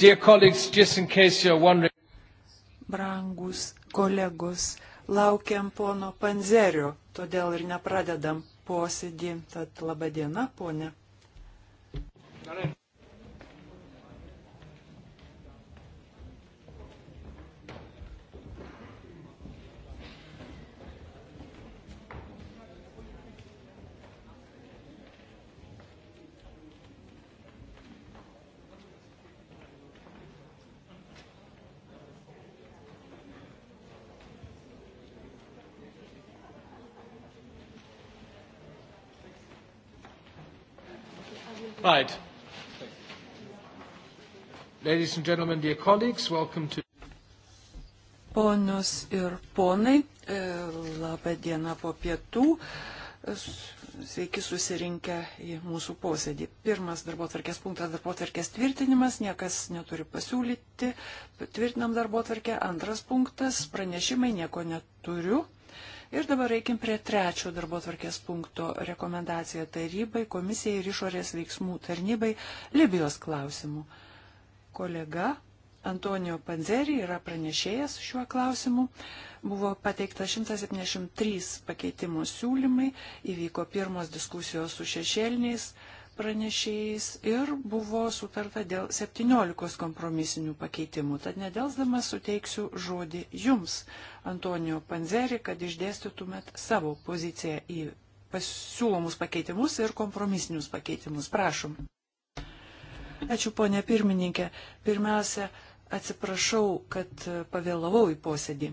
Dear colleagues, just in case you're wondering. Brangus kolegos, laukiam pono Panzerio, todėl ir nepradedam posėdį. Tad laba diena, ponė. Right. Ladies and gentlemen, dear colleagues, welcome to. Ponios ir ponai, e, laba diena po pietų. E, sveiki susirinkę į mūsų posėdį. Pirmas darbo tvarkės punktas - darbo tvarkės tvirtinimas, niekas neturi pasiūlyti, tvirtinam darbo tvarkę. Antras punktas - pranešimai, nieko neturiu. Ir dabar reikim prie trečio darbo tvarkės punkto rekomendacija tarybai, komisijai ir išorės veiksmų tarnybai Libijos klausimų. Kolega Antonijo Panzerį yra pranešėjas šiuo klausimu. Buvo pateikta 173 pakeitimo siūlymai, įvyko pirmos diskusijos su šešėliniais pranešėjais ir buvo sutarta dėl 17 kompromisinių pakeitimų. Tad nedelsdamas suteiksiu žodį jums, Antonijo Panzeri, kad išdėstytumėt savo poziciją į pasiūlomus pakeitimus ir kompromisinius pakeitimus. Prašom. Ačiū, ponė pirmininkė. Pirmiausia, atsiprašau, kad pavėlavau į posėdį.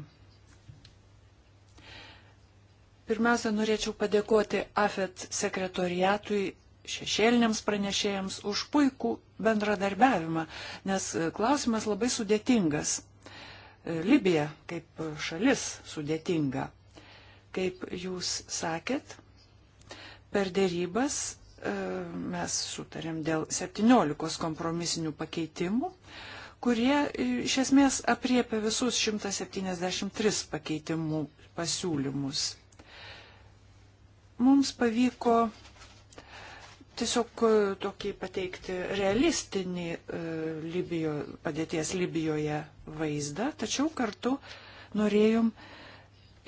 Pirmiausia, norėčiau padėkoti AFET sekretoriatui šešėliniams pranešėjams už puikų bendradarbiavimą, nes e, klausimas labai sudėtingas. E, Libija kaip šalis sudėtinga. Kaip jūs sakėt, per dėrybas e, mes sutarėm dėl 17 kompromisinių pakeitimų, kurie iš esmės apriepia visus 173 pakeitimų pasiūlymus. Mums pavyko tiesiog e, tokį pateikti realistinį e, Libijo, padėties Libijoje vaizdą, tačiau kartu norėjom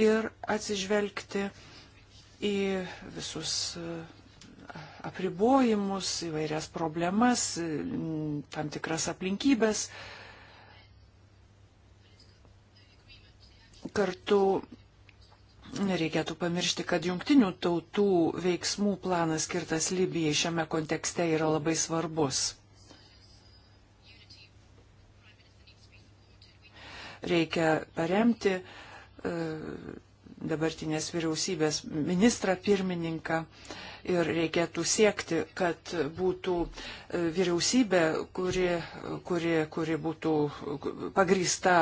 ir atsižvelgti į visus e, apribojimus, įvairias problemas, tam tikras aplinkybės. Kartu Nereikėtų pamiršti, kad jungtinių tautų veiksmų planas skirtas Libijai šiame kontekste yra labai svarbus. Reikia paremti e, dabartinės vyriausybės ministrą pirmininką. E, ir reikėtų siekti, kad būtų e, vyriausybė, kuri, kuri, kuri būtų pagrįsta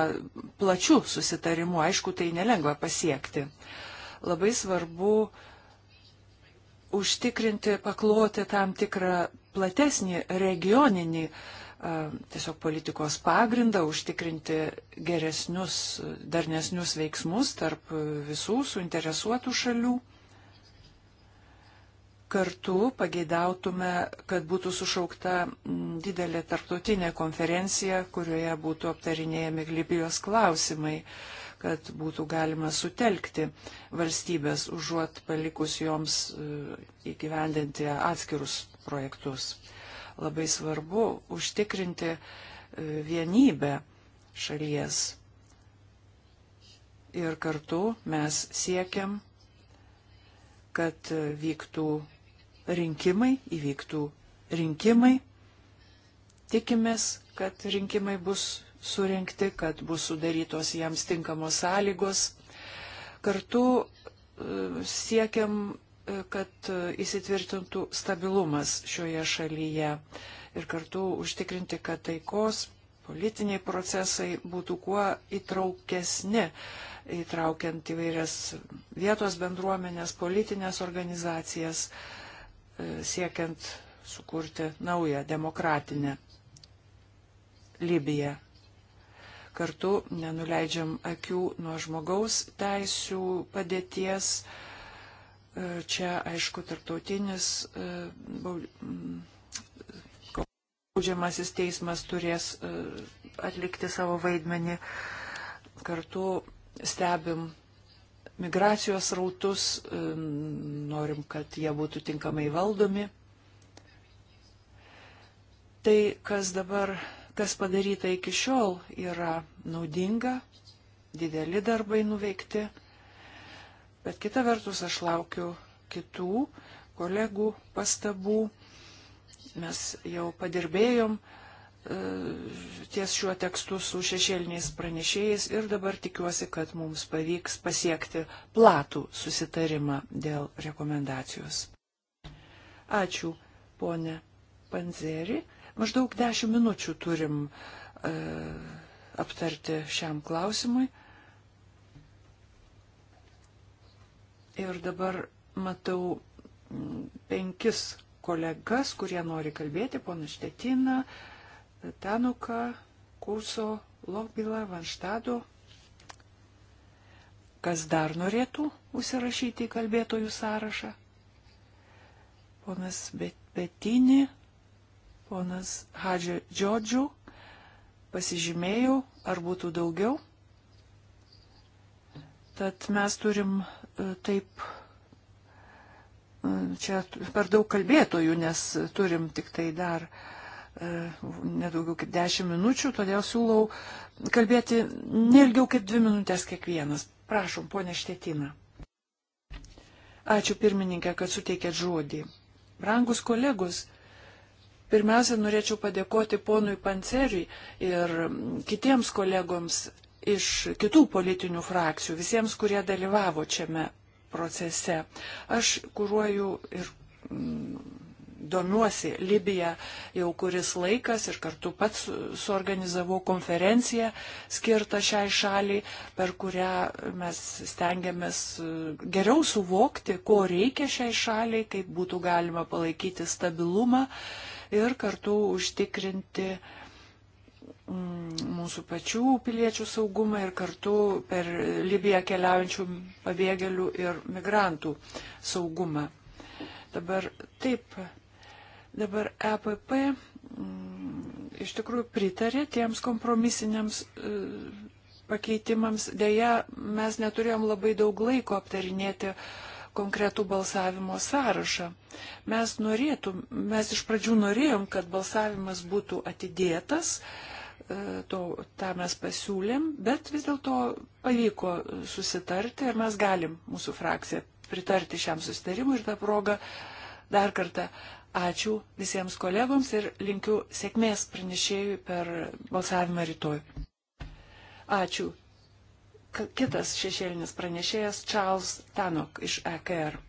plačiu susitarimu. Aišku, tai nelengva pasiekti. Labai svarbu užtikrinti, pakloti tam tikrą platesnį regioninį e, tiesiog politikos pagrindą, užtikrinti geresnius, darnesnius veiksmus tarp visų suinteresuotų šalių. Kartu pageidautume, kad būtų sušaukta didelė tarptautinė konferencija, kurioje būtų aptarinėjami Libijos klausimai, kad būtų galima sutelkti valstybės, užuot palikus joms e, įgyvendinti atskirus projektus. Labai svarbu užtikrinti e, vienybę šalies. Ir kartu mes siekiam, kad vyktų rinkimai, įvyktų rinkimai. Tikimės, kad rinkimai bus surinkti, kad bus sudarytos jiems tinkamos sąlygos. Kartu e, siekiam, e, kad e, įsitvirtintų stabilumas šioje šalyje ir kartu užtikrinti, kad taikos politiniai procesai būtų kuo įtraukesni, įtraukiant įvairias vietos bendruomenės, politinės organizacijas, uh, siekiant sukurti naują demokratinę Libiją. Kartu nenuleidžiam akių nuo žmogaus teisų padėties. E, čia, aišku, tarptautinis e, baudžiamasis teismas turės e, atlikti savo vaidmenį. Kartu stebim migracijos rautus, norim, kad jie būtų tinkamai valdomi. Tai, kas dabar, kas padaryta iki šiol, yra naudinga, dideli darbai nuveikti, bet kita vertus aš laukiu kitų kolegų pastabų. Mes jau padirbėjom E, ties šiuo tekstu su šešėliniais pranešėjais ir dabar tikiuosi, kad mums pavyks pasiekti platų susitarimą dėl rekomendacijos. Ačiū, ponė Panzeri. Maždaug dešimt minučių turim e, aptarti šiam klausimui. Ir dabar matau mm, penkis kolegas, kurie nori kalbėti, ponas Štetina, e, Tanuką, Kurso, Lokbilą, Vanštado. Kas dar norėtų užsirašyti į kalbėtojų sąrašą? Ponas Betinį, ponas Hadži Džodžių, pasižymėjau, ar būtų daugiau. Tad mes turim e, taip, e, čia per daug kalbėtojų, nes turim tik tai dar uh, E, nedaugiau kaip 10 minučių, todėl siūlau kalbėti nelgiau kaip 2 minutės kiekvienas. Prašom, ponė Štetina. Ačiū pirmininkė, kad suteikėt žodį. Brangus kolegus, pirmiausia, norėčiau padėkoti ponui Panceriui ir kitiems kolegoms iš kitų politinių frakcijų, visiems, kurie dalyvavo šiame procese. Aš kūruoju ir. Mm, domiuosi Libiją jau kuris laikas ir kartu pats suorganizavau konferenciją skirtą šiai šaliai, per kurią mes stengiamės e, geriau suvokti, ko reikia šiai šaliai, kaip būtų galima palaikyti stabilumą ir kartu užtikrinti mm, mūsų pačių piliečių saugumą ir kartu per Libiją keliaujančių pabėgėlių ir migrantų saugumą. Dabar taip Dabar EPP mm, iš tikrųjų pritarė tiems kompromisiniams e, pakeitimams. Deja, mes neturėjom labai daug laiko aptarinėti konkretų balsavimo sąrašą. Mes, norėtum, mes iš pradžių norėjom, kad balsavimas būtų atidėtas, e, to, tą mes pasiūlėm, bet vis dėlto pavyko susitarti ir mes galim mūsų frakcija pritarti šiam susitarimui ir tą progą dar kartą Ačiū visiems kolegoms ir linkiu sėkmės pranešėjui per balsavimą rytoj. Ačiū. Kitas šešėlinis pranešėjas Charles Tanok iš EKR.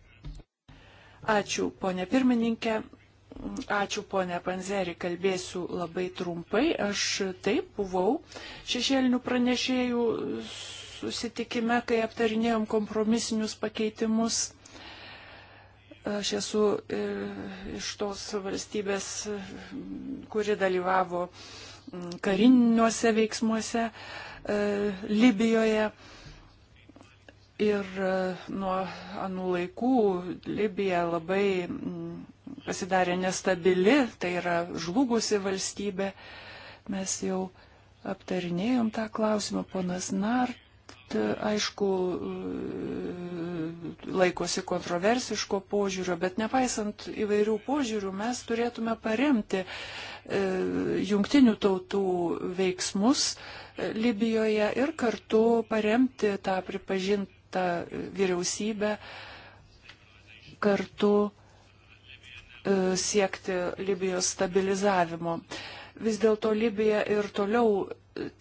Ačiū, ponė pirmininkė. Ačiū, ponė Panzerį, kalbėsiu labai trumpai. Aš taip buvau šešėlinių pranešėjų susitikime, kai aptarinėjom kompromisinius pakeitimus Aš esu e, iš tos valstybės, kuri dalyvavo kariniuose veiksmuose e, Libijoje. Ir e, nuo anų laikų Libija labai pasidarė nestabili, tai yra žlugusi valstybė. Mes jau aptarinėjom tą klausimą, ponas Nart aišku, laikosi kontroversiško požiūrio, bet nepaisant įvairių požiūrių, mes turėtume paremti e, jungtinių tautų veiksmus e, Libijoje ir kartu paremti tą pripažintą vyriausybę, kartu e, siekti Libijos stabilizavimo. Vis dėlto Libija ir toliau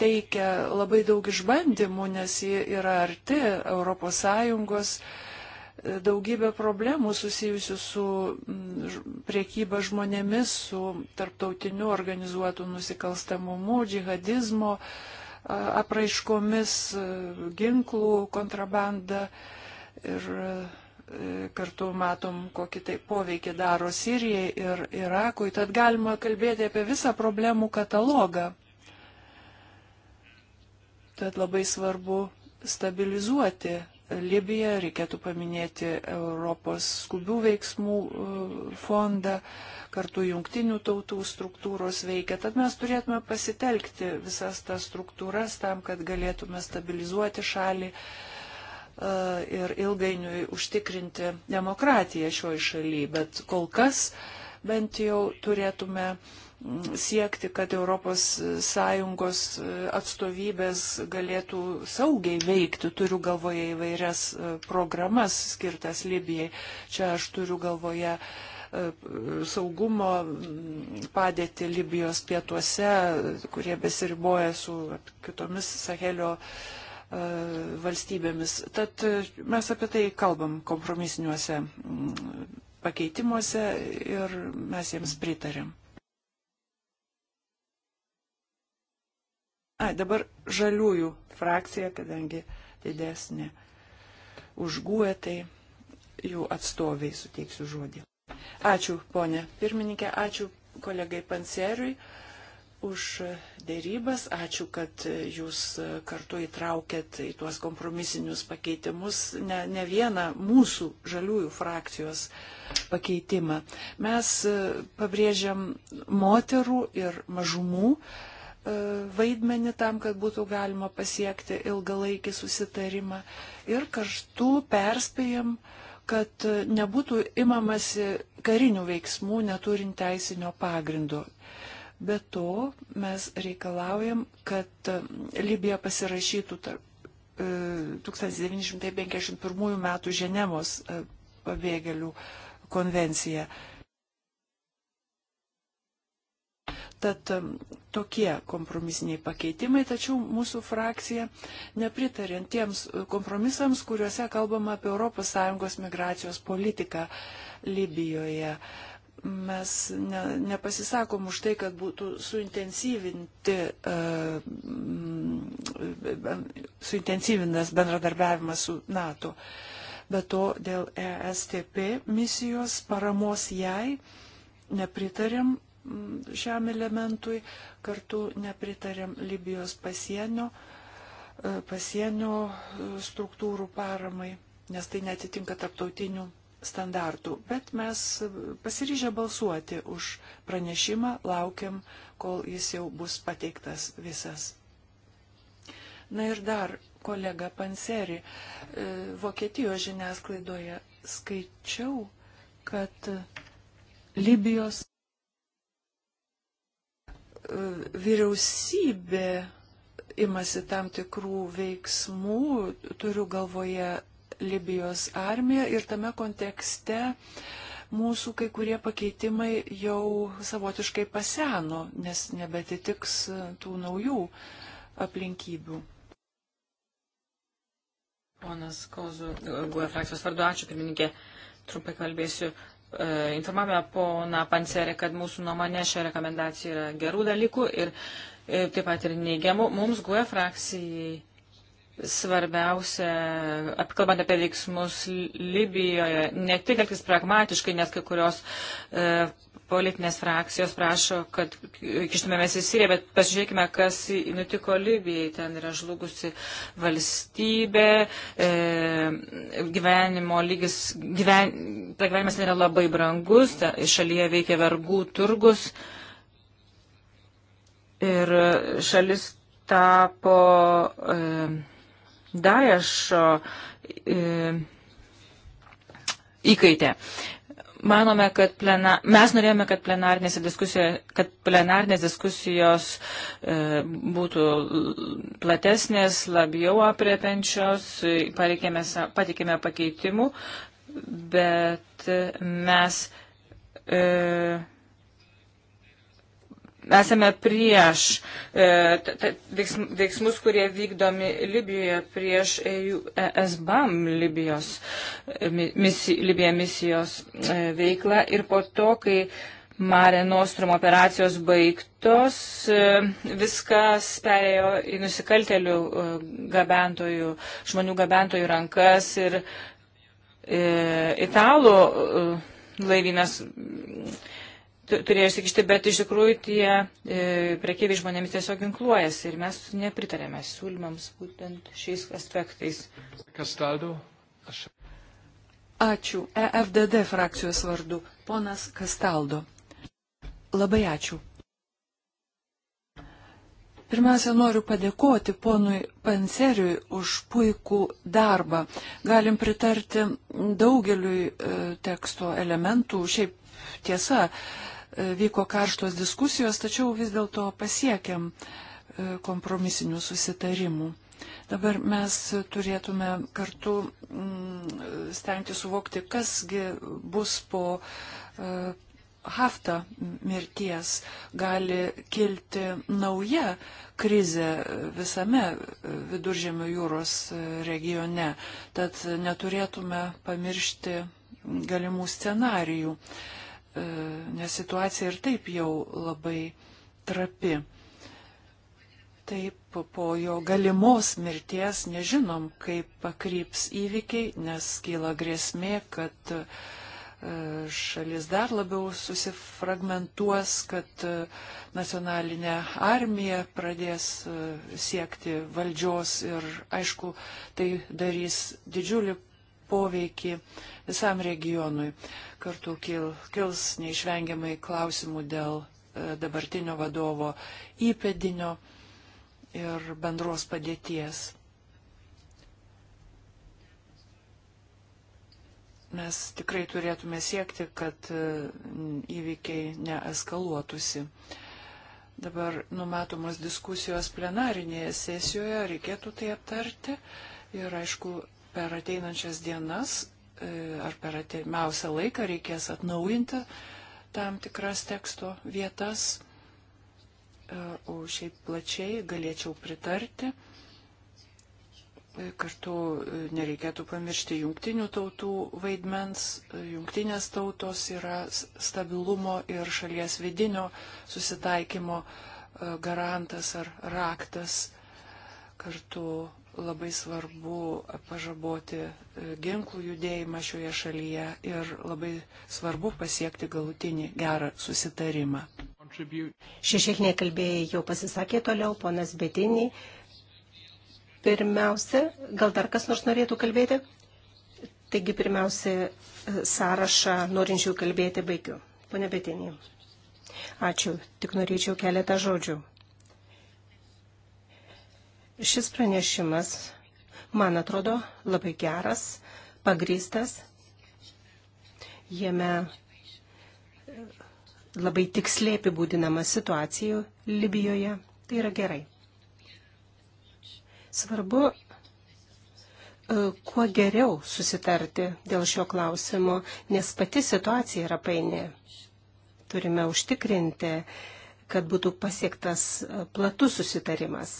teikia labai daug išbandymų, nes ji yra arti ES e, daugybė problemų susijusių su priekyba žmonėmis, su tarptautiniu organizuotu nusikalstamumu, džihadizmo apraiškomis, e, ginklų kontrabanda ir e, kartu matom, kokį tai poveikį daro Sirijai ir Irakui. Tad galima kalbėti apie visą problemų katalogą. Tad labai svarbu stabilizuoti Libiją, reikėtų paminėti Europos skubių veiksmų e, fondą, kartu jungtinių tautų struktūros veikia. Tad mes turėtume pasitelkti visas tas struktūras tam, kad galėtume stabilizuoti šalį e, ir ilgainiui užtikrinti demokratiją šioj šaly. Bet kol kas bent jau turėtume uh, siekti, kad ES e, atstovybės galėtų saugiai veikti, turiu galvoje įvairias e, programas skirtas Libijai. Čia aš turiu galvoje e, saugumo padėti Libijos pietuose, kurie besiriboja su kitomis Sahelio valstybėmis. Tad mes apie tai kalbam kompromisiniuose pakeitimuose ir mes jiems pritarėm. A, dabar žaliųjų frakcija, kadangi didesnė užguoja, e, tai jų atstoviai suteiksiu žodį. Ačiū, ponė pirmininkė, ačiū kolegai Panseriui už dėrybas, ačiū, kad jūs kartu įtraukėt į tuos kompromisinius pakeitimus ne, ne vieną mūsų žaliųjų frakcijos pakeitimą. Mes pabrėžiam moterų ir mažumų uh, E, vaidmenį tam, kad būtų galima pasiekti ilgalaikį susitarimą. Ir karštų perspėjam, kad nebūtų imamasi karinių veiksmų neturint teisinio pagrindo. Be to mes reikalaujam, kad e, Libija pasirašytų tarp 1951 e, m. Ženevos pabėgėlių konvenciją. Tad um, tokie kompromisiniai pakeitimai, tačiau mūsų frakcija nepritarint tiems uh, kompromisams, kuriuose kalbama apie ES migracijos politiką Libijoje. Mes ne, nepasisakom už tai, kad būtų suintensyvinti, uh, suintensyvintas bendradarbiavimas su NATO. Bet to dėl ESTP misijos paramos jai nepritarėm šiam elementui, kartu nepritarėm Libijos pasienio, e, pasienio e, struktūrų paramai, nes tai netitinka tarptautinių standartų. Bet mes pasiryžę balsuoti už pranešimą, laukiam, kol jis jau bus pateiktas visas. Na ir dar kolega Panseri, e, Vokietijos žiniasklaidoje skaičiau, kad Libijos vyriausybė imasi tam tikrų veiksmų, turiu galvoje Libijos armiją ir tame kontekste mūsų kai kurie pakeitimai jau savotiškai paseno, nes nebetitiks tų naujų aplinkybių. Ponas Kozu, Guoja frakcijos vardu, ačiū pirmininkė, trumpai kalbėsiu. E, informavome poną Pancerį, kad mūsų nuomonė šią rekomendaciją yra gerų dalykų ir e, taip pat ir neigiamų. Mums GUE frakcijai svarbiausia, apkalbant apie veiksmus Libijoje, ne tik elgtis pragmatiškai, nes kai kurios e, politinės frakcijos prašo, kad kištumėmės į Siriją, bet pasižiūrėkime, kas nutiko Libijai. Ten yra žlugusi valstybė, e, gyvenimo lygis, gyven, pragyvenimas yra labai brangus, šalyje veikia vergų turgus ir šalis tapo e, Daešo e, įkaitė. Manome, kad plena, mes norėjome, kad plenarnės diskusijos, kad plenarnės diskusijos e, būtų platesnės, labiau apriepenčios, patikėme pakeitimų, bet e, mes e, esame prieš e, t, t, veiksm, veiksmus, kurie vykdomi Libijoje, prieš ESBAM e Libijos, e, misi, Libija misijos e, veiklą ir po to, kai Mare Nostrum operacijos baigtos, viskas perėjo į nusikaltelių gabentojų, žmonių gabentojų rankas ir E, italų e, laivynas turėjo įsikišti, bet iš tikrųjų tie e, prekyviai žmonėmis tiesiog ginkluojasi ir mes nepritarėme siūlymams būtent šiais aspektais. Kastaldo, aš. Ačiū. EFDD frakcijos vardu. Ponas Kastaldo. Labai ačiū. Pirmiausia, noriu padėkoti ponui Panseriui už puikų darbą. Galim pritarti daugeliui e, teksto elementų. Šiaip tiesa, e, vyko karštos diskusijos, tačiau vis dėlto pasiekėm e, kompromisinių susitarimų. Dabar mes turėtume kartu mm, stengti suvokti, kasgi bus po Hafta mirties gali kilti nauja krizė visame viduržėmio jūros regione, tad neturėtume pamiršti galimų scenarijų, e, nes situacija ir taip jau labai trapi. Taip, po jo galimos mirties nežinom, kaip pakryps įvykiai, nes kyla grėsmė, kad uh, E, šalis dar labiau susifragmentuos, kad e, nacionalinė armija pradės e, siekti valdžios ir, aišku, tai darys didžiulį poveikį visam regionui. Kartu kil, kils neišvengiamai klausimų dėl dabartinio vadovo įpėdinio ir bendros padėties. mes tikrai turėtume siekti, kad e, įvykiai neeskaluotųsi. Dabar numatomos diskusijos plenarinėje sesijoje, reikėtų tai aptarti ir aišku, per ateinančias dienas e, ar per ateimiausią laiką reikės atnaujinti tam tikras teksto vietas, e, o šiaip plačiai galėčiau pritarti Kartu e, nereikėtų pamiršti jungtinių tautų vaidmens. E, jungtinės tautos yra stabilumo ir šalies vidinio susitaikymo e, garantas ar raktas. Kartu labai svarbu pažaboti ginklų judėjimą šioje šalyje ir labai svarbu pasiekti galutinį gerą susitarimą. Šešėkinė kalbėjai jau pasisakė toliau, ponas Betinį. Pirmiausia, gal dar kas nors norėtų kalbėti? Taigi, pirmiausia, sąrašą norinčių kalbėti baigiu. Pone Betinė. Ačiū, tik norėčiau keletą žodžių. Šis pranešimas, man atrodo, labai geras, pagrįstas. Jame labai tiksliai apibūdinama situacija Libijoje. Tai yra gerai. Svarbu e, kuo geriau susitarti dėl šio klausimo, nes pati situacija yra paini. Turime užtikrinti, kad būtų pasiektas e, platus susitarimas.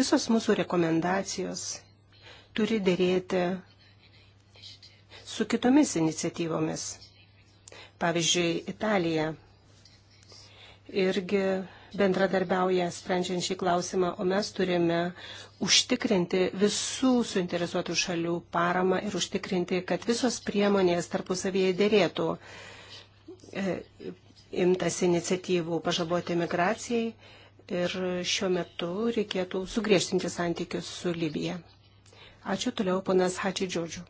Visos mūsų rekomendacijos turi dėrėti su kitomis iniciatyvomis. Pavyzdžiui, Italija irgi bendradarbiauja sprendžiant šį klausimą, o mes turime užtikrinti visų suinteresuotų šalių paramą ir užtikrinti, kad visos priemonės tarpusavėje dėrėtų e, imtas iniciatyvų pažaboti migracijai ir šiuo metu reikėtų sugriežtinti santykius su Libija. Ačiū toliau, ponas Hačiai Džodžiu.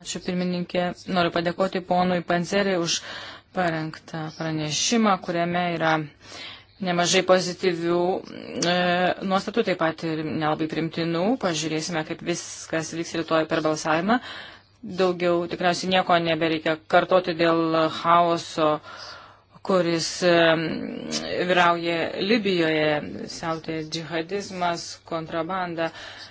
Ačiū pirmininkė. Noriu padėkoti ponui Panzeriai už parengtą pranešimą, kuriame yra nemažai pozityvių e, nuostatų, taip pat ir nelabai primtinų. Pažiūrėsime, kaip viskas vyks rytoj per balsavimą. Daugiau tikriausiai nieko nebereikia kartoti dėl chaoso, kuris e, vyrauja Libijoje, siautė džihadizmas, kontrabanda. E,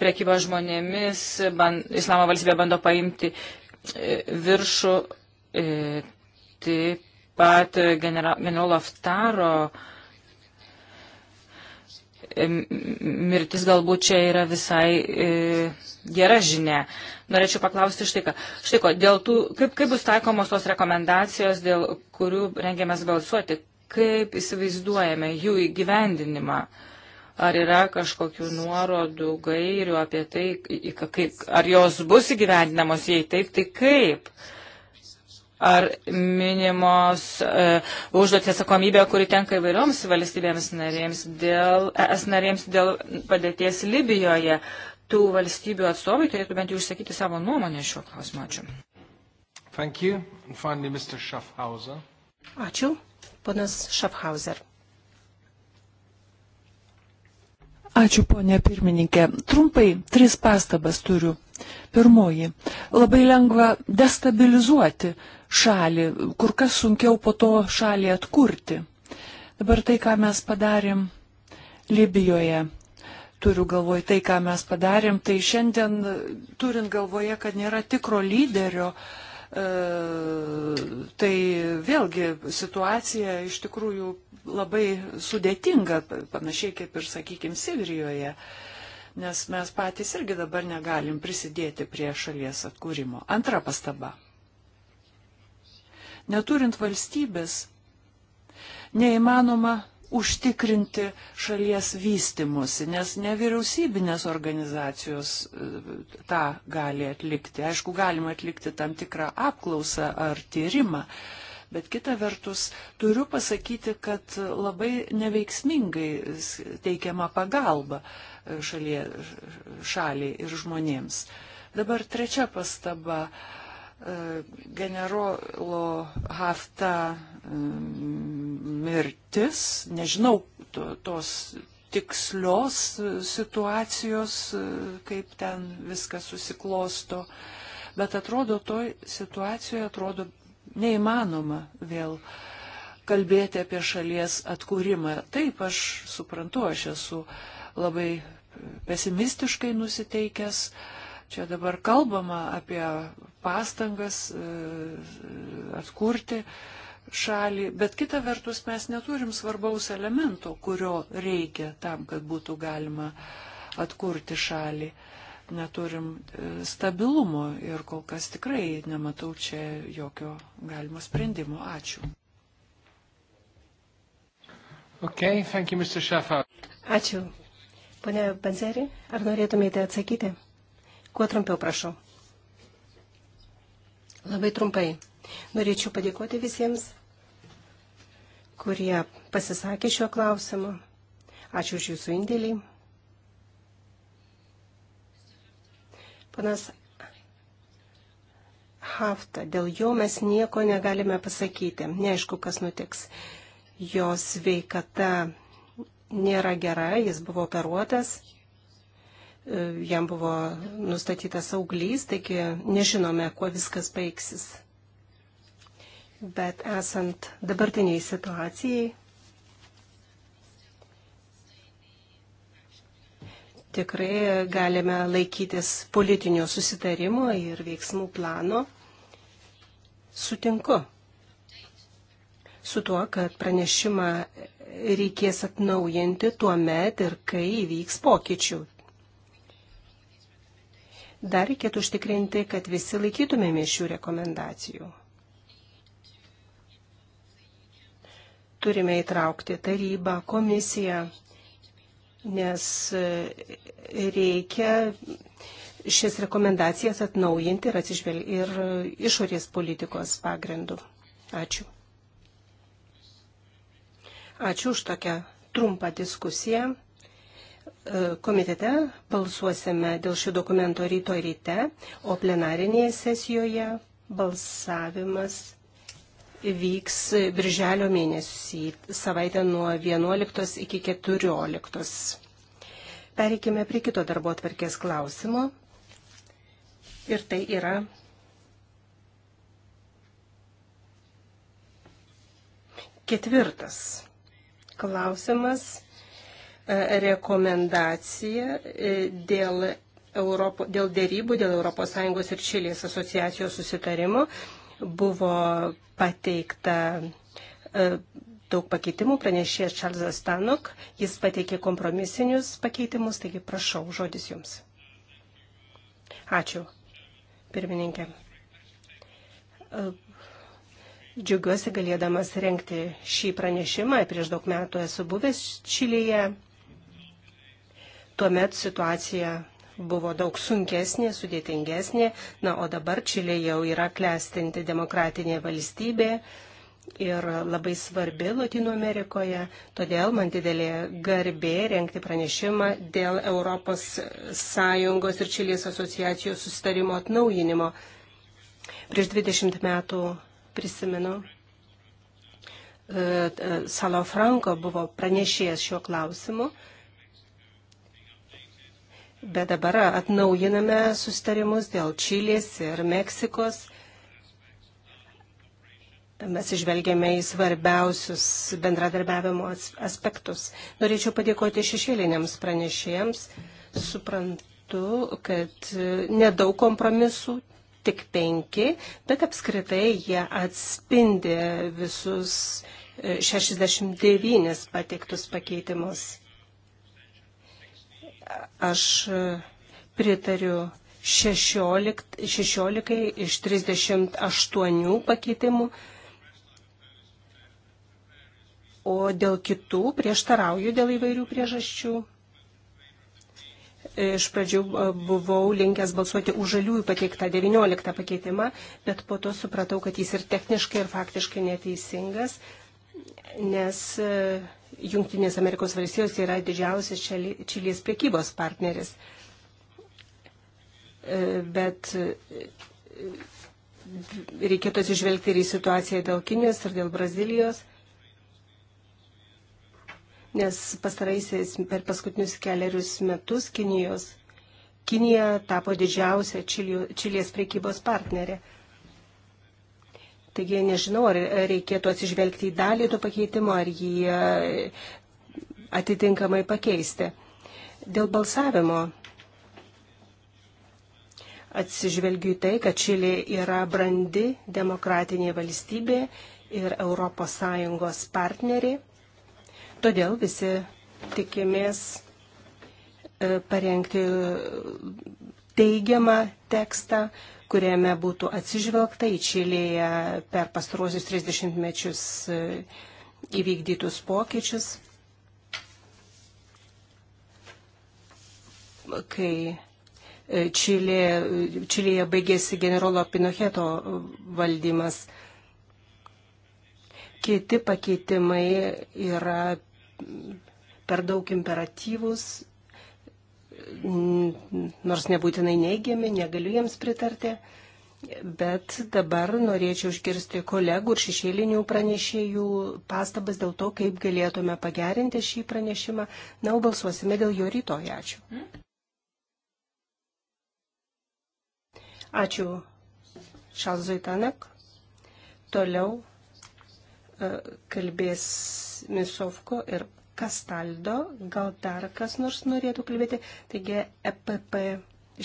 prekyba žmonėmis, ban, Islamo valstybė bando paimti e, viršų e, taip pat e, generolo Aftaro mirtis galbūt čia yra visai gera žinia. Norėčiau paklausti štai ką. Štai ko, dėl tų, kaip, kaip bus taikomos tos rekomendacijos, dėl kurių rengiamės balsuoti, kaip įsivaizduojame jų įgyvendinimą? Uh, Ar yra kažkokių nuorodų, gairių apie tai, kaip, ar jos bus įgyvendinamos, jei taip, tai kaip? Ar minimos e, užduotė atsakomybė, kuri tenka įvairioms valstybėms narėms dėl, es narėms dėl padėties Libijoje, tų valstybių atstovai turėtų bent jau išsakyti savo nuomonę šiuo klausimu. Ačiū. Thank you. And finally, Mr. Schaffhauser. Ačiū, ponas Schaffhauser. Ačiū, ponė pirmininkė. Trumpai, tris pastabas turiu. Pirmoji, labai lengva destabilizuoti šalį, kur kas sunkiau po to šalį atkurti. Dabar tai, ką mes padarėm Libijoje, turiu galvoje tai, ką mes padarėm, tai šiandien turint galvoje, kad nėra tikro lyderio, uh, E, tai vėlgi situacija iš tikrųjų labai sudėtinga, panašiai kaip ir, sakykime, Sirijoje, nes mes patys irgi dabar negalim prisidėti prie šalies atkūrimo. Antra pastaba. Neturint valstybės, neįmanoma užtikrinti šalies vystimusi, nes nevyriausybinės organizacijos e, tą gali atlikti. Aišku, galima atlikti tam tikrą apklausą ar tyrimą, bet kita vertus turiu pasakyti, kad labai neveiksmingai teikiama pagalba e, šalie, šaliai ir žmonėms. Dabar trečia pastaba e, generolo Hafta mirtis, nežinau to, tos tikslios situacijos, kaip ten viskas susiklosto, bet atrodo toj situacijoje atrodo neįmanoma vėl kalbėti apie šalies atkūrimą. Taip, aš suprantu, aš esu labai pesimistiškai nusiteikęs. Čia dabar kalbama apie pastangas e, atkurti šalį, bet kita vertus mes neturim svarbaus elemento, kurio reikia tam, kad būtų galima atkurti šalį. Neturim e, stabilumo ir kol kas tikrai nematau čia jokio galimo sprendimo. Ačiū. Okay, thank you, Mr. Schaffer. Ačiū. Pane Banzeri, ar norėtumėte atsakyti? Kuo trumpiau prašau. Labai trumpai. Norėčiau padėkoti visiems kurie pasisakė šiuo klausimu. Ačiū už jūsų indėlį. Panas Hafta, dėl jo mes nieko negalime pasakyti. Neaišku, kas nutiks. Jo sveikata nėra gera, jis buvo operuotas, e, jam buvo nustatytas auglys, taigi nežinome, kuo viskas baigsis. Bet esant dabartiniai situacijai, tikrai galime laikytis politinio susitarimo ir veiksmų plano. Sutinku su tuo, kad pranešimą reikės atnaujinti tuo met ir kai įvyks pokyčių. Dar reikėtų užtikrinti, kad visi laikytumėme šių rekomendacijų. turime įtraukti tarybą, komisiją, nes e, reikia šias rekomendacijas atnaujinti ir atsižvelgti ir išorės politikos pagrindų. Ačiū. Ačiū už tokią trumpą diskusiją. E, komitete balsuosime dėl šio dokumento ryto ryte, o plenarinėje sesijoje balsavimas vyks birželio mėnesį, savaitę nuo 11 iki 14. Pereikime prie kito darbo atvarkės klausimo. Ir tai yra ketvirtas klausimas e, rekomendacija e, dėl, Europo, dėl dėrybų dėl ES ir Čilės asociacijos susitarimo Buvo pateikta e, daug pakeitimų, pranešė Čarlzas Stanok, jis pateikė kompromisinius pakeitimus, taigi prašau, žodis jums. Ačiū, pirmininkė. E, džiaugiuosi galėdamas renkti šį pranešimą. Prieš daug metų esu buvęs Čilėje. Tuomet situacija buvo daug sunkesnė, sudėtingesnė, na, o dabar Čilė jau yra klestinti demokratinė valstybė ir labai svarbi Latino Amerikoje, todėl man didelė garbė renkti pranešimą dėl Europos Sąjungos ir Čilės asociacijos sustarimo atnaujinimo. Prieš 20 metų prisimenu, e, e, Salo Franko buvo pranešėjęs šiuo klausimu Bet dabar atnaujiname sustarimus dėl Čilės ir Meksikos. Mes išvelgėme į svarbiausius bendradarbiavimo aspektus. Norėčiau padėkoti šešėliniams pranešėjams. Suprantu, kad nedaug kompromisų, tik penki, bet apskritai jie atspindi visus 69 e, pateiktus pakeitimus. Aš e, pritariu 16, 16 iš 38 pakeitimų, o dėl kitų prieštarauju dėl įvairių priežasčių. Iš pradžių e, buvau linkęs balsuoti už žaliųjų pateiktą 19 pakeitimą, bet po to supratau, kad jis ir techniškai, ir faktiškai neteisingas, nes e, Junktinės Amerikos valstijos yra didžiausias Čilės priekybos partneris. E, bet e, reikėtų atsižvelgti ir į situaciją dėl Kinijos ir dėl Brazilijos, nes pastaraisiais per paskutinius keliarius metus Kinijos, Kinija tapo didžiausia Čilės priekybos partnerė. Taigi nežinau, ar reikėtų atsižvelgti į dalį to pakeitimo, ar jį e, atitinkamai pakeisti. Dėl balsavimo atsižvelgiu į tai, kad Čilė yra brandi demokratinė valstybė ir ES partneriai. Todėl visi tikimės e, parengti teigiamą tekstą, kuriame būtų atsižvelgta į Čilėje per pastaruosius 30 mečius e, įvykdytus pokyčius, kai e, Čilė, e, Čilėje baigėsi generolo Pinocheto valdymas. Kiti pakeitimai yra per daug imperatyvus nors nebūtinai neigiami, negaliu jiems pritarti. Bet dabar norėčiau išgirsti kolegų ir šešėlinių pranešėjų pastabas dėl to, kaip galėtume pagerinti šį pranešimą. Na, o balsuosime dėl jo rytoj. Ačiū. Ačiū Šalzui Tanak. Toliau e, kalbės Misovko ir Kastaldo, gal dar kas nors norėtų kalbėti, taigi EPP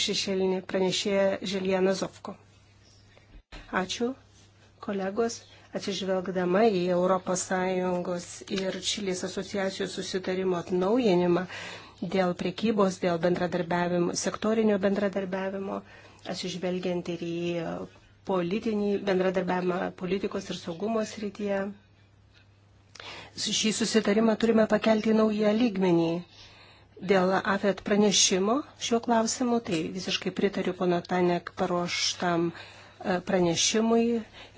šešėlinį pranešė Žilieną Zovko. Ačiū, kolegos. Atsižvelgdama į ES ir Čilės asociacijos susitarimo atnaujinimą dėl priekybos, dėl bendradarbiavimo, sektorinio bendradarbiavimo, atsižvelgiant ir į politinį bendradarbiavimą politikos ir saugumos rytyje, šį susitarimą turime pakelti į naują lygmenį. Dėl AFET pranešimo šiuo klausimu, tai visiškai pritariu pono Tanek paruoštam e, pranešimui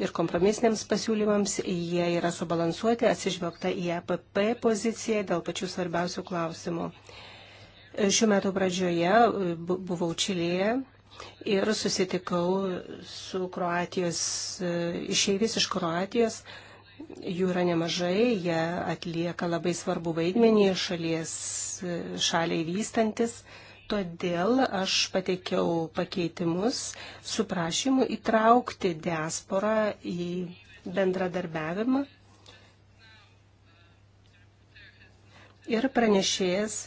ir kompromisiniams pasiūlymams. Jie yra subalansuoti, atsižvelgta į APP poziciją dėl pačių svarbiausių klausimų. E, šiuo metu pradžioje e, buvau Čilėje ir susitikau su Kroatijos, išeivis iš Kroatijos jų yra nemažai, jie atlieka labai svarbu vaidmenį šalies, šaliai vystantis. Todėl aš pateikiau pakeitimus su prašymu įtraukti diasporą į bendradarbiavimą. Ir pranešėjas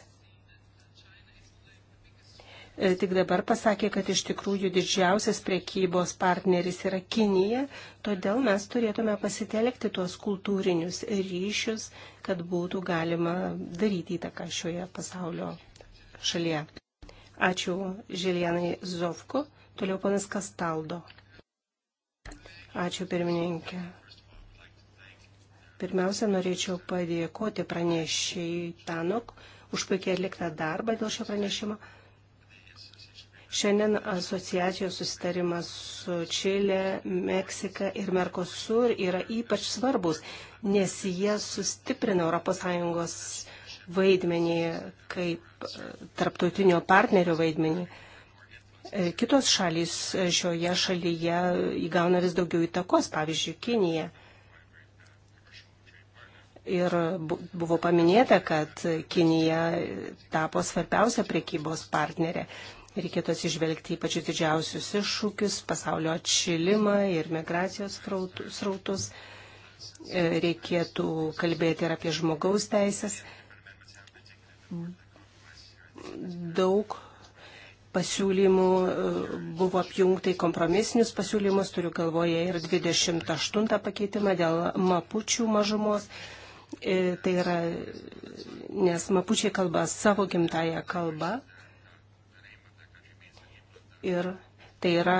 E, tik dabar pasakė, kad iš tikrųjų didžiausias priekybos partneris yra Kinija, todėl mes turėtume pasitelkti tuos kultūrinius ryšius, kad būtų galima daryti įtaką šioje pasaulio šalyje. Ačiū Žilianai Zovku, toliau panas Kastaldo. Ačiū pirmininkė. Pirmiausia, norėčiau padėkoti pranešėjai Tanok už puikiai atliktą darbą dėl šio pranešimo. Šiandien asociacijos susitarimas su Čilė, Meksika ir Merkosur yra ypač svarbus, nes jie sustiprina ES vaidmenį kaip e, tarptautinio partnerio vaidmenį. E, kitos šalys šioje šalyje įgauna vis daugiau įtakos, pavyzdžiui, Kinija. Ir buvo paminėta, kad Kinija tapo svarbiausia prekybos partnerė. Reikėtų atsižvelgti į pačius didžiausius iššūkius, pasaulio atšilimą ir migracijos srautus. E, reikėtų kalbėti ir apie žmogaus teisės. Daug pasiūlymų e, buvo apjungtai kompromisinius pasiūlymus, turiu galvoje ir 28 pakeitimą dėl mapučių mažumos. E, tai yra, nes mapučiai kalba savo gimtają kalbą ir tai yra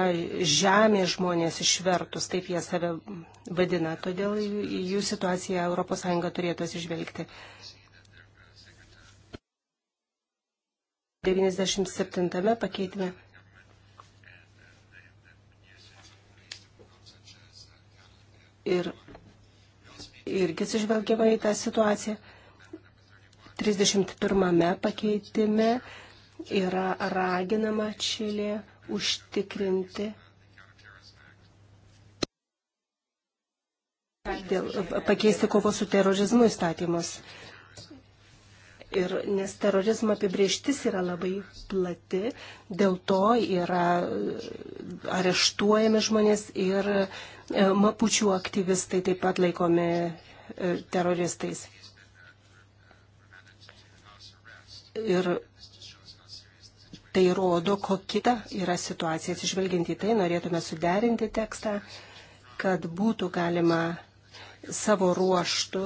žemė žmonės išvertus, taip jie save vadina. Todėl jų situaciją ES turėtų atsižvelgti. 97 pakeitime. Ir irgi atsižvelgiama į tą situaciją. 31 pakeitime yra raginama Čilė užtikrinti dėl pakeisti kovos su terorizmu įstatymus. Ir nes terorizmo apibrieštis yra labai plati, dėl to yra areštuojami žmonės ir e, mapučių aktyvistai taip pat laikomi e, teroristais. Ir Tai rodo, kokia yra situacija. Atsižvelgiant į tai, norėtume suderinti tekstą, kad būtų galima savo ruoštų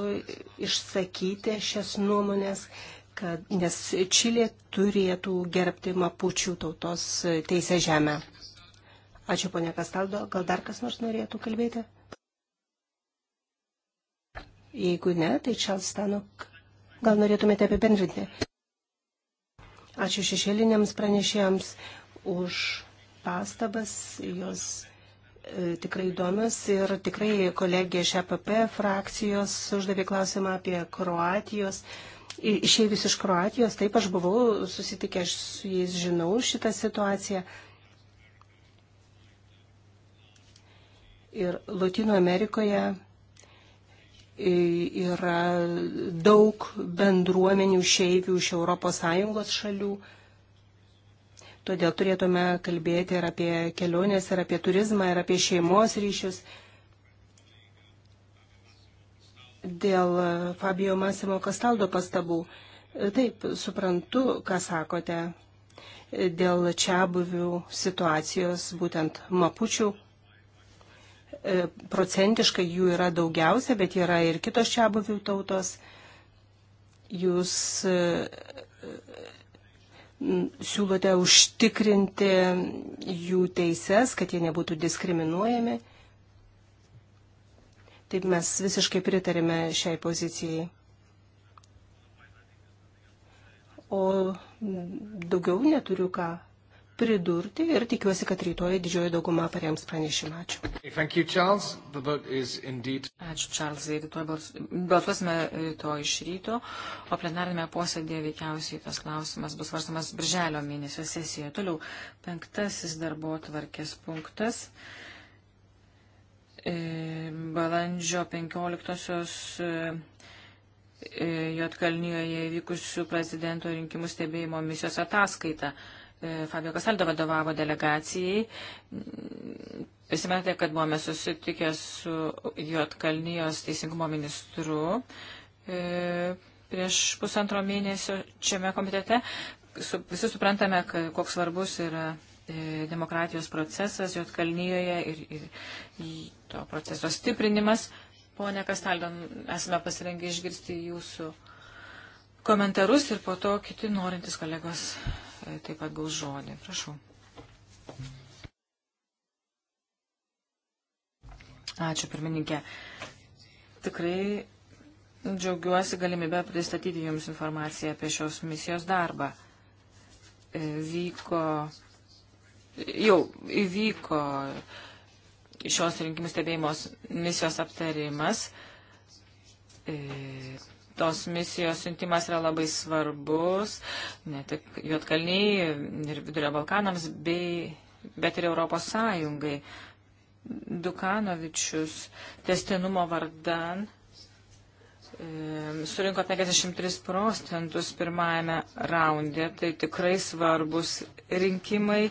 išsakyti šias nuomonės, kad, nes Čilė turėtų gerbti mapučių tautos teisę žemę. Ačiū, ponia Kastaldo. Gal dar kas nors norėtų kalbėti? Jeigu ne, tai Čelstanok. Gal norėtumėte apibendrinti? Ačiū šešėliniams pranešėjams už pastabas, jos e, tikrai įdomios ir tikrai kolegė iš EPP frakcijos uždavė klausimą apie Kroatijos. Išėjus iš Kroatijos, taip aš buvau susitikęs su jais, žinau šitą situaciją. Ir Latino Amerikoje E, yra daug bendruomenių šeivių iš ES šalių. Todėl turėtume kalbėti ir apie keliones, ir apie turizmą, ir apie šeimos ryšius. Dėl Fabio Masimo Kastaldo pastabų. Taip, suprantu, ką sakote dėl čia buvių situacijos, būtent mapučių E, procentiškai jų yra daugiausia, bet yra ir kitos čia buvių tautos. Jūs e, e, siūlote užtikrinti jų teises, kad jie nebūtų diskriminuojami. Taip mes visiškai pritarime šiai pozicijai. O daugiau neturiu ką pridurti ir tikiuosi, kad rytoj didžioji dauguma parems pranešimą. Ačiū. You, Charles. Indeed... Ačiū, Čarlzai. Balsuosime rytoj iš ryto, o plenarinėme posėdėje veikiausiai tas klausimas bus svarstamas birželio mėnesio sesijoje. Toliau penktasis darbo tvarkės punktas. E, balandžio 15. E, Jotkalnyje įvykusių prezidento rinkimų stebėjimo misijos ataskaita. E, Fabio Kasaldo vadovavo delegacijai. Prisimenate, kad buvome susitikę su Jotkalnijos teisingumo ministru e, prieš pusantro mėnesio šiame komitete. Visi suprantame, koks svarbus yra e, demokratijos procesas Jotkalnyjoje ir, ir to proceso stiprinimas. Pone Kastaldon, esame pasirengę išgirsti jūsų komentarus ir po to kiti norintys kolegos Tai taip pat gaus žodį. Prašau. Ačiū, pirmininkė. Tikrai džiaugiuosi galimybę pristatyti Jums informaciją apie šios misijos darbą. E, vyko, jau įvyko šios rinkimų stebėjimos misijos aptarimas. E, tos misijos siuntimas yra labai svarbus, ne tik Juotkalniai ir Vidurio Balkanams, bei, bet ir Europos Sąjungai. Dukanovičius testinumo vardan surinko 53 procentus pirmajame raunde, tai tikrai svarbus rinkimai.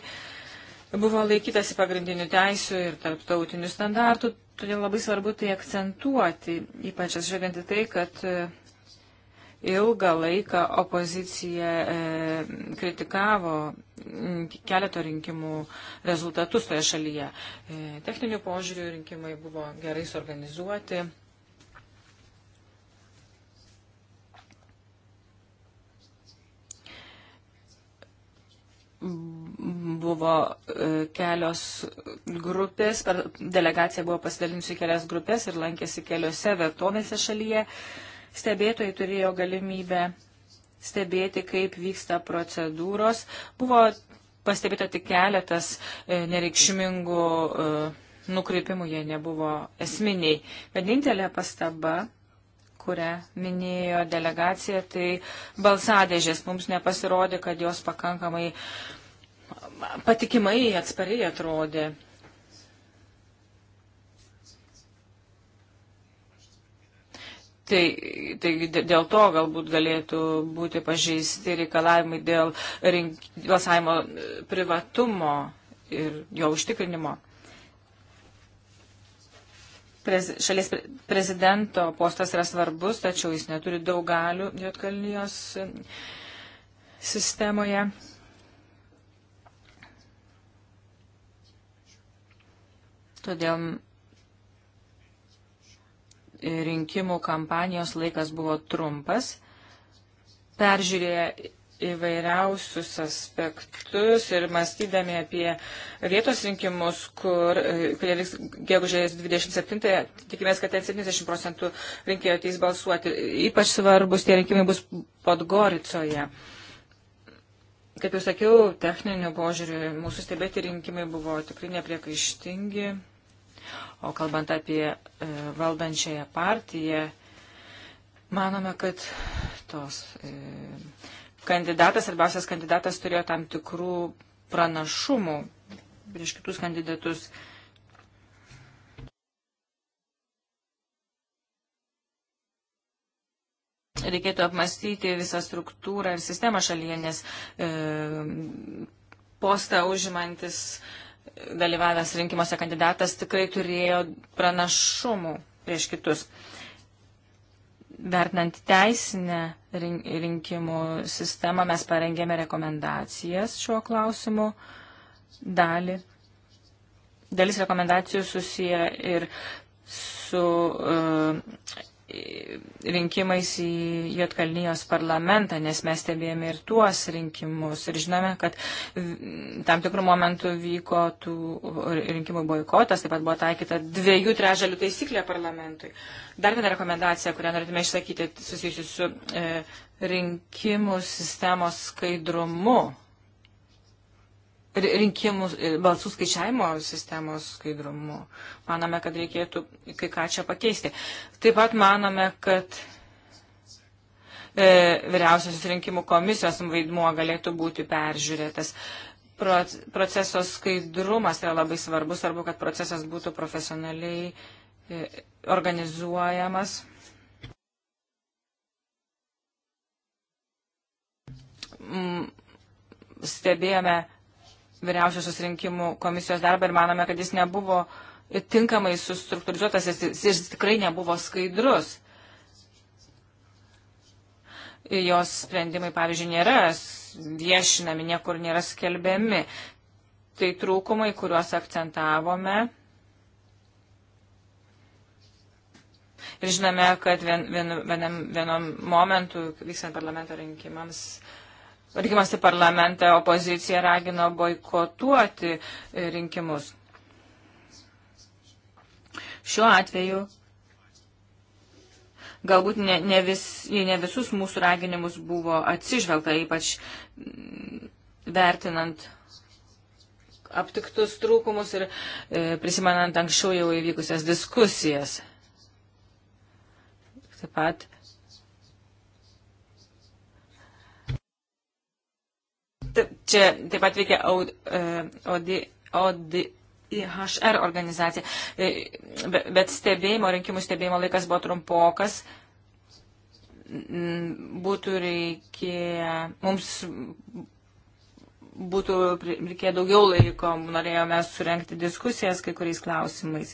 Buvo laikytasi pagrindinių teisų ir tarptautinių standartų, todėl labai svarbu tai akcentuoti, ypač atsižvelgiant į tai, kad ilgą laiką opozicija e, kritikavo keleto rinkimų rezultatus toje šalyje. E, techninių požiūrių rinkimai buvo gerai suorganizuoti. buvo e, kelios grupės, per delegaciją buvo pasidalinusi kelias grupės ir lankėsi keliose vietovėse šalyje. E, Stebėtojai turėjo galimybę stebėti, kaip vyksta procedūros. Buvo pastebėta tik keletas e, nereikšmingų e, nukreipimų, jie nebuvo esminiai. Vienintelė pastaba kurią minėjo delegacija, tai balsadėžės mums nepasirodė, kad jos pakankamai patikimai atspariai atrodė. Tai, tai dėl to galbūt galėtų būti pažeisti reikalavimai dėl rink, balsavimo privatumo ir jo užtikrinimo. Prez, šalies prezidento postas yra svarbus, tačiau jis neturi daug galių Jotkalnijos sistemoje. Todėl rinkimų kampanijos laikas buvo trumpas, peržiūrėję įvairiausius aspektus ir mąstydami apie vietos rinkimus, kur, kurie vyks gegužės 27, tikimės, kad 70 procentų rinkėjo ateis balsuoti. Ypač svarbus tie rinkimai bus Podgoricoje. Kaip jau sakiau, techniniu požiūriu mūsų stebėti rinkimai buvo tikrai nepriekaištingi. O kalbant apie e, valdančiąją partiją, manome, kad tos e, kandidatas, svarbiausias kandidatas turėjo tam tikrų pranašumų prieš kitus kandidatus. reikėtų apmastyti visą struktūrą ir sistemą šalyje, nes e, postą užimantis dalyvavęs rinkimuose kandidatas tikrai turėjo pranašumų prieš kitus. Vertinant teisinę rinkimų sistemą, mes parengėme rekomendacijas šiuo klausimu. Dalį. Dalis rekomendacijų susiję ir su uh, rinkimais į Jotkalnyjos parlamentą, nes mes stebėjome ir tuos rinkimus ir žinome, kad tam tikrų momentų vyko tų rinkimų boikotas, taip pat buvo taikyta dviejų trežalių taisyklė parlamentui. Dar viena rekomendacija, kurią norėtume išsakyti susijusi su e, rinkimų sistemos skaidrumu rinkimų e, balsų skaičiavimo sistemos skaidrumu. Manome, kad reikėtų kai ką čia pakeisti. Taip pat manome, kad e, vyriausios rinkimų komisijos vaidmuo galėtų būti peržiūrėtas. Proceso skaidrumas yra labai svarbus, svarbu, kad procesas būtų profesionaliai e, organizuojamas. Stebėjome vyriausiosios rinkimų komisijos darbą ir manome, kad jis nebuvo tinkamai sustruktūrizuotas, jis, jis tikrai nebuvo skaidrus. Jos sprendimai, pavyzdžiui, nėra viešinami, niekur nėra skelbiami. Tai trūkumai, kuriuos akcentavome. Ir žinome, kad vien, vien, vienam, vienam momentu, vykstant parlamento rinkimams, uh, rinkimuose parlamentą opozicija ragino boikotuoti rinkimus. Šiuo atveju galbūt ne, ne, vis, ne visus mūsų raginimus buvo atsižvelgta, ypač vertinant aptiktus trūkumus ir e, prisimenant anksčiau jau įvykusias diskusijas. Taip pat Čia taip pat veikia ODIHR e, organizacija, e, bet stebėjimo, rinkimų stebėjimo laikas buvo trumpokas. Mm, būtų reikėję, mums būtų reikėję daugiau laiko, norėjome surenkti diskusijas kai kuriais klausimais.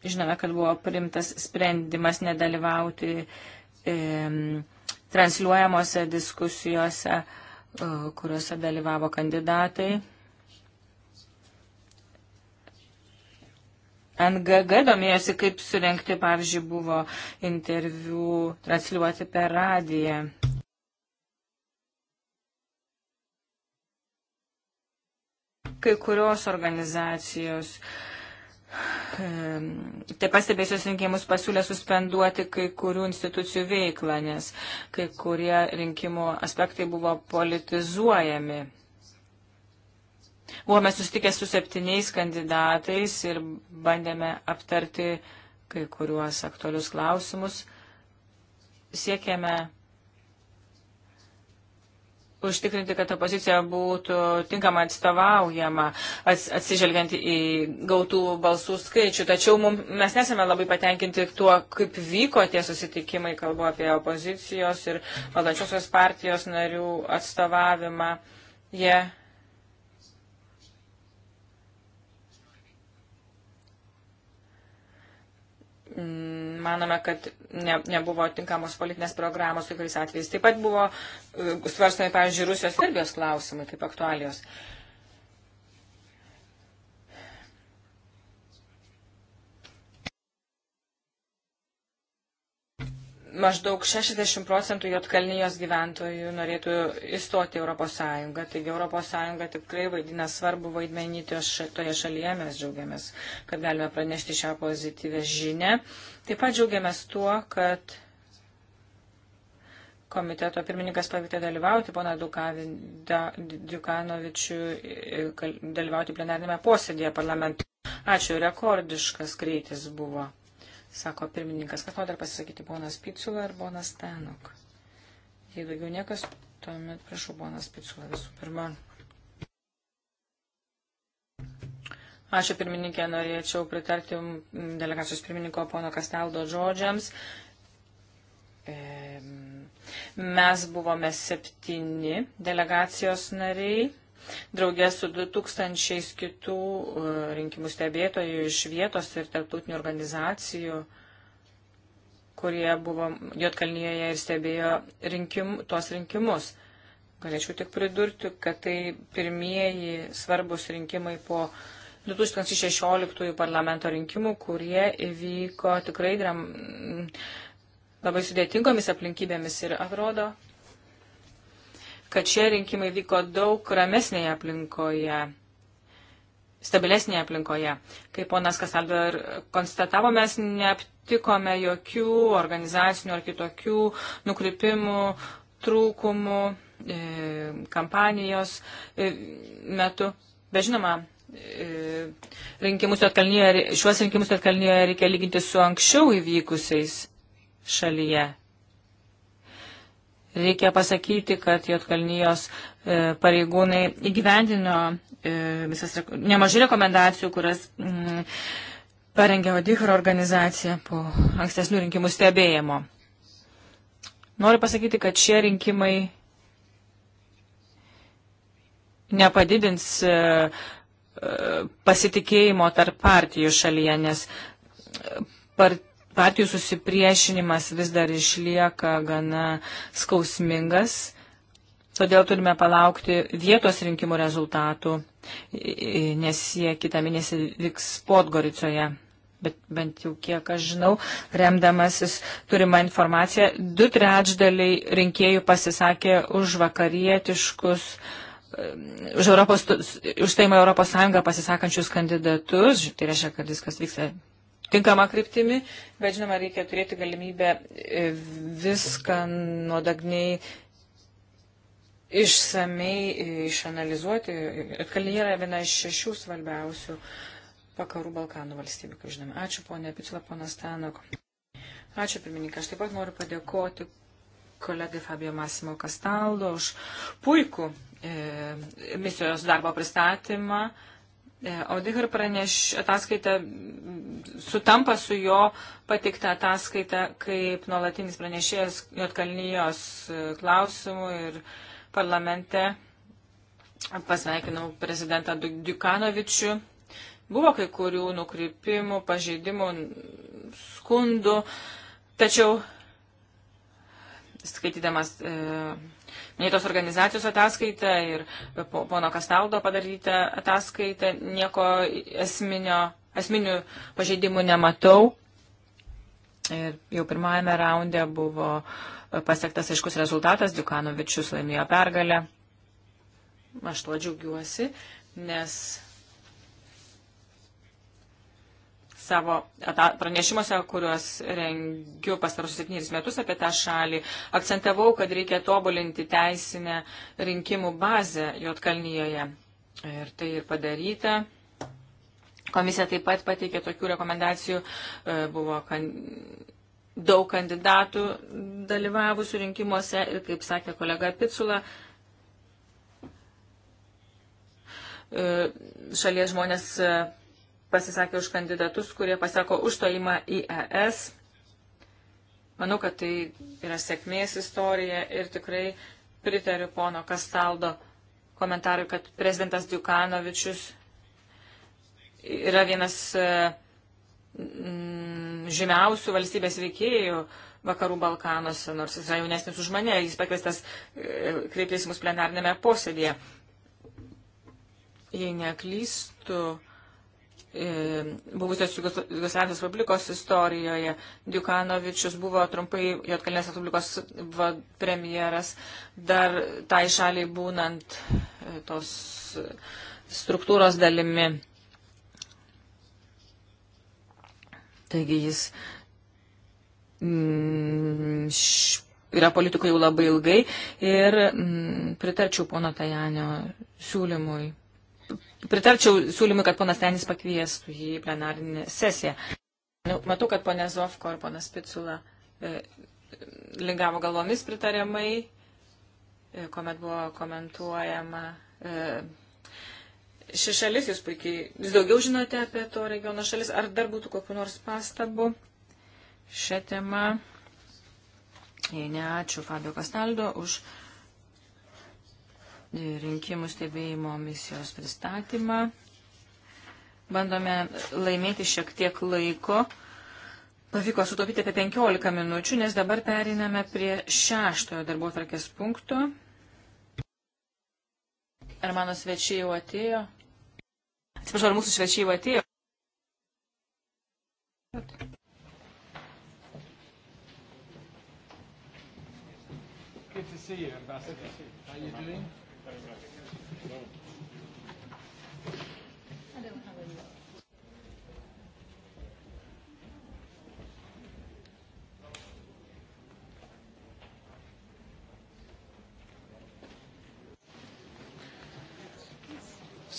Žinome, kad buvo primtas sprendimas nedalyvauti e, transliuojamuose diskusijose, e, kuriuose dalyvavo kandidatai. NGG domėjosi, kaip surenkti, pavyzdžiui, buvo interviu transliuoti per radiją. Kai kurios organizacijos uh, Taip pastebėsios rinkimus pasiūlė suspenduoti kai kurių institucijų veiklą, nes kai kurie rinkimų aspektai buvo politizuojami. Buvome susitikę su septyniais kandidatais ir bandėme aptarti kai kuriuos aktualius klausimus. Siekėme užtikrinti, kad opozicija būtų tinkamai atstovaujama, atsižvelgiant į gautų balsų skaičių. Tačiau mum, mes nesame labai patenkinti tuo, kaip vyko tie susitikimai, kalbu apie opozicijos ir valdančiosios partijos narių atstovavimą. Jie Mm, manome, kad ne, nebuvo tinkamos politinės programos kai kuriais atvejais. Taip pat buvo e, svarstami, pavyzdžiui, Rusijos Serbijos klausimai kaip aktualijos. Uh, maždaug 60 procentų Jotkalnyjos gyventojų norėtų įstoti Europos Sąjungą. Taigi Europos Sąjunga tikrai vaidina svarbu vaidmenį toje šalyje. Mes džiaugiamės, kad galime pranešti šią pozityvę žinę. Taip pat džiaugiamės tuo, kad komiteto pirmininkas pavykė dalyvauti, pana Dukanovičių, dalyvauti plenarnėme posėdėje parlamento. Ačiū, rekordiškas greitis buvo sako pirmininkas. Kas nori dar pasisakyti, ponas Picula ar ponas Tenok? Jei daugiau niekas, tuomet prašau, ponas Picula visų pirma. Ačiū pirmininkė, norėčiau pritarti delegacijos pirmininko pono Kasteldo žodžiams. Mes buvome septyni delegacijos nariai draugė su 2000 kitų e, rinkimų stebėtojų iš vietos ir tarptautinių organizacijų, kurie buvo Jotkalnyje ir stebėjo rinkim, tuos rinkimus. Galėčiau tik pridurti, kad tai pirmieji svarbus rinkimai po 2016 parlamento rinkimų, kurie įvyko tikrai dram, labai sudėtingomis aplinkybėmis ir atrodo, kad šie rinkimai vyko daug ramesnėje aplinkoje, stabilesnėje aplinkoje. Kaip ponas Kasaldo ir konstatavo, mes neaptikome jokių organizacinių ar kitokių nukrypimų, trūkumų e, kampanijos e, metu. Bet žinoma, e, rinkimus šiuos rinkimus Jotkalnyje reikia lyginti su anksčiau įvykusiais šalyje. Reikia pasakyti, kad Jotkalnyjos e, pareigūnai įgyvendino e, visas nemažai rekomendacijų, kurias m, mm, parengė Vadihro organizacija po ankstesnių rinkimų stebėjimo. Noriu pasakyti, kad šie rinkimai nepadidins e, pasitikėjimo tarp partijų šalyje, nes part partijų susipriešinimas vis dar išlieka gana skausmingas. Todėl turime palaukti vietos rinkimų rezultatų, nes jie kitą mėnesį vyks Podgoricoje. Bet bent jau kiek aš žinau, remdamasis turima informacija, du trečdaliai rinkėjų pasisakė už vakarietiškus, už, Europos, už taimą Europos Sąjungą pasisakančius kandidatus. Tai reiškia, kad viskas vyksta tinkama kryptimi, bet žinoma, reikia turėti galimybę e, viską nuodagniai išsamei e, išanalizuoti. Kalnyje yra viena iš šešių svarbiausių vakarų Balkanų valstybių, kaip žinome. Ačiū ponė Picula, ponas Tanok. Ačiū pirmininkai. Aš taip pat noriu padėkoti kolegai Fabio Masimo Kastaldo už puikų e, misijos darbo pristatymą. E, Audigar e, praneš ataskaita sutampa su jo pateikta ataskaita kaip nuolatinis pranešėjas Jotkalnyjos e, klausimų ir parlamente pasveikinau prezidentą Dukanovičių. Buvo kai kurių nukrypimų, pažeidimų, skundų, tačiau skaitydamas e, minėtos organizacijos ataskaita ir pono Kastaldo padaryta ataskaita, nieko esminio, esminių pažeidimų nematau. Ir jau pirmajame raunde buvo e, pasiektas aiškus rezultatas, Dukanovičius laimėjo pergalę. Aš tuo džiaugiuosi, nes savo pranešimuose, kuriuos rengiu pastarusius septynis metus apie tą šalį, akcentavau, kad reikia tobulinti teisinę rinkimų bazę Jotkalnyjoje. Ir tai ir padaryta. Komisija taip pat pateikė tokių rekomendacijų, e, buvo kan... daug kandidatų dalyvavusių rinkimuose ir, kaip sakė kolega Picula, e, šalies žmonės e, pasisakė už kandidatus, kurie pasako užstojimą į ES. Manau, kad tai yra sėkmės istorija ir tikrai pritariu pono Kastaldo komentarui, kad prezidentas Dukanovičius yra vienas e, žymiausių valstybės veikėjų vakarų Balkanuose, nors jis yra jaunesnis už mane, jis pakviestas e, kreiptis mūsų plenarnėme posėdėje. Jei neklystu, E, buvusios Jugoslavijos Republikos istorijoje. Djukanovičius buvo trumpai Jotkalnės Republikos premjeras, dar tai šaliai būnant e, tos struktūros dalimi. Taigi jis mm, yra politikoje jau labai ilgai ir mm, pritarčiau pono Tajanio siūlymui pritarčiau siūlymui, kad ponas Tenis pakviestų jį į plenarinę sesiją. Matau, kad ponė Zovko ir ponas Picula e, lingavo galvomis pritariamai, e, kuomet buvo komentuojama. E, ši šalis, jūs puikiai, jūs daugiau žinote apie to regiono šalis, ar dar būtų kokiu nors pastabu šią temą? Jei ne, ačiū Fabio Kastaldo už rinkimų stebėjimo misijos pristatymą. Bandome laimėti šiek tiek laiko. Pavyko sutaupyti apie 15 minučių, nes dabar periname prie šeštojo darbo tvarkės punkto. Ar mano svečiai jau atėjo? Atsiprašau, ar mūsų svečiai jau atėjo? Good to see you, Ambassador. How are you doing?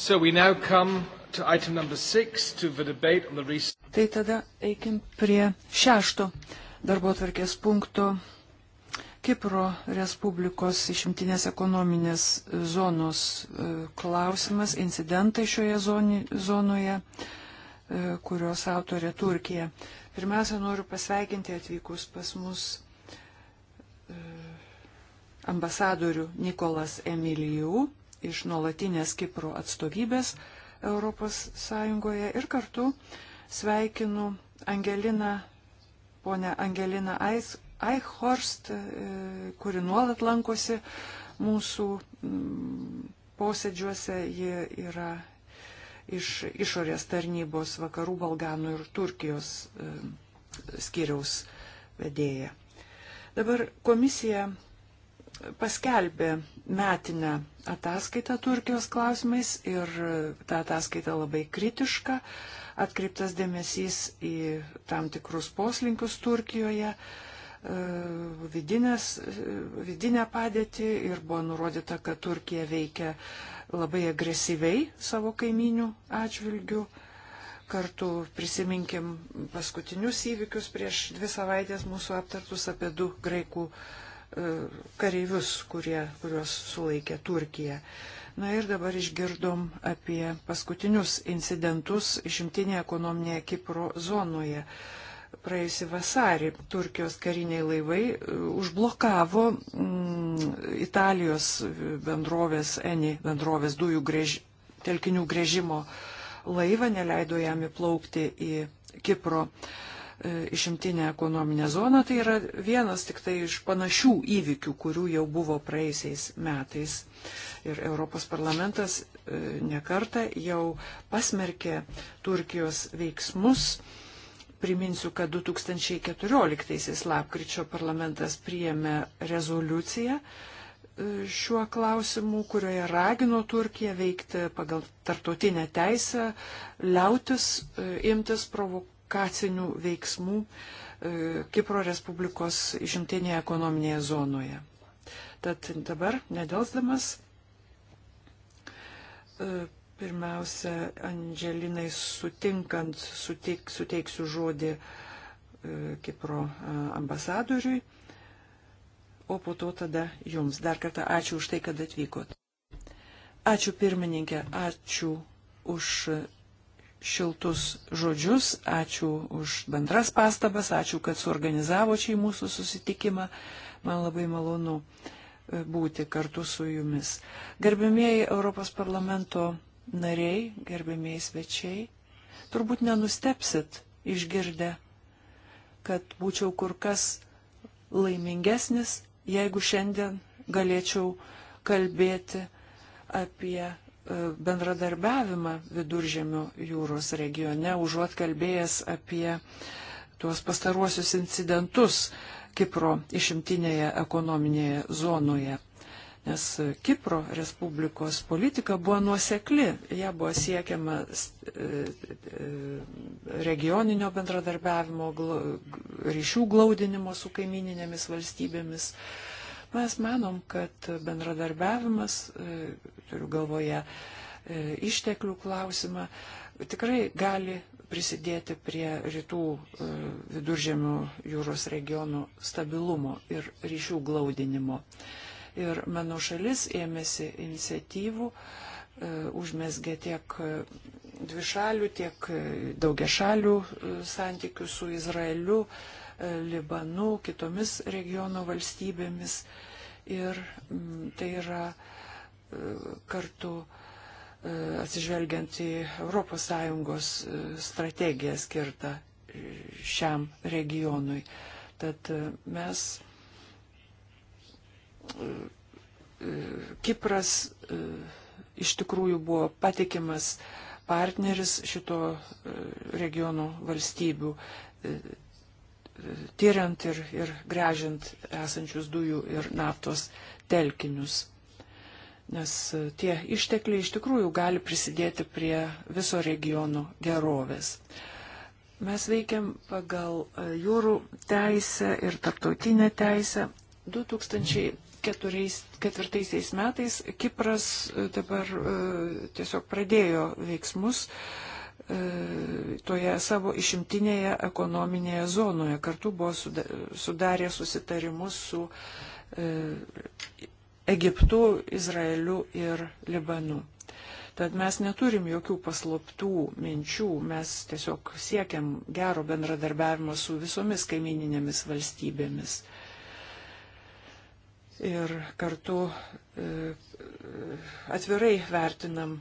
So we now come to item number six, to the debate on the recent... Tai tada eikim prie šešto darbo atvarkės punkto Kipro Respublikos išimtinės ekonominės zonos e, klausimas, incidentai šioje zoni, zonoje, e, kurios autorė Turkija. Pirmiausia, noriu pasveikinti atvykus pas mus e, ambasadorių Nikolas Emilijų iš nuolatinės Kipro atstovybės ES ir kartu sveikinu Angeliną, ponę Angeliną Eichhorst, e, kuri nuolat lankosi mūsų mm, posėdžiuose. Ji yra iš išorės tarnybos vakarų Balganų ir Turkijos e, skiriaus vedėja. Dabar komisija paskelbė metinę ataskaitą Turkijos klausimais ir ta ataskaita labai kritiška, atkreiptas dėmesys į tam tikrus poslinkius Turkijoje, e, vidinės, e, vidinę padėtį ir buvo nurodyta, kad Turkija veikia labai agresyviai savo kaiminių atžvilgių kartu prisiminkim paskutinius įvykius prieš dvi savaitės mūsų aptartus apie du graikų E, kareivius, kurie, kuriuos sulaikė Turkija. Na ir dabar išgirdom apie paskutinius incidentus išimtinėje ekonominėje Kipro zonoje. Praėjusį vasarį Turkijos kariniai laivai e, užblokavo mm, Italijos bendrovės, ENI bendrovės dujų grėž, telkinių grėžimo laivą, neleido jam įplaukti į Kipro uh, E, išimtinę ekonominę zoną, tai yra vienas tik tai iš panašių įvykių, kurių jau buvo praeisiais metais. Ir Europos parlamentas e, nekarta jau pasmerkė Turkijos veiksmus. Priminsiu, kad 2014 lapkričio parlamentas priėmė rezoliuciją e, šiuo klausimu, kurioje ragino Turkiją veikti pagal tartotinę teisę, liautis imtis provo provokacinių veiksmų e, Kipro Respublikos išimtinėje ekonominėje zonoje. Tad dabar, nedelsdamas, e, pirmiausia, Andželinai sutinkant suteik, suteiksiu žodį e, Kipro ambasadoriui, o po to tada jums. Dar kartą ačiū už tai, kad atvykot. Ačiū pirmininkė, ačiū už šiltus žodžius, ačiū už bendras pastabas, ačiū, kad suorganizavo čia į mūsų susitikimą. Man labai malonu e, būti kartu su jumis. Gerbimieji Europos parlamento nariai, gerbimieji svečiai, turbūt nenustepsit išgirdę, kad būčiau kur kas laimingesnis, jeigu šiandien galėčiau kalbėti apie E, bendradarbiavimą viduržėmio jūros regione, užuot kalbėjęs apie tuos pastaruosius incidentus Kipro išimtinėje ekonominėje zonoje. Nes Kipro Respublikos politika buvo nuosekli, ją buvo siekiama e, e, regioninio bendradarbiavimo, ryšių glaudinimo su kaimininėmis valstybėmis. Mes manom, kad bendradarbiavimas, e, turiu galvoje e, išteklių klausimą, tikrai gali prisidėti prie rytų e, viduržėmių jūros regionų stabilumo ir ryšių glaudinimo. Ir mano šalis ėmėsi iniciatyvų, užmesgė tiek dvišalių, tiek daugiašalių santykių su Izraeliu, Libanu, kitomis regiono valstybėmis. Ir mm, tai yra e, kartu e, atsižvelgiant į ES e, strategiją skirtą šiam regionui. Tad mes Kipras iš tikrųjų buvo patikimas partneris šito regiono valstybių tyriant ir, ir grežint esančius dujų ir naftos telkinius. Nes e, tie ištekliai iš tikrųjų gali prisidėti prie viso regiono gerovės. Mes veikiam pagal e, jūrų teisę ir tarptautinę teisę. 2004 metais Kipras e, dabar tiesiog pradėjo veiksmus E, toje savo išimtinėje ekonominėje zonoje. Kartu buvo sudarė susitarimus su e, Egiptu, Izraeliu ir Libanu. Tad mes neturim jokių paslaptų minčių, mes tiesiog siekiam gero bendradarbiavimo su visomis kaimininėmis valstybėmis. Ir kartu e, atvirai vertinam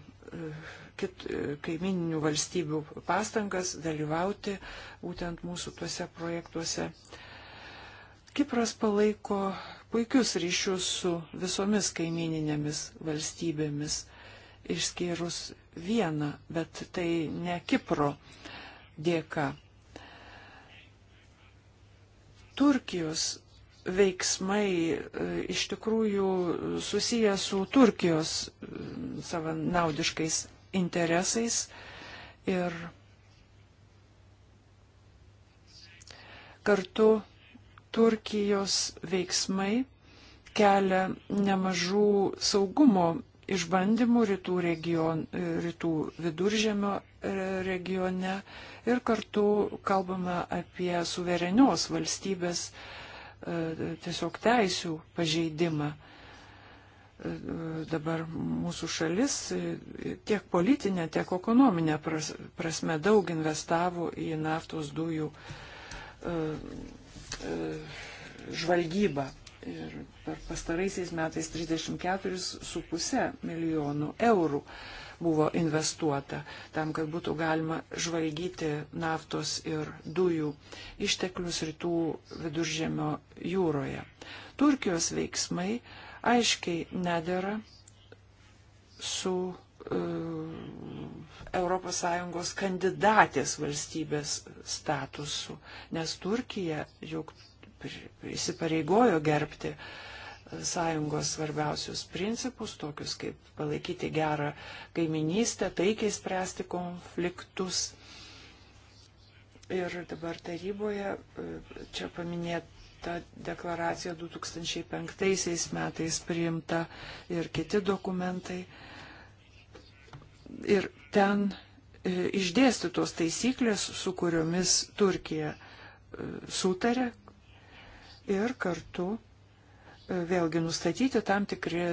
kit, kaimininių valstybių pastangas dalyvauti būtent mūsų tuose projektuose. Kipras palaiko puikius ryšius su visomis kaimininėmis valstybėmis, išskyrus vieną, bet tai ne Kipro dėka. Turkijos veiksmai e, iš tikrųjų susiję su Turkijos e, savanaudiškais interesais ir kartu Turkijos veiksmai kelia nemažų saugumo išbandymų rytų, region, rytų viduržėmio regione ir kartu kalbame apie suverenios valstybės e, tiesiog teisių pažeidimą dabar mūsų šalis tiek politinė, tiek ekonominė prasme daug investavo į naftos dujų e, e, žvalgybą. Ir per pastaraisiais metais 34,5 milijonų eurų buvo investuota tam, kad būtų galima žvalgyti naftos ir dujų išteklius rytų viduržėmio jūroje. Turkijos veiksmai uh, aiškiai nedėra su ES kandidatės valstybės statusu, nes Turkija juk įsipareigojo gerbti e, sąjungos svarbiausius principus, tokius kaip palaikyti gerą kaiminystę, taikiai spręsti konfliktus. Ir dabar taryboje e, čia paminėt, ta deklaracija 2005 metais priimta ir kiti dokumentai. Ir ten e, išdėstytos taisyklės, su kuriomis Turkija e, sutarė ir kartu e, vėlgi nustatyti tam tikri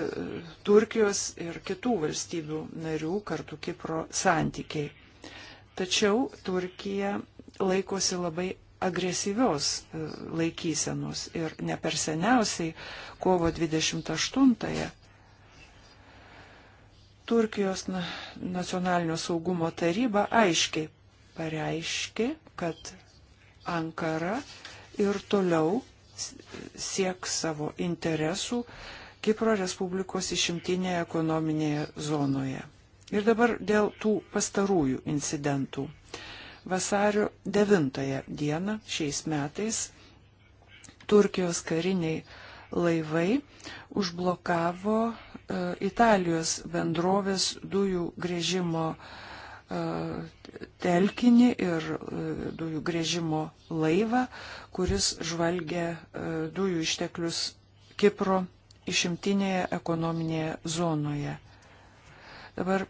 Turkijos ir kitų valstybių narių kartu Kipro santykiai. Tačiau Turkija laikosi labai agresyvios e, laikysenos. Ir ne per seniausiai kovo 28-ąją Turkijos nacionalinio saugumo taryba aiškiai pareiškė, kad Ankara ir toliau sieks savo interesų Kipro Respublikos išimtinėje ekonominėje zonoje. Ir dabar dėl tų pastarųjų incidentų. Vasario 9 dieną šiais metais Turkijos kariniai laivai užblokavo e, Italijos bendrovės dujų grėžimo e, telkinį ir e, dujų grėžimo laivą, kuris žvalgė dujų išteklius Kipro išimtinėje ekonominėje zonoje. Dabar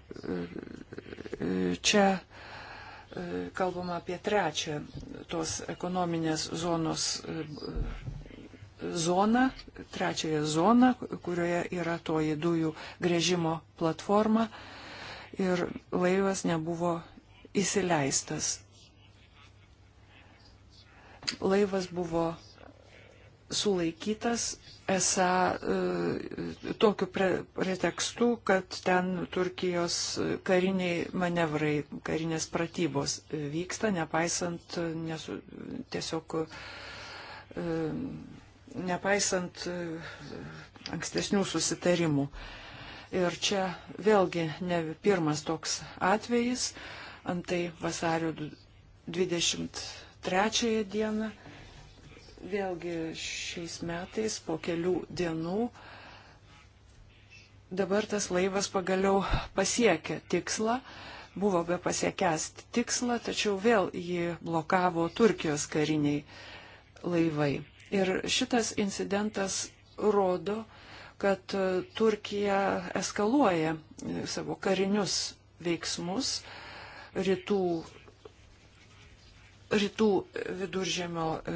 čia E, kalbama apie trečią tos ekonominės zonos e, zoną, trečiąją zoną, kurioje yra toji dujų grėžimo platforma ir laivas nebuvo įsileistas. Laivas buvo sulaikytas esą e, tokiu pretekstu, kad ten Turkijos kariniai manevrai, karinės pratybos vyksta, nepaisant e, nesu, tiesiog e, nepaisant ankstesnių susitarimų. Ir čia vėlgi ne pirmas toks atvejis, antai vasario 23 dieną vėlgi šiais metais po kelių dienų dabar tas laivas pagaliau pasiekė tikslą, buvo be pasiekęs tikslą, tačiau vėl jį blokavo Turkijos kariniai laivai. Ir šitas incidentas rodo, kad Turkija eskaluoja savo karinius veiksmus rytų rytų viduržėmio e,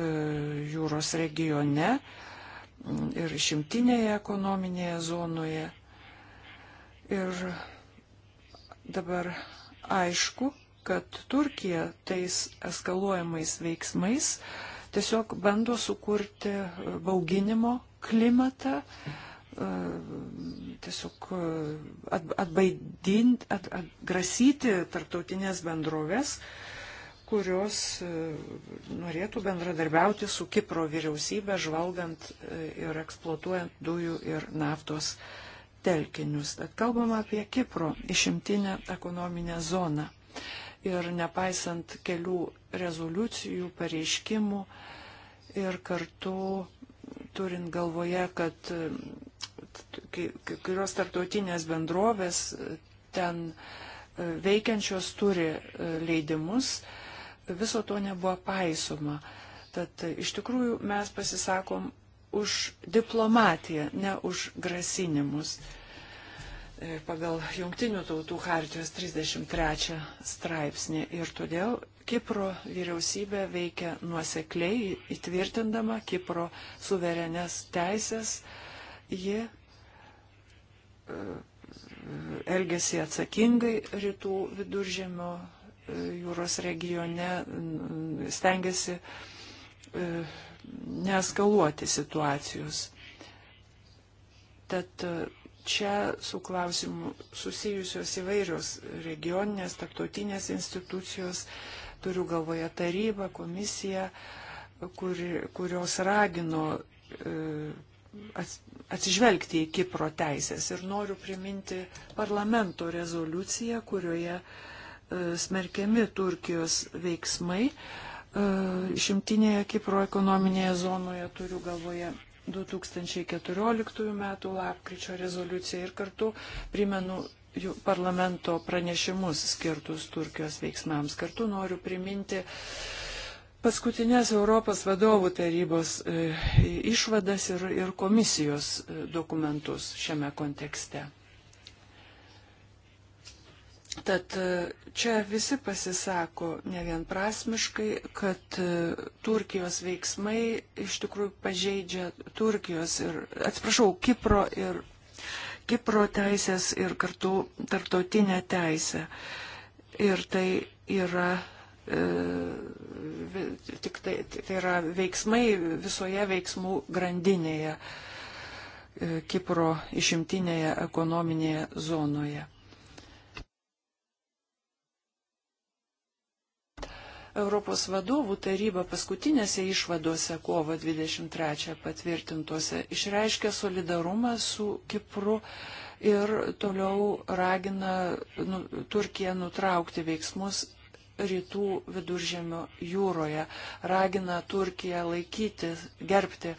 jūros regione ir šimtinėje ekonominėje zonoje. Ir dabar aišku, kad Turkija tais eskaluojamais veiksmais tiesiog bando sukurti bauginimo klimatą, e, tiesiog e, atbaidinti, atgrasyti tarptautinės bendrovės, kurios e, norėtų bendradarbiauti su Kipro vyriausybė, žvalgant e, ir eksploatuojant dujų ir naftos telkinius. Tad kalbama apie Kipro išimtinę ekonominę zoną. Ir nepaisant kelių rezoliucijų, pareiškimų ir kartu turint galvoje, kad e, kai kurios tarptautinės bendrovės ten veikiančios turi leidimus, viso to nebuvo paisoma. Tad e, iš tikrųjų mes pasisakom už diplomatiją, ne už grasinimus. E, pagal Junktinių tautų hartijos 33 straipsnį ir todėl Kipro vyriausybė veikia nuosekliai įtvirtindama Kipro suverenės teisės. Ji e, elgesi atsakingai rytų viduržėmio jūros regione stengiasi e, neskaluoti situacijos. Tad e, čia su klausimu susijusios įvairios regioninės, tarptautinės institucijos, turiu galvoje tarybą, komisiją, kur, kurios ragino e, atsižvelgti į Kipro teisės. Ir noriu priminti parlamento rezoliuciją, kurioje uh, smerkiami Turkijos veiksmai e, šimtinėje Kipro ekonominėje zonoje, turiu galvoje 2014 m. lapkričio rezoliuciją ir kartu primenu parlamento pranešimus skirtus Turkijos veiksmams. Kartu noriu priminti paskutinės Europos vadovų tarybos e, išvadas ir, ir komisijos e, dokumentus šiame kontekste. Tad e, čia visi pasisako ne vienprasmiškai, kad e, Turkijos veiksmai iš tikrųjų pažeidžia Turkijos ir, atsiprašau, Kipro ir Kipro teisės ir kartu tarptautinę teisę. Ir tai yra e, tik tai, tai yra veiksmai visoje veiksmų grandinėje, Kipro išimtinėje ekonominėje zonoje. Europos vadovų taryba paskutinėse išvadose kovo 23 patvirtintose išreiškė solidarumą su Kipru ir toliau ragina nu, Turkiją nutraukti veiksmus rytų viduržėmio jūroje, ragina Turkiją laikyti, gerbti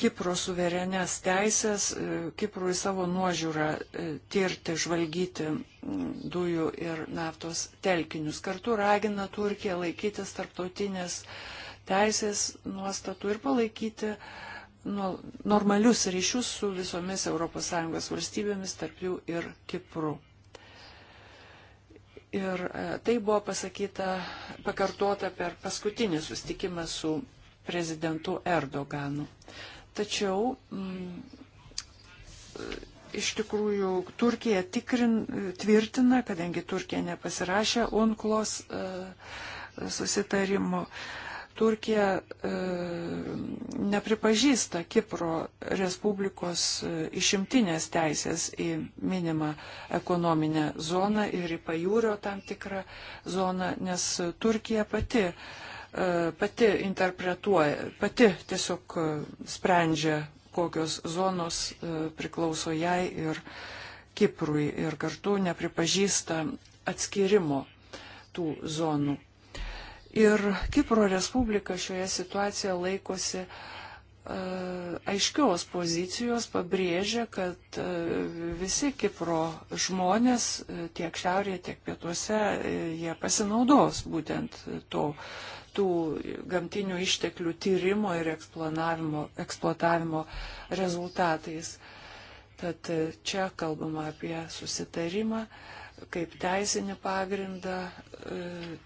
Kipro suverenės teisės, e, Kiprui savo nuožiūrą e, tirti, žvalgyti dujų ir naftos telkinius. Kartu ragina Turkiją laikytis tarptautinės teisės nuostatų ir palaikyti normalius ryšius su visomis ES valstybėmis, tarp jų ir Kipru. Ir e, tai buvo pasakyta, pakartota per paskutinį sustikimą su prezidentu Erdoganu. Tačiau m, mm, iš tikrųjų Turkija tikrin, tvirtina, kadangi Turkija nepasirašė UNCLOS e, susitarimo, Turkija e, nepripažįsta Kipro Respublikos e, išimtinės teisės į minimą ekonominę zoną ir į pajūrio tam tikrą zoną, nes Turkija pati e, E, pati interpretuoja, pati tiesiog e, sprendžia, kokios zonos e, priklauso jai ir Kiprui ir kartu nepripažįsta atskirimo tų zonų. Ir Kipro Respublika šioje situacijoje laikosi uh, aiškios pozicijos pabrėžia, kad visi Kipro žmonės tiek šiaurėje, tiek pietuose, jie pasinaudos būtent to tų gamtinių išteklių tyrimo ir eksploatavimo rezultatais. Tad e, čia kalbama apie susitarimą kaip teisinį pagrindą e,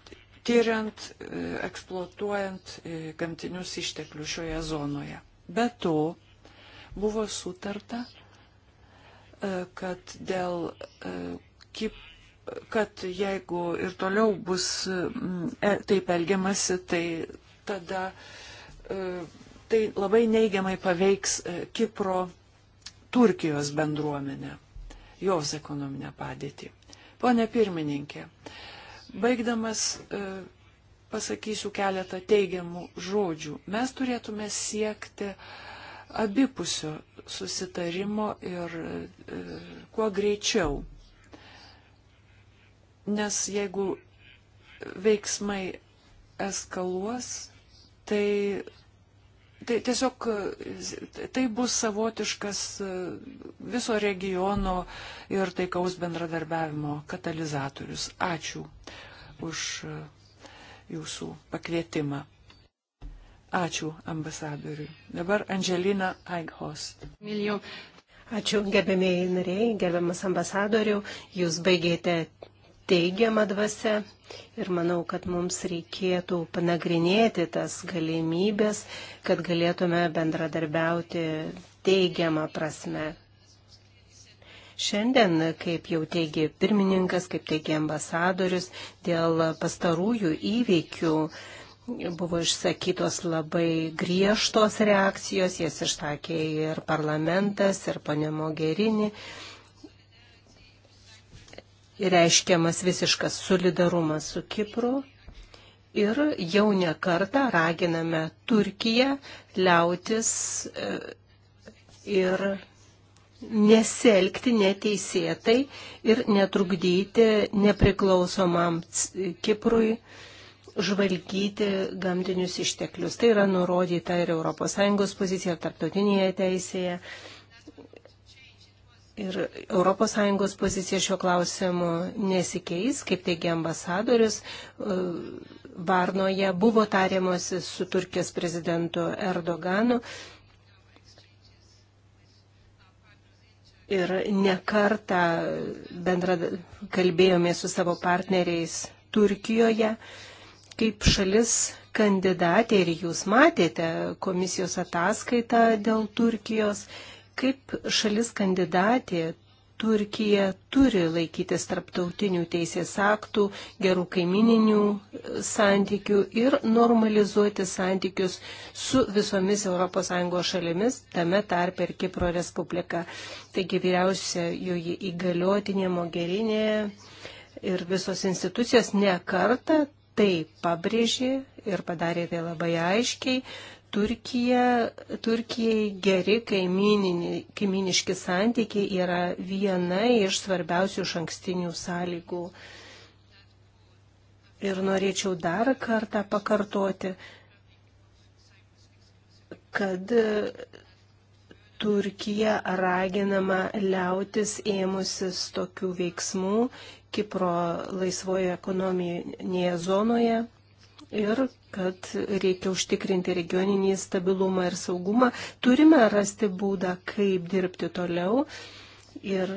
tyriant, e, eksploatuojant gamtinius išteklius šioje zonoje. Be to, buvo sutarta, kad dėl Kip, kad jeigu ir toliau bus mm, e, taip elgiamasi, tai tada e, tai labai neigiamai paveiks e, Kipro Turkijos bendruomenę, jos ekonominę padėtį. Pone pirmininkė, baigdamas pasakysiu keletą teigiamų žodžių. Mes turėtume siekti abipusio susitarimo ir kuo greičiau. Nes jeigu veiksmai eskaluos, tai, tai tiesiog tai bus savotiškas viso regiono ir taikaus bendradarbiavimo katalizatorius. Ačiū už jūsų pakvietimą. Ačiū ambasadoriui. Dabar Angelina Eichhost. Milijon. Ačiū gerbėmiai nariai, gerbiamas ambasadoriu. Jūs baigėte teigiama dvasia ir manau, kad mums reikėtų panagrinėti tas galimybės, kad galėtume bendradarbiauti teigiamą prasme. Šiandien, kaip jau teigia pirmininkas, kaip teigia ambasadorius, dėl pastarųjų įveikių buvo išsakytos labai griežtos reakcijos, jas išsakė ir parlamentas, ir ponė Mogerini reiškiamas visiškas solidarumas su Kipru ir jau ne kartą raginame Turkiją liautis e, ir neselgti neteisėtai ir netrukdyti nepriklausomam Kiprui žvalgyti gamtinius išteklius. Tai yra nurodyta ir ES pozicija, ir tarptautinėje teisėje. Ir ES pozicija šiuo klausimu nesikeis, kaip teigia ambasadorius. E, Varnoje buvo tariamosi su Turkijos prezidentu Erdoganu. Ir nekartą bendra kalbėjome su savo partneriais Turkijoje, kaip šalis kandidatė ir jūs matėte komisijos ataskaitą dėl Turkijos kaip šalis kandidatė Turkija turi laikytis tarptautinių teisės aktų, gerų kaimininių santykių ir normalizuoti santykius su visomis ES šalimis, tame tarp ir Kipro Respublika. Taigi vyriausia joji įgaliotinė Mogerinė ir visos institucijos ne kartą tai pabrėžė ir padarė tai labai aiškiai, Turkija, Turkijai geri kaiminiški santykiai yra viena iš svarbiausių iš ankstinių sąlygų. Ir norėčiau dar kartą pakartoti, kad Turkija raginama liautis ėmusis tokių veiksmų Kipro laisvoje ekonominėje zonoje ir kad reikia užtikrinti regioninį stabilumą ir saugumą, turime rasti būdą, kaip dirbti toliau. Ir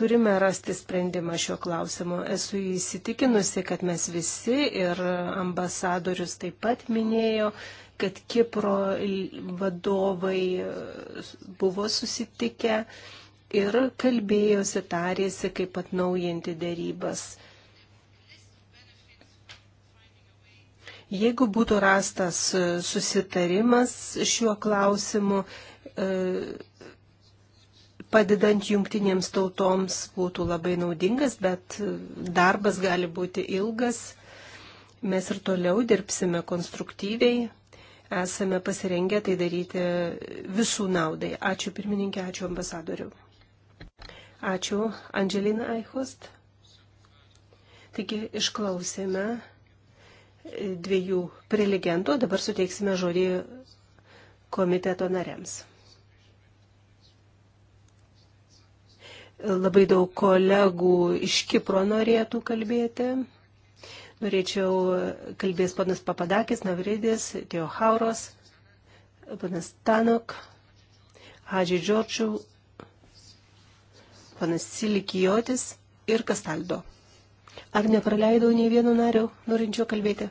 turime rasti sprendimą šio klausimo. Esu įsitikinusi, kad mes visi ir ambasadorius taip pat minėjo, kad Kipro vadovai buvo susitikę ir kalbėjosi, tarėsi, kaip atnaujinti dėrybas. Jeigu būtų rastas e, susitarimas šiuo klausimu, e, padedant jungtinėms tautoms būtų labai naudingas, bet e, darbas gali būti ilgas. Mes ir toliau dirbsime konstruktyviai, esame pasirengę tai daryti visų naudai. Ačiū pirmininkė, ačiū ambasadoriu. Ačiū Angelina Eichust. Taigi išklausėme dviejų prelegentų, dabar suteiksime žodį komiteto nariams. Labai daug kolegų iš Kipro norėtų kalbėti. Norėčiau kalbės panas Papadakis, Navridis, Teohauros, panas Tanok, Hadži Džorčių, panas Silikijotis ir Kastaldo. Ar nepraleidau nei vieno nario norinčio kalbėti?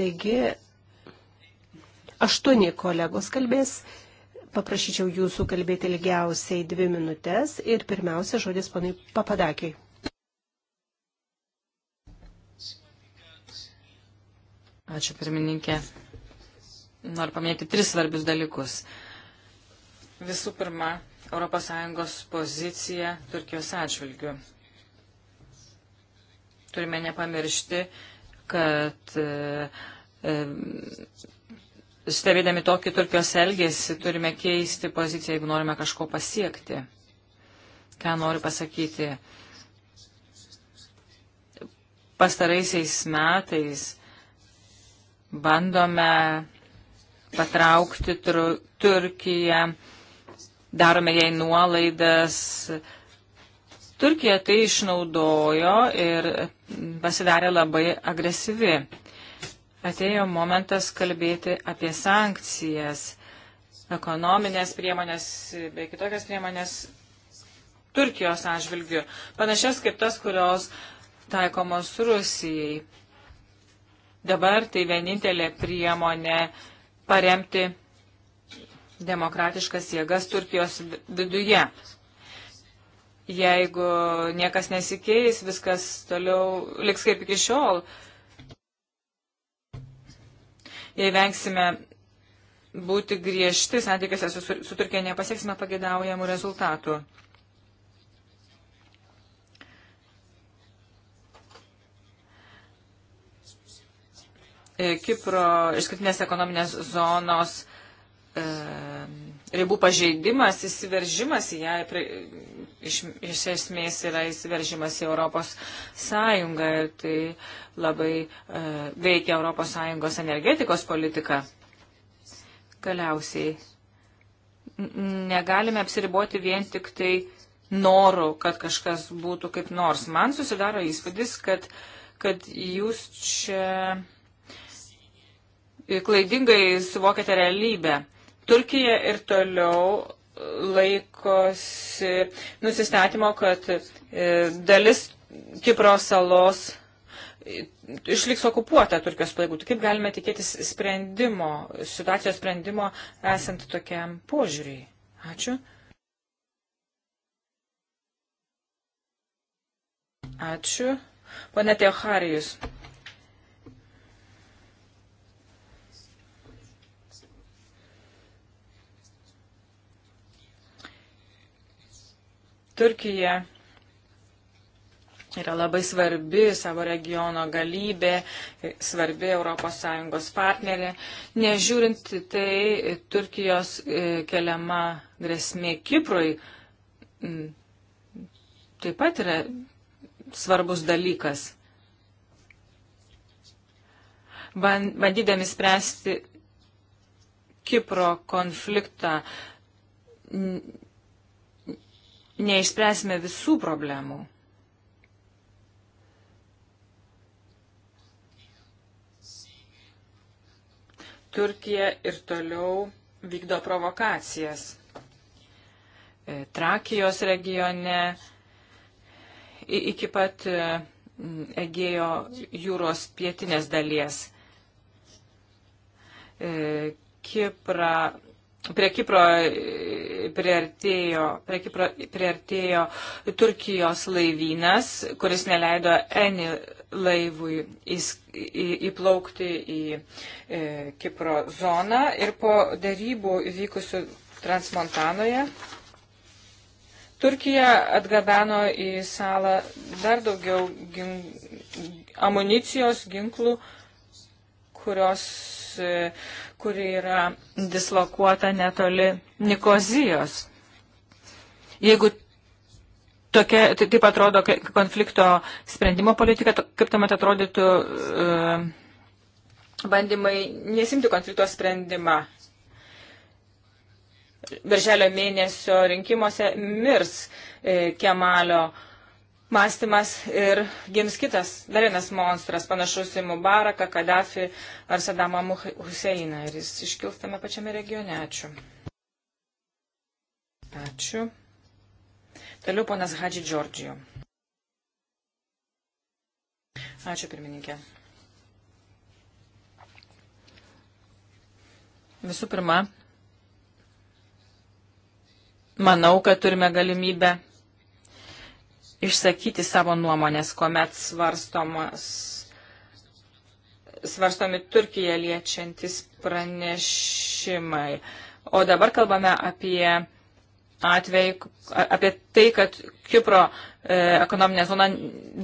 Taigi, aštuoni kolegos kalbės. Paprašyčiau jūsų kalbėti ilgiausiai dvi minutės ir pirmiausia žodis panai papadakiai. Ačiū pirmininkė. Noriu paminėti tris svarbius dalykus. Visų pirma, ES poziciją Turkijos atžvilgių. Turime nepamiršti, kad e, e, stebėdami tokį Turkijos elgesį turime keisti poziciją, jeigu norime kažko pasiekti. Ką noriu pasakyti? Pastaraisiais metais bandome patraukti Turkiją darome jai nuolaidas. Turkija tai išnaudojo ir pasidarė labai agresyvi. Atėjo momentas kalbėti apie sankcijas, ekonominės priemonės bei kitokias priemonės Turkijos atžvilgių, panašias kaip tas, kurios taikomos Rusijai. Dabar tai vienintelė priemonė paremti demokratiškas jėgas Turkijos viduje. Jeigu niekas nesikeis, viskas toliau liks kaip iki šiol. Jei vengsime būti griežti santykiuose su, su Turkija, nepasieksime pagėdaujamų rezultatų. E, Kipro išskirtinės ekonominės zonos E, ribų pažeidimas, įsiveržimas į ją, iš, iš esmės yra įsiveržimas į Europos Sąjungą ir tai labai e, veikia Europos Sąjungos energetikos politiką. Galiausiai negalime apsiriboti vien tik tai norų, kad kažkas būtų kaip nors. Man susidaro įspūdis, kad, kad jūs čia klaidingai suvokėte realybę. Turkija ir toliau laikosi nusistatymo, kad e, dalis Kipro salos e, išliks okupuota Turkijos pajėgų. Tai kaip galime tikėtis sprendimo, situacijos sprendimo esant tokiam požiūriui? Ačiū. Ačiū. Pane Teoharijus. Turkija yra labai svarbi savo regiono galybė, svarbi ES partnerė. Nežiūrint tai, Turkijos e, keliama grėsmė Kiprui taip pat yra svarbus dalykas. Bandydami spręsti Kipro konfliktą, neišspręsime visų problemų. Turkija ir toliau vykdo provokacijas. E, Trakijos regione iki pat e, Egėjo jūros pietinės dalies. E, Kiprą prie Kipro e, priartėjo, prie Kipro priartėjo Turkijos laivynas, kuris neleido Eni laivui įplaukti į e, Kipro zoną ir po darybų įvykusių Transmontanoje Turkija atgabeno į salą dar daugiau gin... amunicijos, ginklų, kurios e, kuri yra dislokuota netoli Nikozijos. Jeigu tokia, tai taip atrodo konflikto sprendimo politika, kaip tuomet atrodytų e, bandymai nesimti konflikto sprendimą. Birželio mėnesio rinkimuose mirs e, Kemalio mąstymas ir gims kitas, dar vienas monstras, panašus į Mubaraką, Kadafį ar Sadamą Huseiną. Ir jis iškils tame pačiame regione. Ačiū. Ačiū. Toliau ponas Hadži Džordžijo. Ačiū pirmininkė. Visų pirma, manau, kad turime galimybę išsakyti savo nuomonės, kuomet svarstomas, svarstomi Turkiją liečiantis pranešimai. O dabar kalbame apie atvejai, apie tai, kad Kipro e, ekonominė zona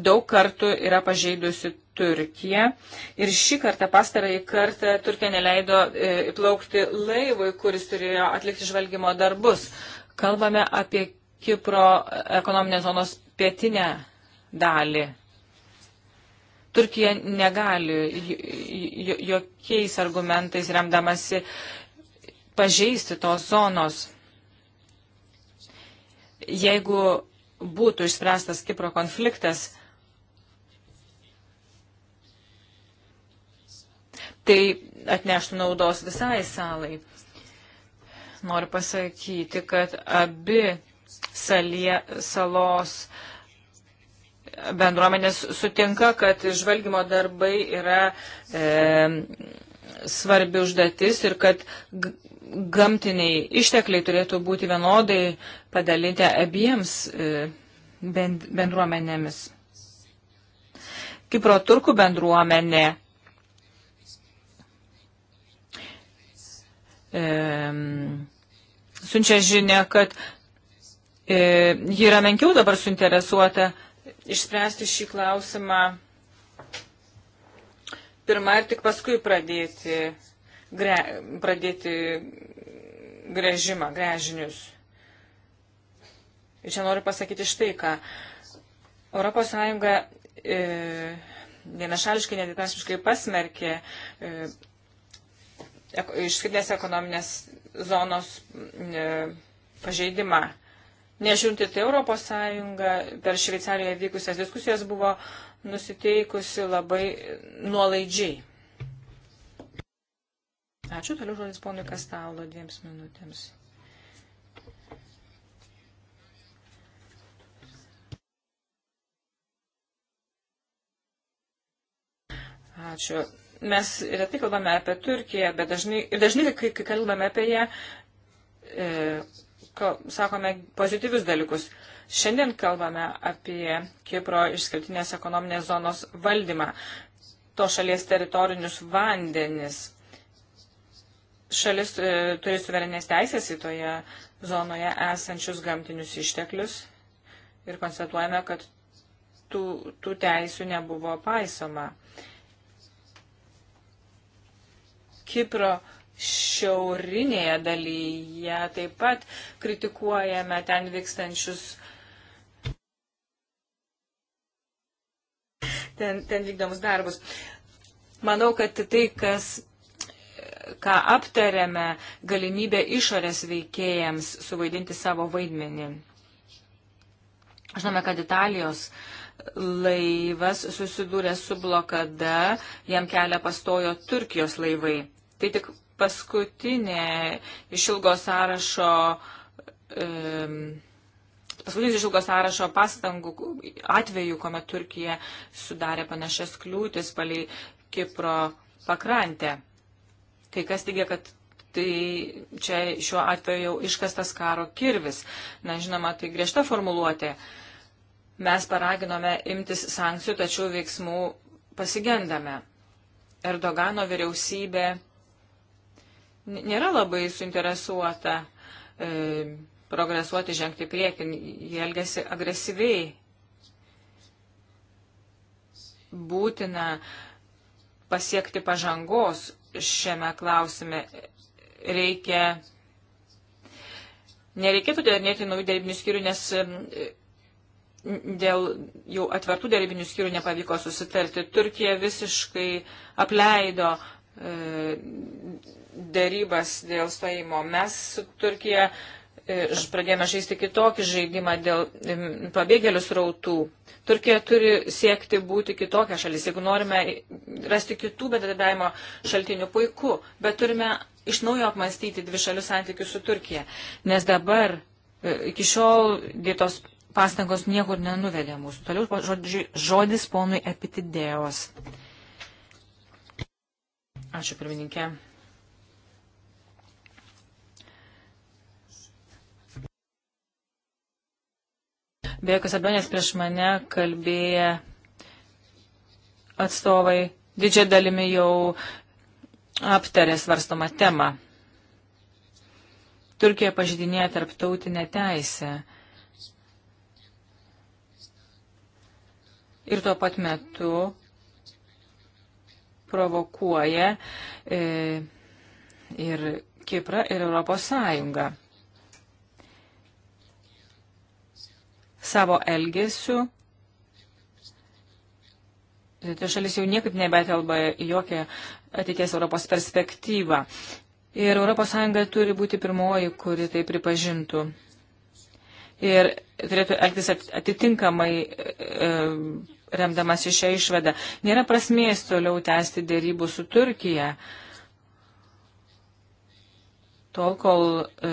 daug kartų yra pažeidusi Turkiją. Ir šį kartą, pastarąjį kartą, Turkija neleido e, įplaukti laivui, kuris turėjo atlikti žvalgymo darbus. Kalbame apie Kipro ekonominės zonos pietinę dalį. Turkija negali jokiais argumentais remdamasi pažeisti tos zonos. Jeigu būtų išspręstas Kipro konfliktas, tai atneštų naudos visai salai. Noriu pasakyti, kad abi salie, salos bendruomenės sutinka, kad žvalgymo darbai yra e, svarbi užduotis ir kad gamtiniai ištekliai turėtų būti vienodai padalinti abiems e, bend, bendruomenėmis. Kipro turkų bendruomenė e, siunčia žinia, kad E, ji yra menkiau dabar suinteresuota išspręsti šį klausimą pirmą ir tik paskui pradėti, gre, pradėti grežimą, grežinius. Ir čia noriu pasakyti štai ką. Europos Sąjunga e, vienašališkai, nedidasmiškai pasmerkė e, išskirtinės ekonominės zonos e, pažeidimą. Nežiūrinti tai Europos Sąjunga per Šveicariją vykusias diskusijas buvo nusiteikusi labai nuolaidžiai. Ačiū, toliau žodis ponui Kastalo dviems minutėms. Ačiū. Mes retai kalbame apie Turkiją, bet dažnai, dažnai kai, kai kalbame apie ją, e, sakome pozityvius dalykus. Šiandien kalbame apie Kipro išskirtinės ekonominės zonos valdymą, to šalies teritorinius vandenis. Šalis e, turi suverenės teisės į toje zonoje esančius gamtinius išteklius ir konstatuojame, kad tų, tų teisų nebuvo paisoma. Kipro e, šiaurinėje dalyje. Taip pat kritikuojame ten vykstančius. Ten, ten vykdomus darbus. Manau, kad tai, kas, ką aptarėme, galimybė išorės veikėjams suvaidinti savo vaidmenį. Žinome, kad Italijos laivas susidūrė su blokada, jam kelią pastojo Turkijos laivai. Tai tik paskutinė iš ilgo sąrašo. Um, Paskutinis iš ilgo sąrašo pastangų atveju, kuomet Turkija sudarė panašias kliūtis palei Kipro pakrantę. Kai kas teigia, kad tai čia šiuo atveju jau iškastas karo kirvis. Na, žinoma, tai griežta formuluotė. Mes paraginome imtis sankcijų, tačiau veiksmų pasigendame. Erdogano vyriausybė nėra labai suinteresuota e, progresuoti, žengti priekin, jie elgesi agresyviai. Būtina pasiekti pažangos šiame klausime. Reikia. Nereikėtų derinėti naujų dėrybinių skyrių, nes dėl jau atvertų dėrybinių skyrių nepavyko susitarti. Turkija visiškai apleido e, dėrybas dėl stojimo. Mes su Turkija e, pradėjome žaisti kitokį žaidimą dėl pabėgėlių srautų. Turkija turi siekti būti kitokia šalis. Jeigu norime rasti kitų bendradarbiavimo šaltinių, puiku, bet turime iš naujo apmastyti dvi šalių santykius su Turkija. Nes dabar e, iki šiol dėtos pastangos niekur nenuvedė mūsų. Toliau žodžiu, žodis ponui epitidėjos. Ačiū, pirmininkė. Be jokios abejonės prieš mane kalbėję atstovai didžiai dalimi jau aptarė svarstomą temą. Turkija pažydinėja tarptautinę teisę. Ir tuo pat metu provokuoja e, ir Kiprą, ir Europos Sąjungą. savo elgesiu. Tai šalis jau niekaip nebetelba į jokią ateities Europos perspektyvą. Ir ES turi būti pirmoji, kuri tai pripažintų. Ir turėtų elgtis atitinkamai e, remdamas į šią išvadą. Nėra prasmės toliau tęsti dėrybų su Turkija, tol kol e,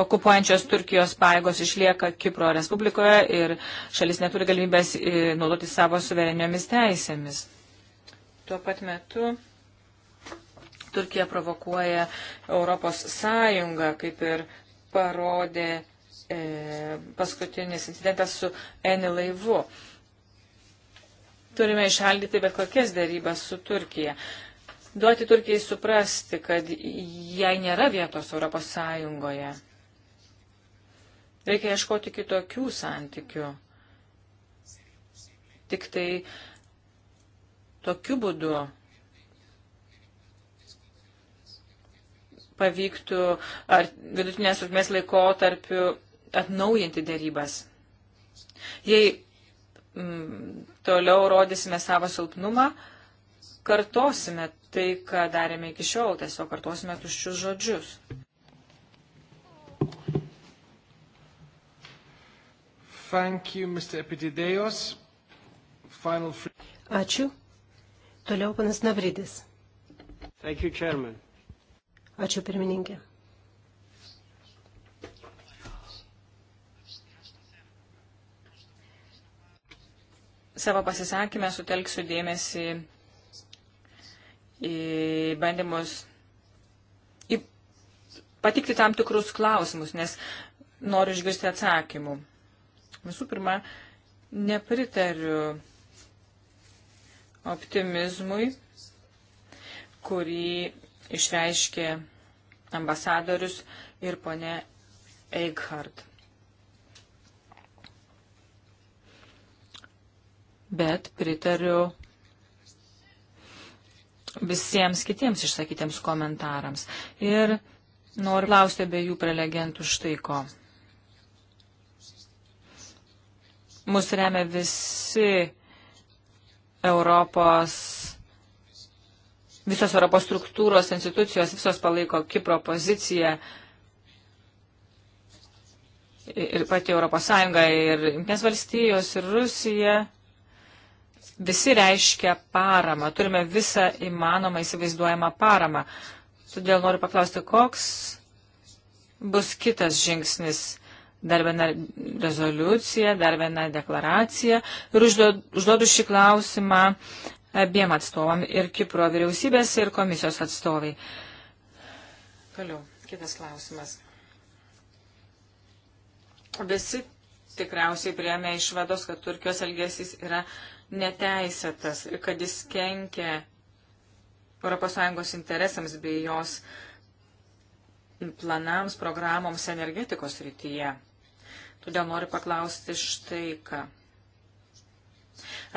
Okupuojančios Turkijos paėgos išlieka Kipro Respublikoje ir šalis neturi galimybės e, naudoti savo suvereniomis teisėmis. Tuo pat metu Turkija provokuoja Europos Sąjungą, kaip ir parodė e, paskutinis incidentas su Eni laivu. Turime išaldyti bet kokias dėrybas su Turkija duoti Turkijai suprasti, kad jai nėra vietos Europos Sąjungoje. Reikia ieškoti kitokių santykių. Tik tai tokiu būdu pavyktų ar vidutinės trukmės laikotarpiu atnaujinti dėrybas. Jei m, mm, toliau rodysime savo silpnumą, kartosime tai, ką darėme iki šiol, tiesiog kartosime tuščius žodžius. Thank you, Mr. Epididėjos. Final... Ačiū. Toliau panas Navridis. Thank you, Chairman. Ačiū pirmininkė. Savo pasisakymę sutelksiu dėmesį į bandymus į patikti tam tikrus klausimus, nes noriu išgirsti atsakymų. Visų pirma, nepritariu optimizmui, kurį išreiškė ambasadorius ir ponė Eichhardt. Bet pritariu visiems kitiems išsakytiems komentarams. Ir noriu klausti be jų prelegentų štai ko. mus remia visi Europos, visos Europos struktūros, institucijos, visos palaiko Kipro poziciją ir pati Europos Sąjunga, ir Junktinės valstijos, ir Rusija. Visi reiškia paramą, turime visą įmanomą įsivaizduojamą paramą. Todėl noriu paklausti, koks bus kitas žingsnis dar vieną rezoliuciją, dar vieną deklaraciją ir užduodu šį klausimą abiem atstovam ir Kipro vyriausybės ir komisijos atstovai. Toliau, kitas klausimas. Visi tikriausiai prieėmė išvados, kad Turkijos elgesys yra neteisėtas ir kad jis kenkia ES interesams bei jos planams, programoms energetikos rytyje. Todėl noriu paklausti štai ką.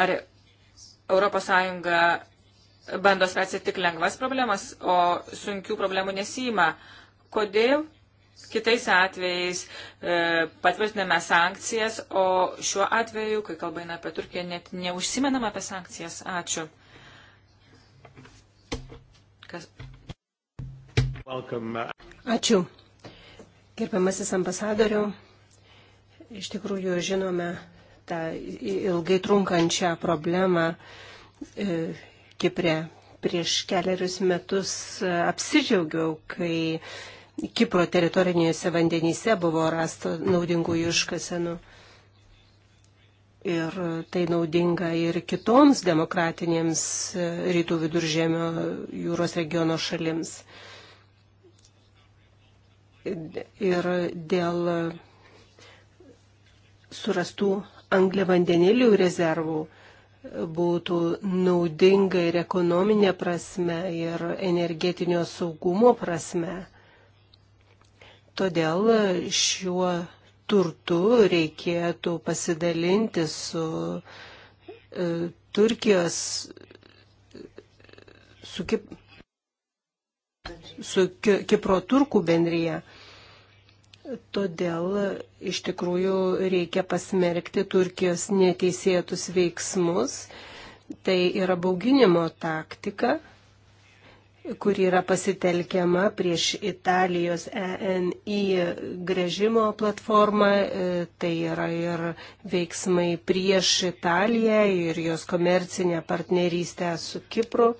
Ar ES bando spręsti tik lengvas problemas, o sunkių problemų nesima? Kodėl kitais atvejais e, patvirtiname sankcijas, o šiuo atveju, kai kalba eina apie Turkiją, net neužsimenama apie sankcijas? Ačiū. Kas? Uh, Ačiū. Gerbiamasis ambasadoriu. Iš tikrųjų, žinome tą ilgai trunkančią problemą e, Kiprė. Prieš keliarius metus e, apsidžiaugiau, kai Kipro teritorinėse vandenyse buvo rasta naudingųjų iškasenų. Ir tai naudinga ir kitoms demokratinėms e, rytų viduržėmio jūros regiono šalims. Ir dėl surastų angliavandenilių rezervų būtų naudinga ir ekonominė prasme, ir energetinio saugumo prasme. Todėl šiuo turtu reikėtų pasidalinti su e, Turkijos, su, Kip, su Kipro turkų bendryje. Todėl iš tikrųjų reikia pasmerkti Turkijos neteisėtus veiksmus. Tai yra bauginimo taktika, kuri yra pasitelkiama prieš Italijos ENI grėžimo platformą. Tai yra ir veiksmai prieš Italiją ir jos komercinę partnerystę su Kipru.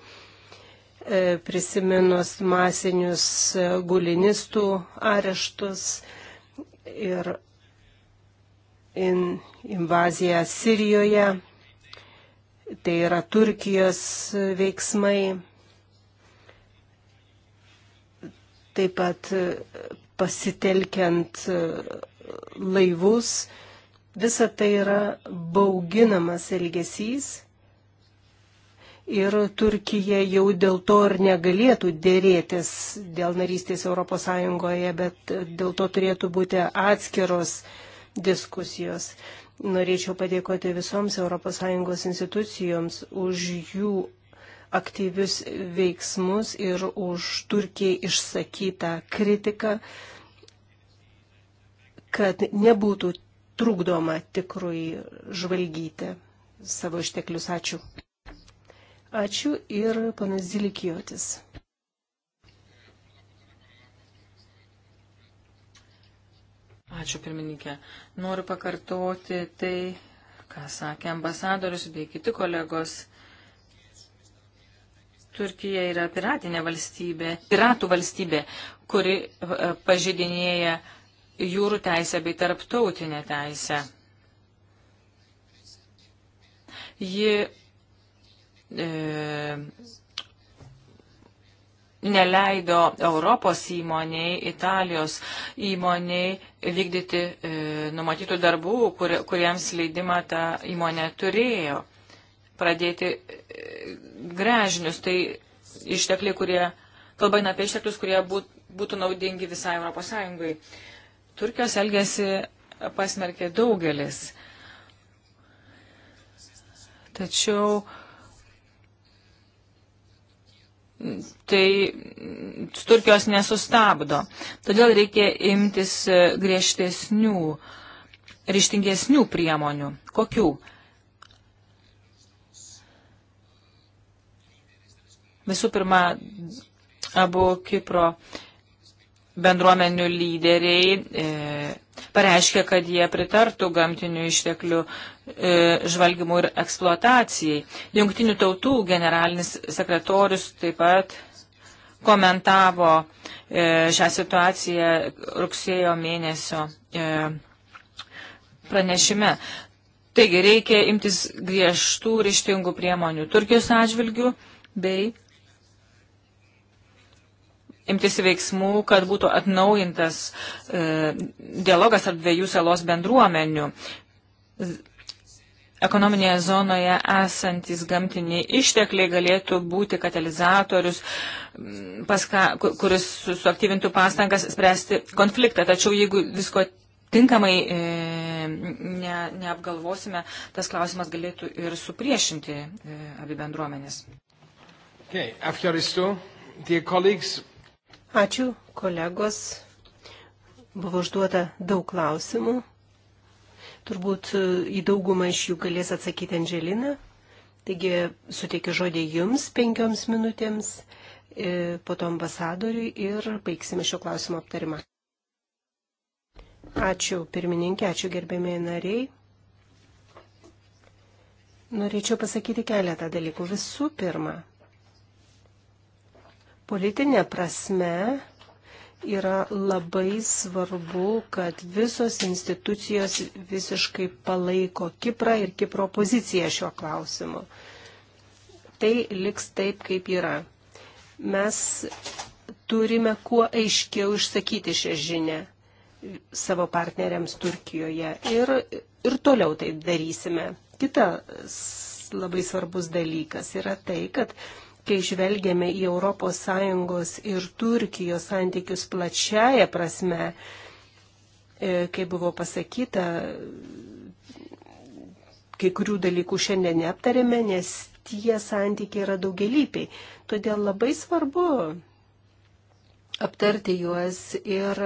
E, prisiminus masinius gulinistų areštus ir in, invaziją Sirijoje, tai yra Turkijos veiksmai, taip pat pasitelkiant laivus. Visa tai yra bauginamas elgesys ir Turkija jau dėl to ir negalėtų dėrėtis dėl narystės ES, bet dėl to turėtų būti atskiros diskusijos. Norėčiau padėkoti visoms ES institucijoms už jų aktyvius veiksmus ir už Turkijai išsakytą kritiką, kad nebūtų trukdoma tikrui žvalgyti savo išteklius. Ačiū. Ačiū ir panas Zilikijotis. Ačiū pirmininkė. Noriu pakartoti tai, ką sakė ambasadorius bei kiti kolegos. Turkija yra piratinė valstybė, piratų valstybė, kuri e, pažydinėja jūrų teisę bei tarptautinę teisę. Ji e, neleido Europos įmoniai, Italijos įmoniai vykdyti e, numatytų darbų, kur, kuriems leidimą ta įmonė turėjo pradėti e, grežinius. Tai ištekliai, kurie, kalba eina apie išteklius, kurie būt, būtų naudingi visai Europos Sąjungai. Turkijos elgesi pasmerkė daugelis. Tačiau tai Turkijos nesustabdo. Todėl reikia imtis e, griežtesnių, ryštingesnių priemonių. Kokių? Visų pirma, abu Kipro bendruomenių lyderiai. E, pareiškė, kad jie pritartų gamtinių išteklių e, žvalgymų ir eksploatacijai. Jungtinių tautų generalinis sekretorius taip pat komentavo e, šią situaciją rugsėjo mėnesio e, pranešime. Taigi reikia imtis griežtų ryštingų priemonių Turkijos atžvilgių bei imtis veiksmų, kad būtų atnaujintas e, dialogas tarp dviejų salos bendruomenių. Ekonominėje zonoje esantis gamtiniai ištekliai galėtų būti katalizatorius, paska, kuris suaktyvintų pastangas spręsti konfliktą. Tačiau jeigu visko tinkamai e, ne, neapgalvosime, tas klausimas galėtų ir supriešinti e, abi bendruomenės. Okay. After this, dear colleagues, Ačiū, kolegos. Buvo užduota daug klausimų. Turbūt į daugumą iš jų galės atsakyti Angelina. Taigi suteikiu žodį jums penkioms minutėms, e, po to ambasadoriui ir baigsime šio klausimo aptarimą. Ačiū pirmininkė, ačiū gerbėmiai nariai. Norėčiau pasakyti keletą dalykų. Visų pirma, Politinė prasme yra labai svarbu, kad visos institucijos visiškai palaiko Kiprą ir Kipro poziciją šiuo klausimu. Tai liks taip, kaip yra. Mes turime kuo aiškiau išsakyti šią žinę savo partneriams Turkijoje ir, ir toliau tai darysime. Kitas labai svarbus dalykas yra tai, kad kai žvelgiame į ES ir Turkijos santykius plačiaja prasme, e, kai buvo pasakyta, kai kurių dalykų šiandien neaptarėme, nes tie santykiai yra daugelypiai. Todėl labai svarbu aptarti juos ir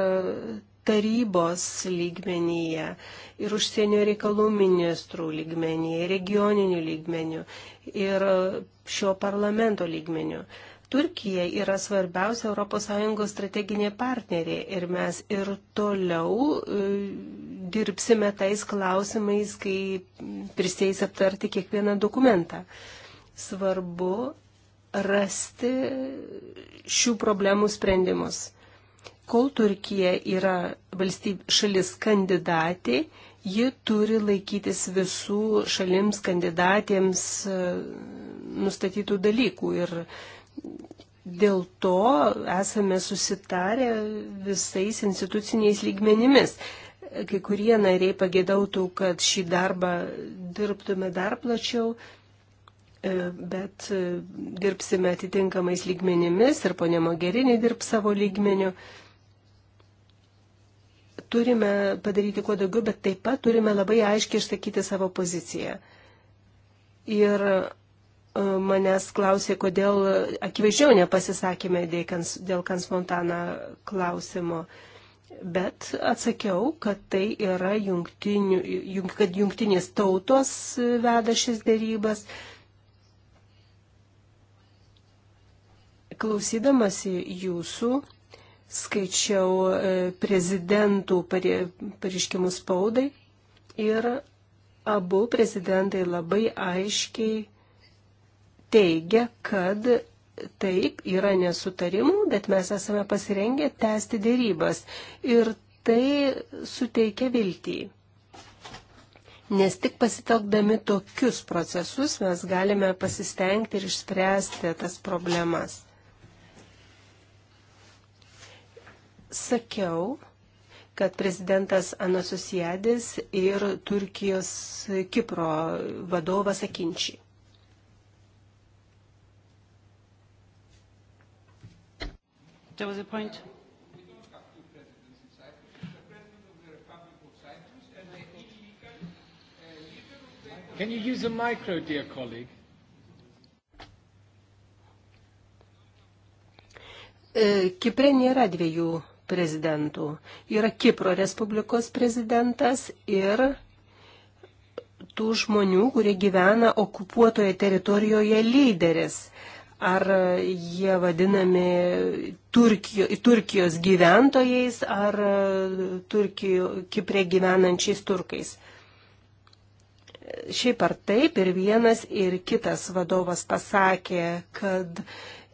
tarybos lygmenyje, ir užsienio reikalų ministrų lygmenyje, regioninių lygmenių ir šio parlamento lygmenių. Turkija yra svarbiausia ES strateginė partnerė ir mes ir toliau e, dirbsime tais klausimais, kai prisėis aptarti kiekvieną dokumentą. Svarbu rasti šių problemų sprendimus kol Turkija yra valstyb, šalis kandidatė, ji turi laikytis visų šalims kandidatėms e, nustatytų dalykų. Ir dėl to esame susitarę visais instituciniais lygmenimis. Kai kurie nariai pagėdautų, kad šį darbą dirbtume dar plačiau, e, bet e, dirbsime atitinkamais lygmenimis ir ponė Mogerinė dirb savo lygmeniu turime padaryti kuo daugiau, bet taip pat turime labai aiškiai išsakyti savo poziciją. Ir e, manęs klausė, kodėl akivaizdžiau nepasisakėme dėl Kans Montana klausimo. Bet atsakiau, kad tai yra jungtinių, jung, kad jungtinės tautos veda šis dėrybas. Klausydamasi jūsų, skaičiau e, prezidentų pareiškimus spaudai ir abu prezidentai labai aiškiai teigia, kad taip yra nesutarimų, bet mes esame pasirengę tęsti dėrybas ir tai suteikia viltį. Nes tik pasitelkdami tokius procesus mes galime pasistengti ir išspręsti tas problemas. sakiau, kad prezidentas Anasosijadis ir Turkijos Kipro vadovas Akinčiai. There was a point. Can you use a micro, dear colleague? E, Kipre nėra dviejų prezidentų. Yra Kipro Respublikos prezidentas ir tų žmonių, kurie gyvena okupuotoje teritorijoje lyderis. Ar jie vadinami Turkijo, Turkijos gyventojais ar Turkijo, Kiprė gyvenančiais turkais. Šiaip ar taip ir vienas ir kitas vadovas pasakė, kad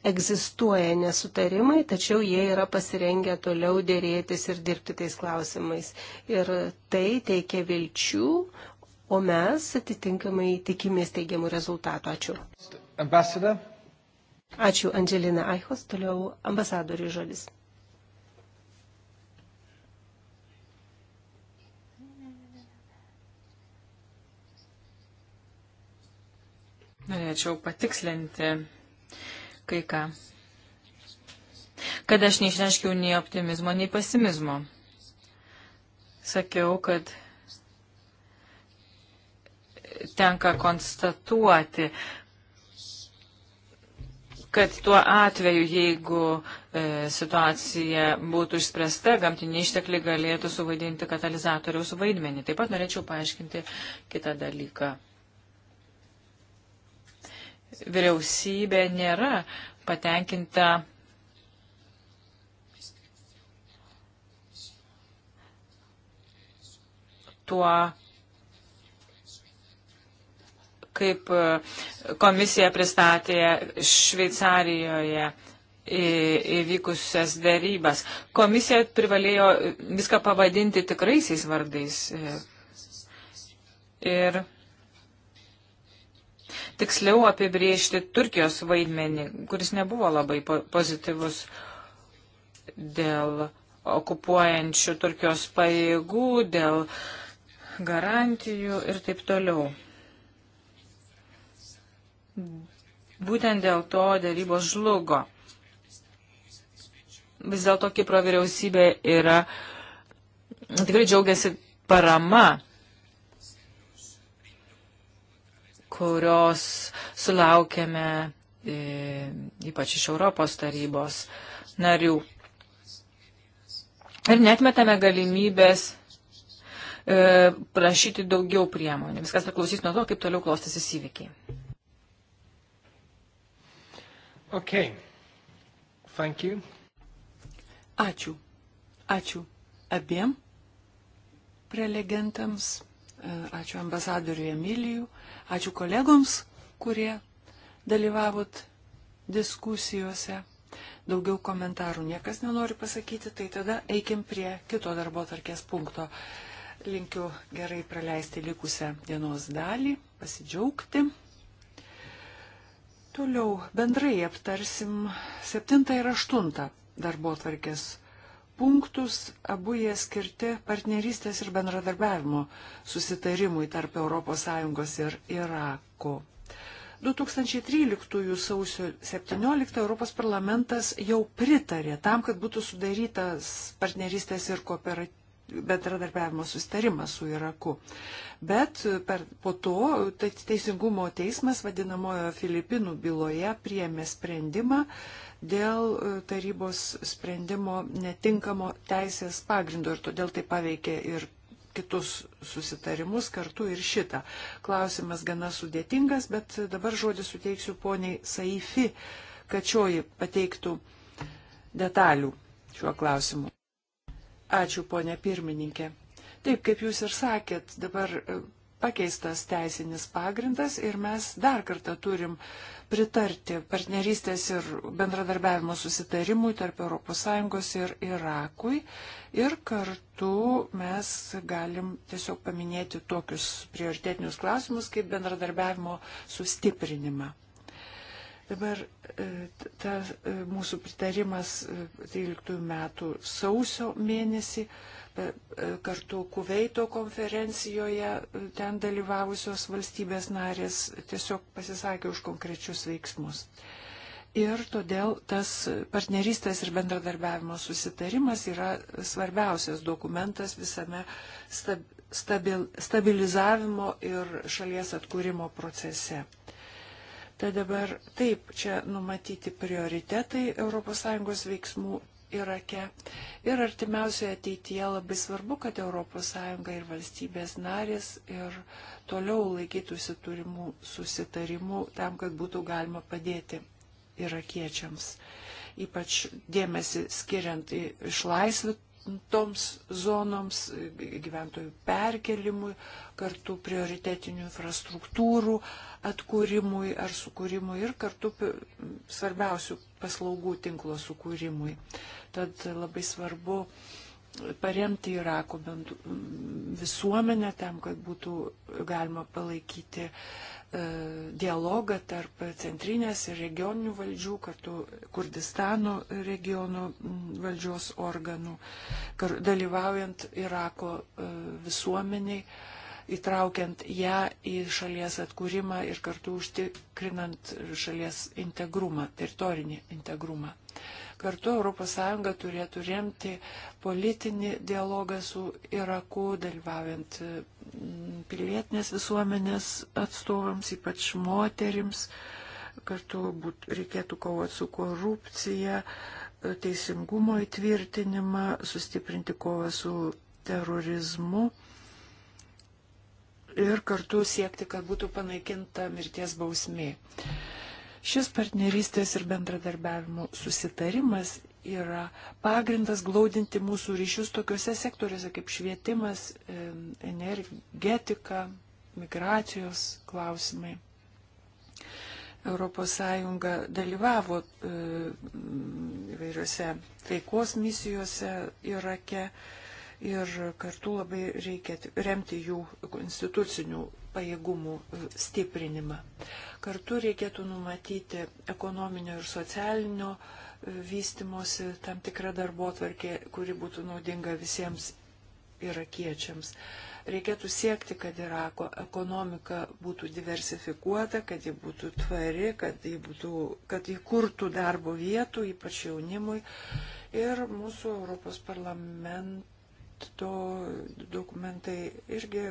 egzistuoja nesutarimai, tačiau jie yra pasirengę toliau dėrėtis ir dirbti tais klausimais. Ir tai teikia vilčių, o mes atitinkamai tikimės teigiamų rezultatų. Ačiū. Ambassador. Ačiū, Angelina Aichos, toliau ambasadoriui žodis. Norėčiau patikslinti kai ką. Kad aš neišreiškiau nei optimizmo, nei pesimizmo. Sakiau, kad tenka konstatuoti, kad tuo atveju, jeigu e, situacija būtų išspręsta, gamtiniai ištekliai galėtų suvaidinti katalizatoriaus vaidmenį. Taip pat norėčiau paaiškinti kitą dalyką vyriausybė nėra patenkinta tuo, kaip komisija pristatė Šveicarijoje įvykusias dėrybas. Komisija privalėjo viską pavadinti tikraisiais vardais. Ir tiksliau apibriežti Turkijos vaidmenį, kuris nebuvo labai pozityvus dėl okupuojančių Turkijos pajėgų, dėl garantijų ir taip toliau. Būtent dėl to dėrybos žlugo. Vis dėlto Kipro vyriausybė yra tikrai džiaugiasi parama kurios sulaukėme e, ypač iš Europos tarybos narių. Ir netmetame galimybės e, prašyti daugiau priemonių. Viskas priklausys nuo to, kaip toliau klostysis įvykiai. Okay. Thank you. Ačiū. Ačiū abiem prelegentams. E, ačiū ambasadoriui Emilijų, ačiū kolegoms, kurie dalyvavot diskusijose. Daugiau komentarų niekas nenori pasakyti, tai tada eikim prie kito darbo tarkės punkto. Linkiu gerai praleisti likusią dienos dalį, pasidžiaugti. Toliau bendrai aptarsim 7 ir 8 darbo tvarkės punktus, abu jie skirti partnerystės ir bendradarbiavimo susitarimui tarp ES ir Irako. 2013 sausio 17 Europos parlamentas jau pritarė tam, kad būtų sudarytas partnerystės ir kooperatyvas bendradarbiavimo sustarimą su Iraku. Bet per, po to Teisingumo teismas vadinamojo Filipinų byloje priėmė sprendimą dėl e, tarybos sprendimo netinkamo teisės pagrindo ir todėl tai paveikė ir kitus susitarimus kartu ir šitą. Klausimas gana sudėtingas, bet dabar žodį suteiksiu poniai Saifi, kad šioji pateiktų detalių šiuo klausimu. Ačiū, ponė pirmininkė. Taip, kaip jūs ir sakėt, dabar e, pakeistas teisinis pagrindas ir mes dar kartą turim pritarti partnerystės ir bendradarbiavimo susitarimui tarp ES ir Irakui. Ir kartu mes galim tiesiog paminėti tokius prioritetinius klausimus kaip bendradarbiavimo sustiprinimą. Dabar e, ta e, mūsų pritarimas 13 e, metų sausio mėnesį kartu Kuveito konferencijoje ten dalyvavusios valstybės narės tiesiog pasisakė už konkrečius veiksmus. Ir todėl tas partnerystės ir bendradarbiavimo susitarimas yra svarbiausias dokumentas visame stabil, stabilizavimo ir šalies atkūrimo procese. Tai dabar taip, čia numatyti prioritetai ES veiksmų Irake. Ir artimiausioje ateityje labai svarbu, kad ES ir valstybės narės ir toliau laikytųsi turimų susitarimų tam, kad būtų galima padėti irakiečiams. Ypač dėmesį skiriant į išlaisvit toms zonoms, gyventojų perkelimui, kartu prioritetinių infrastruktūrų atkūrimui ar sukūrimui ir kartu svarbiausių paslaugų tinklo sukūrimui. Tad labai svarbu paremti Irako visuomenę tam, kad būtų galima palaikyti e, dialogą tarp centrinės ir regioninių valdžių, kartu Kurdistano regiono valdžios organų, dalyvaujant Irako e, visuomeniai, įtraukiant ją į šalies atkūrimą ir kartu užtikrinant šalies integrumą, teritorinį integrumą. Uh, Kartu ES turėtų remti politinį dialogą su Iraku, dalyvaujant mm, pilietinės visuomenės atstovams, ypač moterims. Kartu būt, reikėtų kovoti su korupcija, e, teisingumo įtvirtinimą, sustiprinti kovą su terorizmu ir kartu siekti, kad būtų panaikinta mirties bausmė. Uh, Šis partnerystės ir bendradarbiavimo susitarimas yra pagrindas glaudinti mūsų ryšius tokiuose sektoriuose kaip švietimas, energetika, migracijos klausimai. ES dalyvavo e, įvairiose taikos misijose Irake ir kartu labai reikia remti jų konstitucinių pajėgumų e, stiprinimą. Kartu reikėtų numatyti ekonominio ir socialinio e, vystimosi tam tikrą darbo atvarkė, kuri būtų naudinga visiems irakiečiams. Reikėtų siekti, kad Irako ekonomika būtų diversifikuota, kad ji būtų tvari, kad ji, būtų, kad ji kurtų darbo vietų, ypač jaunimui. Ir mūsų Europos parlamento dokumentai irgi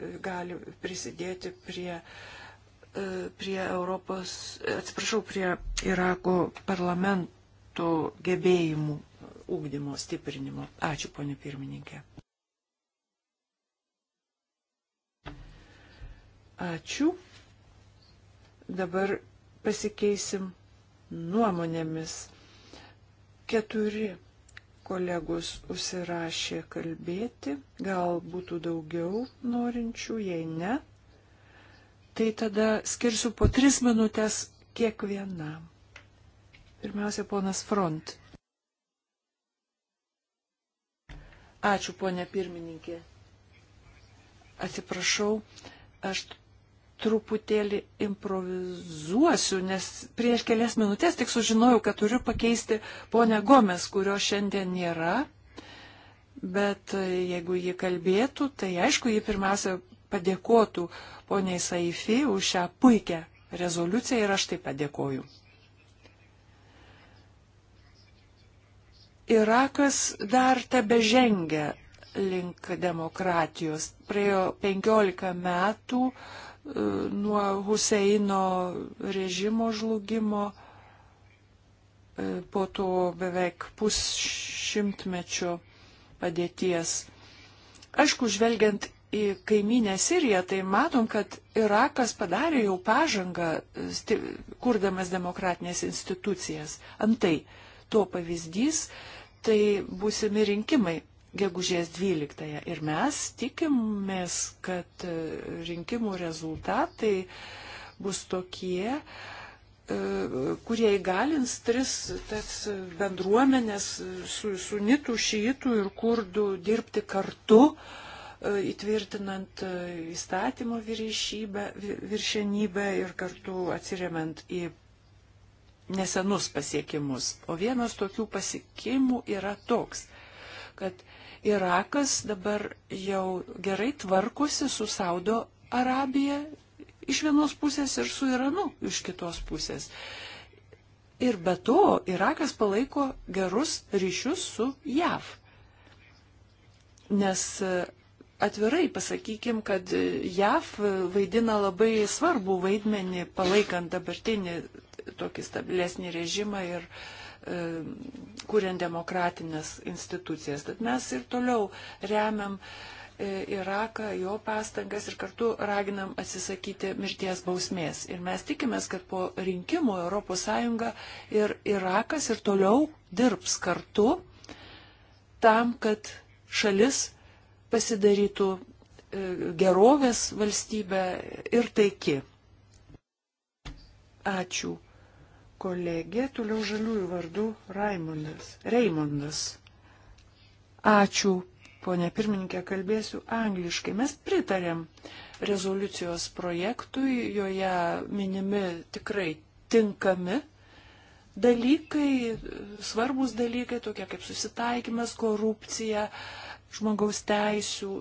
gali prisidėti prie, e, prie Europos, atsiprašau, prie Irako parlamentų gebėjimų ūkdymo stiprinimo. Ačiū, ponė pirmininkė. Ačiū. Dabar pasikeisim nuomonėmis. Keturi kolegos užsirašė kalbėti, gal būtų daugiau norinčių, jei ne, tai tada skirsiu po tris minutės kiekvienam. Pirmiausia, ponas Front. Ačiū, ponė pirmininkė. Atsiprašau, aš truputėlį improvizuosiu, nes prieš kelias minutės tik sužinojau, kad turiu pakeisti ponę Gomes, kurio šiandien nėra. Bet e, jeigu ji kalbėtų, tai aišku, ji pirmiausia padėkotų poniai Saifi už šią puikią rezoliuciją ir aš taip padėkoju. Irakas dar tebe žengia link demokratijos. Praėjo 15 metų nuo Huseino režimo žlugimo, e, po to beveik pusšimtmečio padėties. Aišku, žvelgiant į kaiminę Siriją, tai matom, kad Irakas padarė jau pažangą, e, kurdamas demokratinės institucijas. Antai, to pavyzdys, tai būsimi rinkimai gegužės 12-ąją. Ir mes tikimės, kad e, rinkimų rezultatai bus tokie, e, kurie įgalins tris tas bendruomenės su, sunitų, šyitų ir kurdų dirbti kartu, e, įtvirtinant įstatymo viršenybę ir kartu atsiriamant į nesenus pasiekimus. O vienas tokių pasiekimų yra toks, kad Irakas dabar jau gerai tvarkosi su Saudo Arabija iš vienos pusės ir su Iranu iš kitos pusės. Ir be to, Irakas palaiko gerus ryšius su JAV. Nes e, atvirai pasakykim, kad e, JAV vaidina labai svarbų vaidmenį palaikant dabartinį tokį stabilesnį režimą ir uh, kuriant demokratinės institucijas. Tad mes ir toliau remiam e, Iraką, jo pastangas ir kartu raginam atsisakyti mirties bausmės. Ir mes tikimės, kad po rinkimų ES ir Irakas ir toliau dirbs kartu tam, kad šalis pasidarytų e, gerovės valstybę ir taiki. Ačiū kolegė, toliau žaliųjų vardu Raimondas. Reimondas. Ačiū, ponė pirmininkė, kalbėsiu angliškai. Mes pritarėm rezoliucijos projektui, joje minimi tikrai tinkami dalykai, svarbus dalykai, tokie kaip susitaikymas, korupcija, žmogaus teisų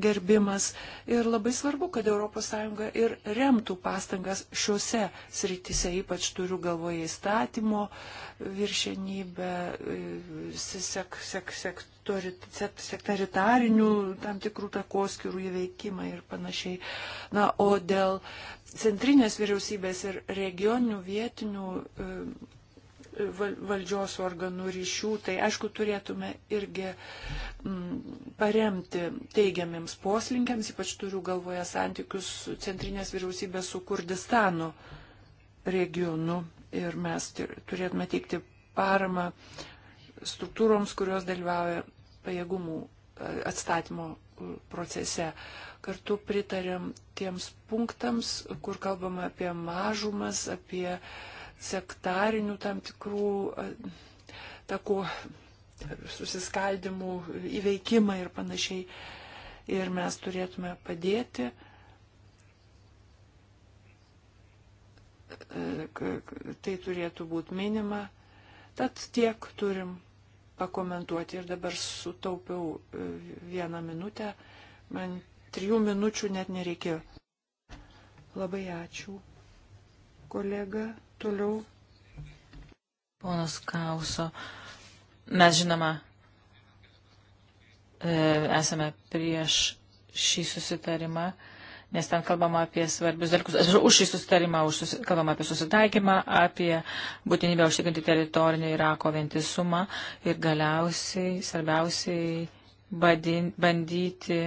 gerbimas. Ir labai svarbu, kad ES ir remtų pastangas šiuose srityse, ypač turiu galvoje įstatymo viršenybę, e, sek, sek, sektori, sek, sektaritarinių tam tikrų takoskirų įveikimą ir panašiai. Na, o dėl centrinės vyriausybės ir regioninių vietinių e, valdžios organų ryšių, tai aišku turėtume irgi mm, paremti teigiamiems poslinkiams, ypač turiu galvoje santykius centrinės vyriausybės su Kurdistanu regionu ir mes turėtume teikti paramą struktūroms, kurios dalyvauja pajėgumų e, atstatymo e, procese. Kartu pritarėm tiems punktams, kur kalbama apie mažumas, apie uh, sektarinių tam tikrų takų susiskaldimų įveikimą ir panašiai. Ir mes turėtume padėti tai turėtų būti minima. Tad tiek turim pakomentuoti. Ir dabar sutaupiau vieną minutę. Man trijų minučių net nereikėjo. Labai ačiū, kolega. Toliau. Ponas Kauso. Mes žinoma e, esame prieš šį susitarimą, nes ten kalbama apie svarbius dalykus. Atsiprašau, už šį susitarimą už susi, kalbama apie susitaikymą, apie būtinybę užtikrinti teritorinį Irako vientisumą ir galiausiai, svarbiausiai, badin, bandyti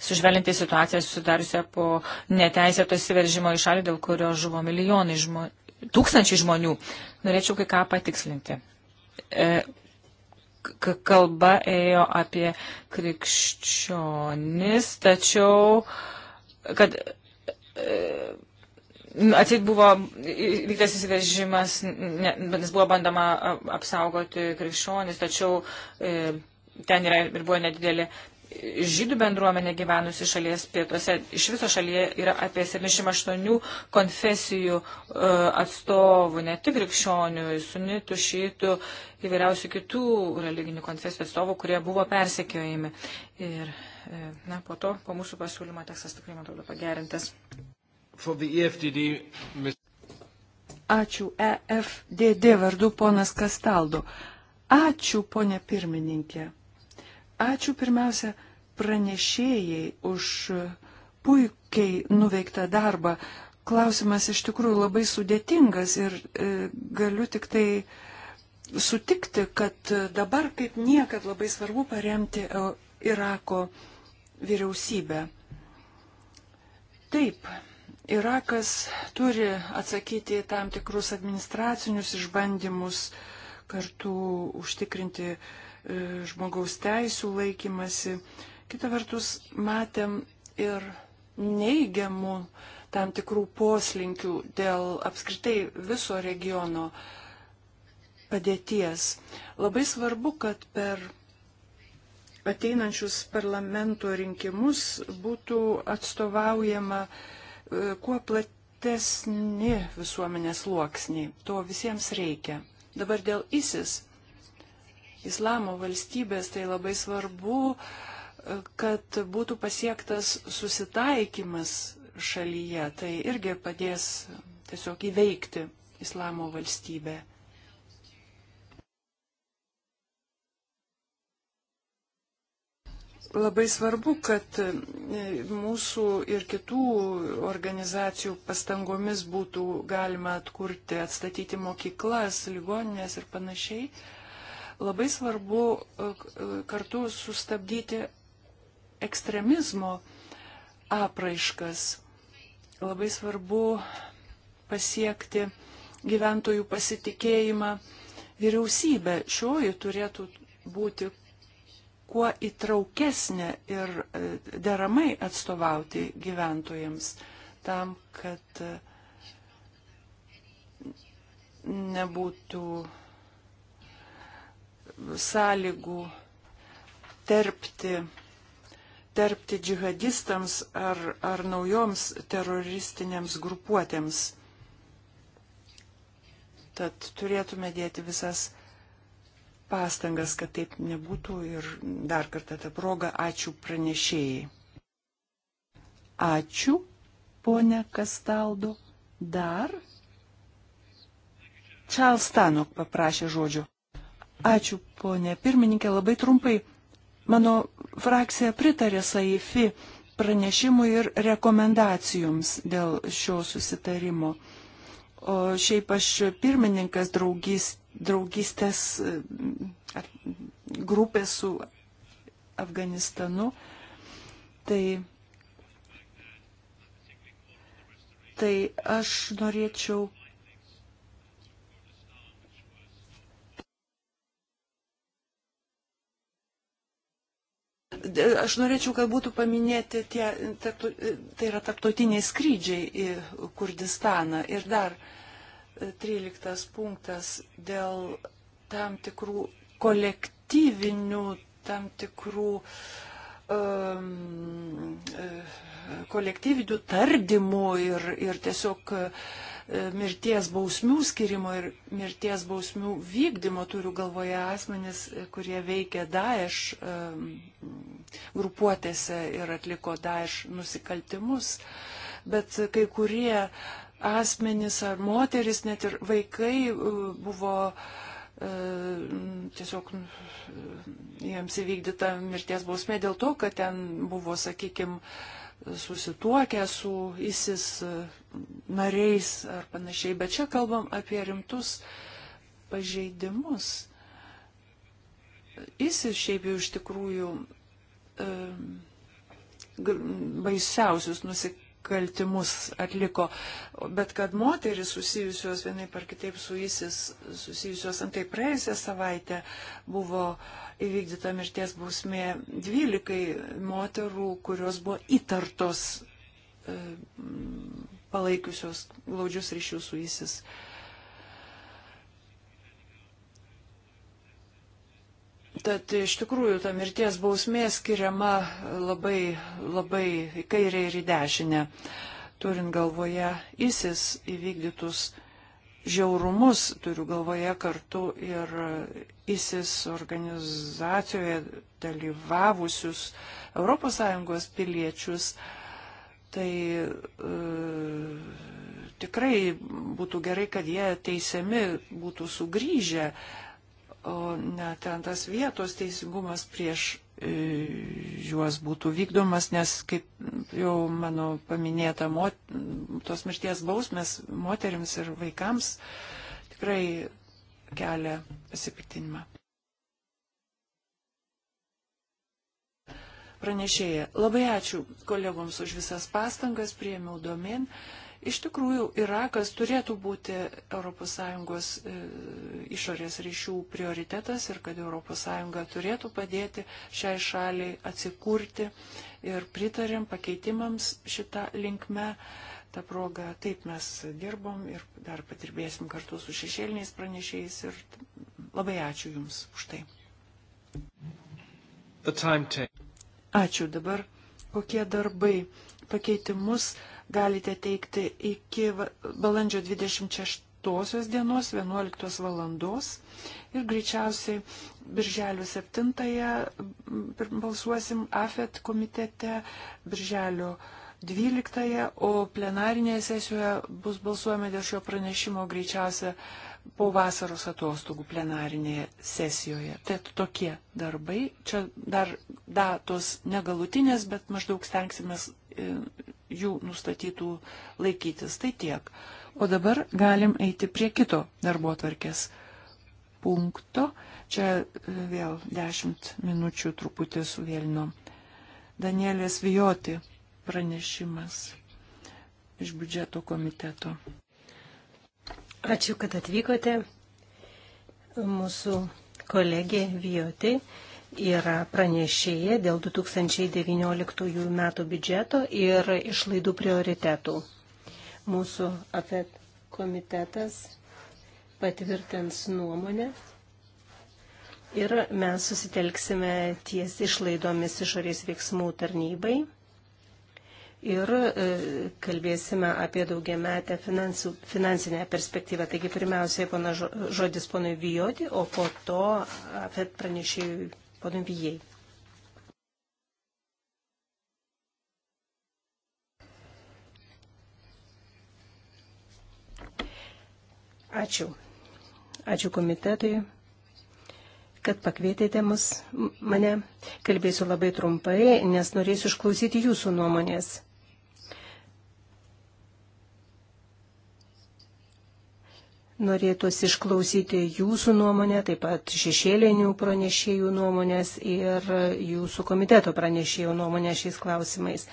sužvelinti situaciją susidariusią po neteisėto įsiveržimo į šalį, dėl kurio žuvo milijonai žmonių, tūkstančiai žmonių. Norėčiau kai ką patikslinti. E, kalba ėjo apie krikščionis, tačiau, kad e, Atsit buvo vyktas įsiveržimas, nes buvo bandama apsaugoti krikščionis, tačiau e, ten yra ir buvo nedidelė žydų bendruomenė gyvenusi šalies pietuose. Iš viso šalyje yra apie 78 konfesijų e, atstovų, ne tik krikščionių, sunitų, šytų, įvairiausių kitų religinių konfesijų atstovų, kurie buvo persekiojami. Ir e, na, po to, po mūsų pasiūlymo, tekstas tikrai, man atrodo, pagerintas. EFDD, e mis... Ačiū EFDD vardu ponas Kastaldo. Ačiū, ponė pirmininkė. Ačiū pirmiausia pranešėjai už puikiai nuveiktą darbą. Klausimas iš tikrųjų labai sudėtingas ir e, galiu tik tai sutikti, kad dabar kaip niekad labai svarbu paremti e, Irako vyriausybę. Taip, Irakas turi atsakyti tam tikrus administracinius išbandymus, kartu užtikrinti uh, E, žmogaus teisų laikymasi. Kita vertus, matėm ir neigiamų tam tikrų poslinkių dėl apskritai viso regiono padėties. Labai svarbu, kad per ateinančius parlamento rinkimus būtų atstovaujama e, kuo platesni visuomenės sluoksniai. To visiems reikia. Dabar dėl ISIS islamo valstybės, tai labai svarbu, e, kad būtų pasiektas susitaikymas šalyje. Tai irgi padės tiesiog įveikti islamo valstybę. labai svarbu, kad e, mūsų ir kitų organizacijų pastangomis būtų galima atkurti, atstatyti mokyklas, ligoninės ir panašiai. Labai svarbu e, e, kartu sustabdyti ekstremizmo apraiškas. Labai svarbu pasiekti gyventojų pasitikėjimą vyriausybę. Šioji turėtų būti kuo įtraukesnė ir e, deramai atstovauti gyventojams tam, kad nebūtų sąlygų terpti, terpti džihadistams ar, ar naujoms teroristinėms grupuotėms. Tad turėtume dėti visas pastangas, kad taip nebūtų ir dar kartą tą progą ačiū pranešėjai. Ačiū, ponė Kastaldo. Dar Čarlstanok paprašė žodžio. Ačiū, ponė pirmininkė, labai trumpai. Mano frakcija pritarė SAIFI pranešimui ir rekomendacijoms dėl šio susitarimo. O šiaip aš pirmininkas draugys, draugystės grupės su Afganistanu. Tai, tai aš norėčiau Aš norėčiau, kad būtų paminėti tie, tai yra taptautiniai skrydžiai į Kurdistaną. Ir dar 13 e, punktas dėl tam tikrų kolektyvinių, tam tikrų um, kolektyvinių tardymų ir, ir tiesiog e, mirties bausmių skirimo ir mirties bausmių vykdymo turiu galvoje asmenys, e, kurie veikia Daesh e, grupuotėse ir atliko Daesh nusikaltimus. Bet kai kurie asmenys ar moteris, net ir vaikai buvo tiesiog jiems įvykdyta mirties bausmė dėl to, kad ten buvo, sakykime, susituokę su ISIS nariais ar panašiai, bet čia kalbam apie rimtus pažeidimus. ISIS šiaip jau iš tikrųjų baisiausius nusikaltimus atliko, bet kad moteris susijusios vienai par kitaip su ISIS, susijusios antai praėjusią savaitę buvo uh, įvykdyta mirties bausmė 12 moterų, kurios buvo įtartos e, palaikiusios glaudžius ryšius su įsis. Tad iš tikrųjų ta mirties bausmė skiriama labai, labai į kairę ir į dešinę, turint galvoje įsis įvykdytus žiaurumus, turiu galvoje kartu ir ISIS organizacijoje dalyvavusius ES piliečius, tai e, tikrai būtų gerai, kad jie teisiami būtų sugrįžę o net ten tas vietos teisingumas prieš e, juos būtų vykdomas, nes kaip jau mano paminėta, mot, tos mirties bausmės moteriams ir vaikams tikrai kelia pasipiktinimą. Pranešėja, labai ačiū kolegoms už visas pastangas, prieimiau domin. Uh, Iš tikrųjų, Irakas turėtų būti ES e, išorės ryšių prioritetas ir kad ES turėtų padėti šiai šaliai atsikūrti ir pritarėm pakeitimams šitą linkmę. Ta proga taip mes dirbom ir dar patirbėsim kartu su šešėliniais pranešėjais ir labai ačiū Jums už tai. Ačiū dabar. Kokie darbai pakeitimus galite teikti iki balandžio 26 dienos 11 valandos ir greičiausiai birželio 7 balsuosim AFET komitete, birželio 12, o plenarinėje sesijoje bus balsuojama dėl šio pranešimo greičiausia po vasaros atostogų plenarinėje sesijoje. Tad tokie darbai, čia dar datos negalutinės, bet maždaug stengsime jų nustatytų laikytis. Tai tiek. O dabar galim eiti prie kito darbo tvarkės punkto. Čia e, vėl 10 minučių truputį suvėlino Danielės Vijoti pranešimas iš biudžeto komiteto. Ačiū, kad atvykote. Mūsų kolegė Vijoti yra pranešėja dėl 2019 metų biudžeto ir išlaidų prioritetų. Mūsų AFET komitetas patvirtins nuomonę ir mes susitelksime ties išlaidomis išorės veiksmų tarnybai ir e, kalbėsime apie daugiametę finansų, finansinę perspektyvą. Taigi pirmiausiai pana žodis ponui Vijoti, o po to apie pranešėjų ponui Vijai. Ačiū. Ačiū komitetui, kad pakvietėte mus, mane. Kalbėsiu labai trumpai, nes norėsiu išklausyti jūsų nuomonės. Norėtųsi išklausyti jūsų nuomonę, taip pat šešėlinių pranešėjų nuomonės ir jūsų komiteto pranešėjų nuomonę šiais klausimais.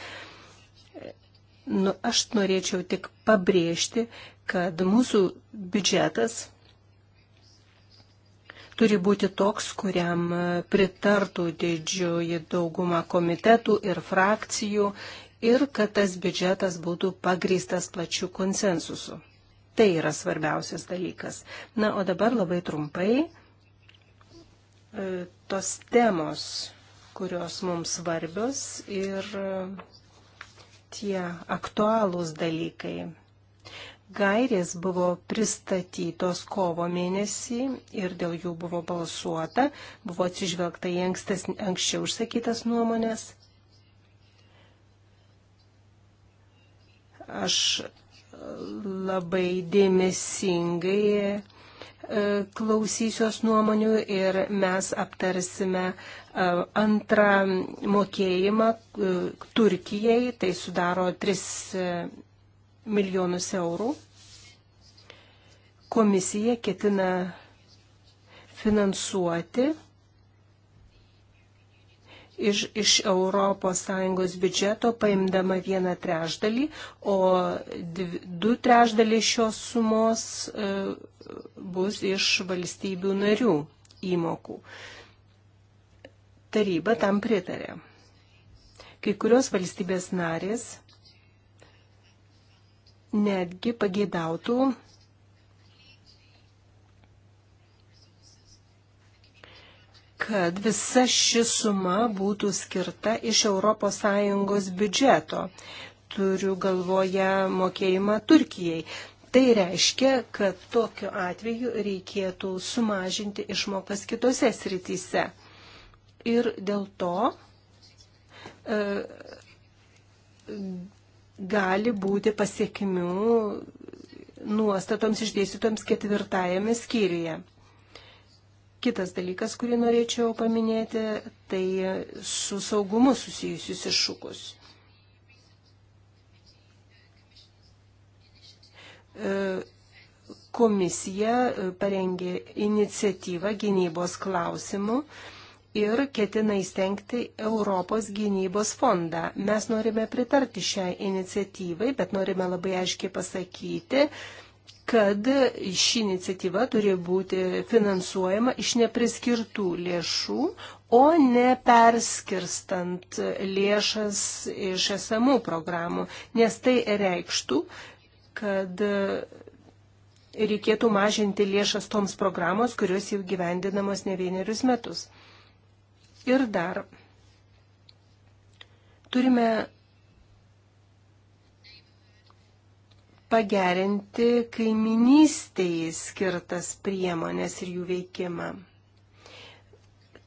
Nu, aš norėčiau tik pabrėžti, kad mūsų biudžetas turi būti toks, kuriam pritartų didžioji dauguma komitetų ir frakcijų ir kad tas biudžetas būtų pagrįstas plačių konsensusu. Tai yra svarbiausias dalykas. Na, o dabar labai trumpai e, tos temos, kurios mums svarbios ir e, tie aktualūs dalykai. Gairės buvo pristatytos kovo mėnesį ir dėl jų buvo balsuota, buvo atsižvelgta į ankstes, anksčiau užsakytas nuomonės. Aš labai dėmesingai e, klausysios nuomonių ir mes aptarsime e, antrą mokėjimą e, Turkijai, tai sudaro 3 milijonus eurų. Komisija ketina finansuoti iš, iš ES biudžeto paimdama vieną trešdalį, o dvi, du trešdaliai šios sumos e, bus iš valstybių narių įmokų. Taryba tam pritarė. Kai kurios valstybės narės netgi pageidautų kad visa ši suma būtų skirta iš ES biudžeto. Turiu galvoje mokėjimą Turkijai. Tai reiškia, kad tokiu atveju reikėtų sumažinti išmokas kitose srityse. Ir dėl to e, gali būti pasiekmių nuostatoms išdėstytoms ketvirtajame skyriuje. Kitas dalykas, kurį norėčiau paminėti, tai su saugumu susijusius iššūkus. E, komisija parengė iniciatyvą gynybos klausimų ir ketina įstengti Europos gynybos fondą. Mes norime pritarti šiai iniciatyvai, bet norime labai aiškiai pasakyti, kad ši iniciatyva turi būti finansuojama iš nepriskirtų lėšų, o ne perskirstant lėšas iš esamų programų, nes tai reikštų, kad reikėtų mažinti lėšas toms programos, kurios jau gyvendinamos ne vienerius metus. Ir dar turime pagerinti kaiminystėj skirtas priemonės ir jų veikimą.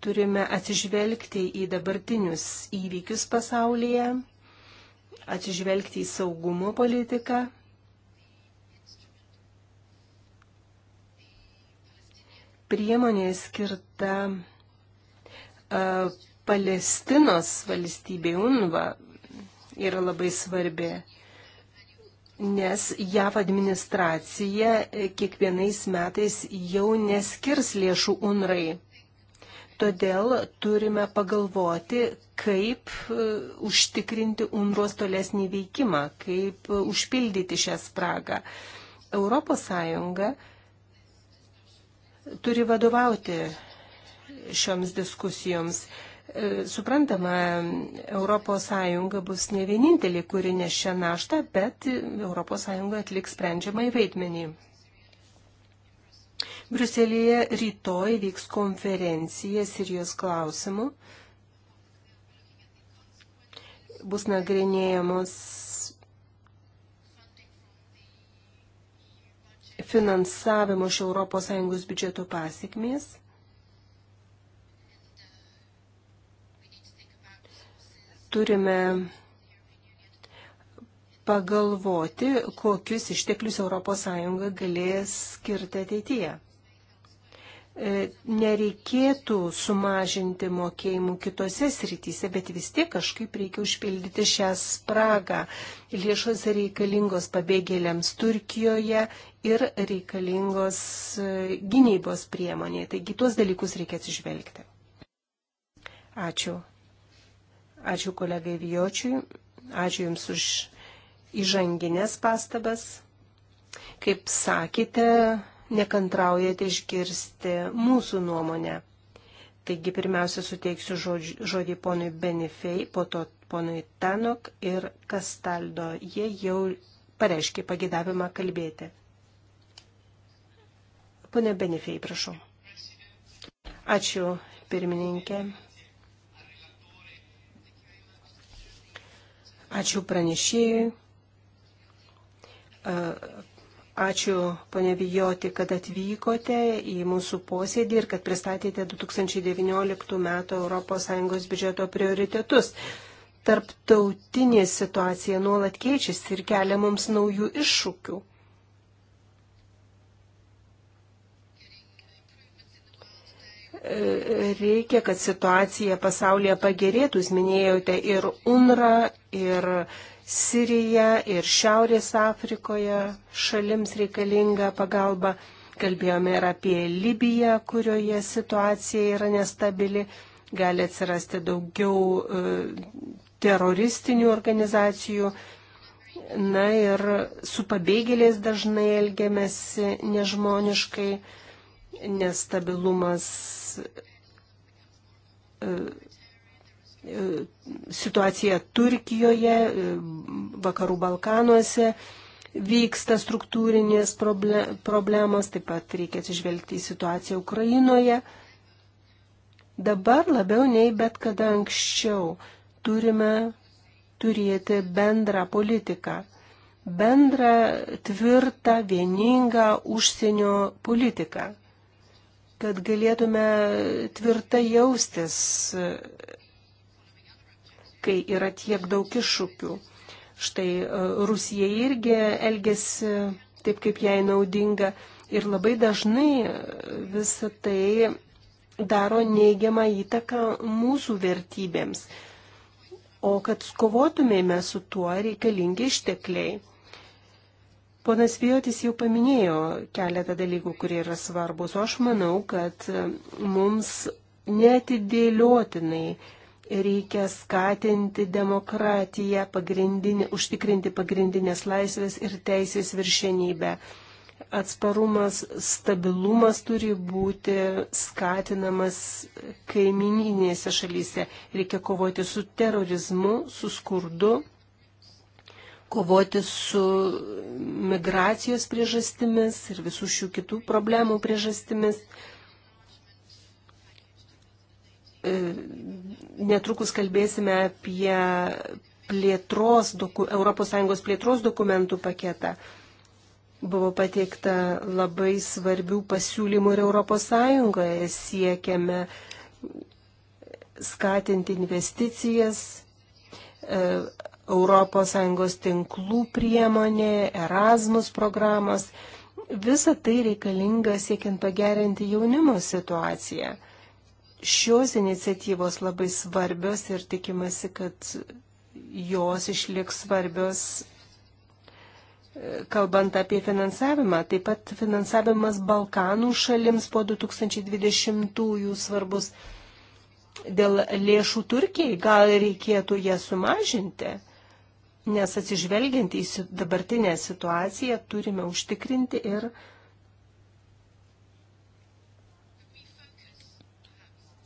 Turime atsižvelgti į dabartinius įvykius pasaulyje, atsižvelgti į saugumo politiką. Priemonė skirta uh, Palestinos valstybė UNVA yra labai svarbi. Uh, nes JAV administracija e, kiekvienais metais jau neskirs lėšų UNRAI. Todėl turime pagalvoti, kaip e, užtikrinti UNROS tolesnį veikimą, kaip e, užpildyti šią spragą. Europos Sąjunga turi vadovauti šioms diskusijoms. E, suprantama, ES bus ne vienintelė, kuri neš šią naštą, bet ES atliks sprendžiamą vaidmenį. Bruselėje rytoj vyks konferencija Sirijos klausimų. Bus nagrinėjamos finansavimo iš ES biudžeto pasiekmės. turime pagalvoti, kokius išteklius ES galės skirti ateityje. E, nereikėtų sumažinti mokėjimų kitose srityse, bet vis tiek kažkaip reikia užpildyti šią spragą. Lėšos reikalingos pabėgėliams Turkijoje ir reikalingos e, gynybos priemonėje. Taigi tuos dalykus reikia atsižvelgti. Ačiū. Ačiū kolegai Vijočiui, ačiū Jums už įžanginės pastabas. Kaip sakėte, nekantraujate išgirsti mūsų nuomonę. Taigi pirmiausia suteiksiu žodžiu, žodį ponui Benifei, po to ponui Tanok ir Kastaldo. Jie jau pareiškė pagėdavimą kalbėti. Pone Benifei, prašau. Ačiū, pirmininkė. Ačiū pranešėjui. Ačiū, ponė Vijoti, kad atvykote į mūsų posėdį ir kad pristatėte 2019 m. ES biudžeto prioritetus. Tarptautinė situacija nuolat keičiasi ir kelia mums naujų iššūkių. reikia, kad situacija pasaulyje pagerėtų. Jūs minėjote ir UNRA, ir Sirija, ir Šiaurės Afrikoje šalims reikalinga pagalba. Kalbėjome ir apie Libiją, kurioje situacija yra nestabili. Gali atsirasti daugiau e, teroristinių organizacijų. Na ir su pabėgėliais dažnai elgiamės e, nežmoniškai nestabilumas E, situacija Turkijoje, e, vakarų Balkanuose vyksta struktūrinės problemos, taip pat reikia atsižvelgti į situaciją Ukrainoje. Dabar labiau nei bet kada anksčiau turime turėti bendrą politiką, bendrą tvirtą, vieningą užsienio politiką kad galėtume tvirtai jaustis, kai yra tiek daug iššūkių. Štai e, Rusija irgi elgesi taip, kaip jai naudinga ir labai dažnai e, visą tai daro neigiamą įtaką mūsų vertybėms. O kad kovotumėme su tuo reikalingi ištekliai. Ponas Vijotis jau paminėjo keletą dalykų, kurie yra svarbus, o aš manau, kad e, mums netidėliotinai reikia skatinti demokratiją, pagrindinį, užtikrinti pagrindinės laisvės ir teisės viršenybę. Atsparumas, stabilumas turi būti skatinamas kaimininėse šalyse. Reikia kovoti su terorizmu, su skurdu kovoti su migracijos priežastimis ir visų šių kitų problemų priežastimis. E, netrukus kalbėsime apie plėtros, ES plėtros dokumentų paketą. Buvo pateikta labai svarbių pasiūlymų ir ES siekiame skatinti investicijas, e, ES tinklų priemonė, Erasmus programos. Visa tai reikalinga siekiant pagerinti jaunimo situaciją. Šios iniciatyvos labai svarbios ir tikimasi, kad jos išliks svarbios, e, kalbant apie finansavimą. Taip pat finansavimas Balkanų šalims po 2020-ųjų svarbus dėl lėšų Turkijai, gal reikėtų ją sumažinti. Nes atsižvelgiant į dabartinę situaciją turime užtikrinti ir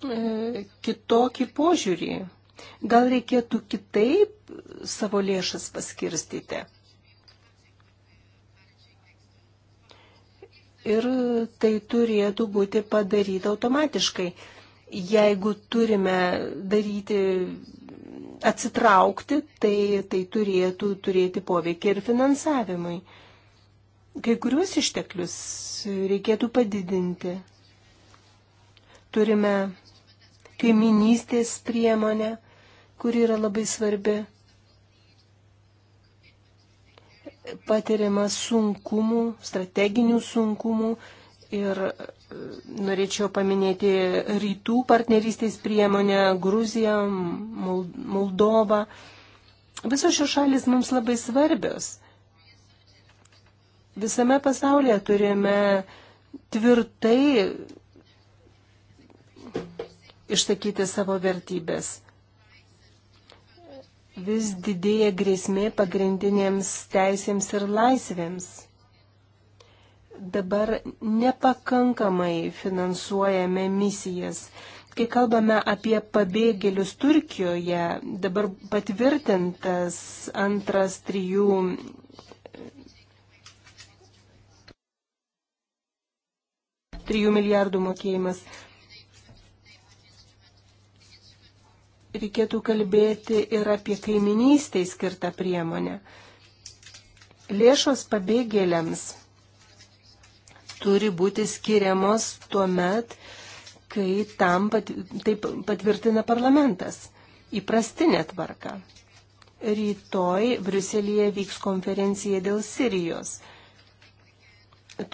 e, kitokį požiūrį. Gal reikėtų kitaip savo lėšas paskirstyti. Ir tai turėtų būti padaryta automatiškai. Jeigu turime daryti atsitraukti, tai, tai turėtų turėti poveikį ir finansavimui. Kai kuriuos išteklius reikėtų padidinti. Turime kaiminystės priemonę, kuri yra labai svarbi. Patiriama sunkumų, strateginių sunkumų ir norėčiau paminėti rytų partnerystės priemonę, Gruziją, Moldovą. Visos šios šalis mums labai svarbios. Visame pasaulyje turime tvirtai išsakyti savo vertybės. Vis didėja grėsmė pagrindinėms teisėms ir laisvėms dabar nepakankamai finansuojame misijas. Kai kalbame apie pabėgėlius Turkijoje, dabar patvirtintas antras trijų. Trijų milijardų mokėjimas. Reikėtų kalbėti ir apie kaiminystėj skirtą priemonę. Lėšos pabėgėliams turi būti skiriamos tuo met, kai tam pat, taip patvirtina parlamentas. Įprastinė tvarka. Rytoj Briuselėje vyks konferencija dėl Sirijos.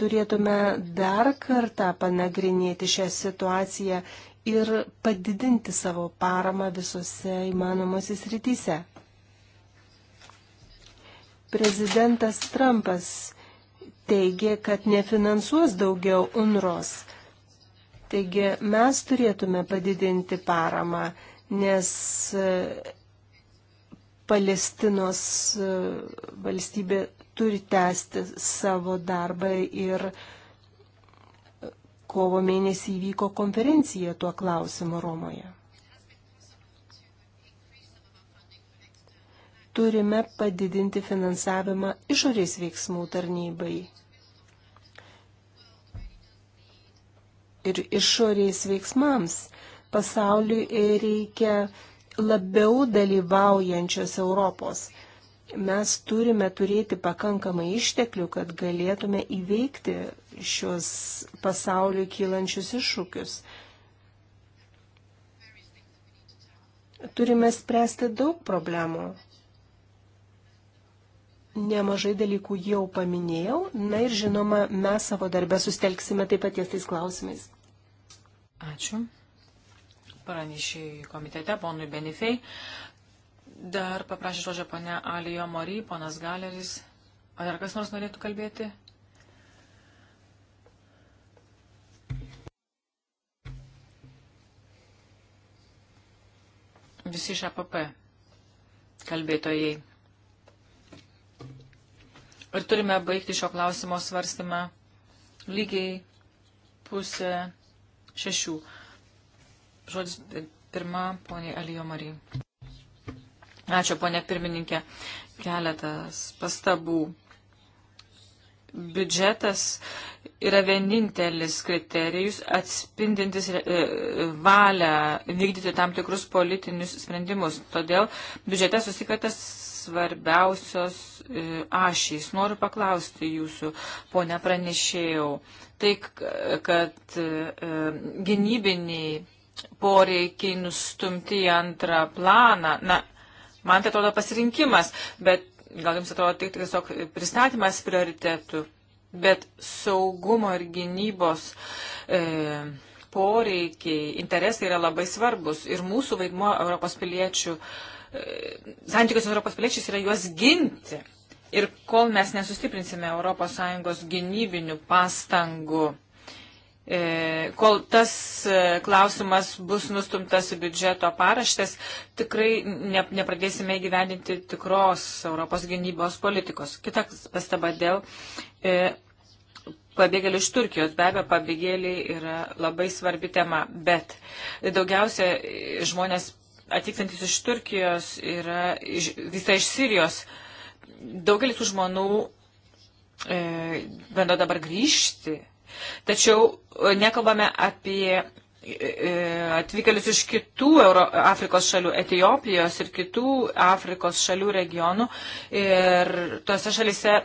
Turėtume dar kartą panagrinėti šią situaciją ir padidinti savo paramą visose įmanomose srityse. Prezidentas Trumpas teigė, kad nefinansuos daugiau UNROS. Taigi mes turėtume padidinti paramą, nes e, Palestinos e, valstybė turi tęsti savo darbą ir e, kovo mėnesį įvyko konferencija tuo klausimu Romoje. turime padidinti finansavimą išorės veiksmų tarnybai. Ir išorės veiksmams pasauliui reikia labiau dalyvaujančios Europos. Mes turime turėti pakankamai išteklių, kad galėtume įveikti šios pasauliui kylančius iššūkius. Turime spręsti daug problemų Nemažai dalykų jau paminėjau. Na ir žinoma, mes savo darbę sustelksime taip pat ties tais klausimais. Ačiū. Pranešėjai komitete, ponui Benifei. Dar paprašė žodžio ponia Alijo Mori, ponas Galeris. Ar dar kas nors norėtų kalbėti? Visi iš APP kalbėtojai. Ir turime baigti šio klausimo svarstymą lygiai pusę šešių. Žodis pirma, ponė Alijo Marija. Ačiū, ponė pirmininkė. Keletas pastabų. Biudžetas yra vienintelis kriterijus atspindintis e, e, valią vykdyti tam tikrus politinius sprendimus. Todėl biudžetas susikvėtas svarbiausios e, ašys. Noriu paklausti jūsų, ponia pranešėjau, tai, kad e, e, gynybiniai poreikiai nustumti į antrą planą, na, man tai atrodo pasirinkimas, bet gal jums atrodo tik tiesiog pristatymas prioritetų, bet saugumo ir gynybos. E, poreikiai, interesai yra labai svarbus ir mūsų vaidmo Europos piliečių uh, santykius Europos piliečiais yra juos ginti. Ir kol mes nesustiprinsime ES gynybinių pastangų, e, kol tas e, klausimas bus nustumtas į biudžeto paraštės, tikrai ne, nepradėsime įgyvendinti tikros Europos gynybos politikos. Kita pastaba dėl e, pabėgėlių iš Turkijos. Be abejo, pabėgėliai yra labai svarbi tema, bet daugiausia žmonės atvykstantis iš Turkijos yra iš, visai iš Sirijos. Daugelis tų žmonių e, bando dabar grįžti. Tačiau e, nekalbame apie e, e, atvykėlius iš kitų Euro, Afrikos šalių, Etijopijos ir kitų Afrikos šalių regionų. Ir tuose šalise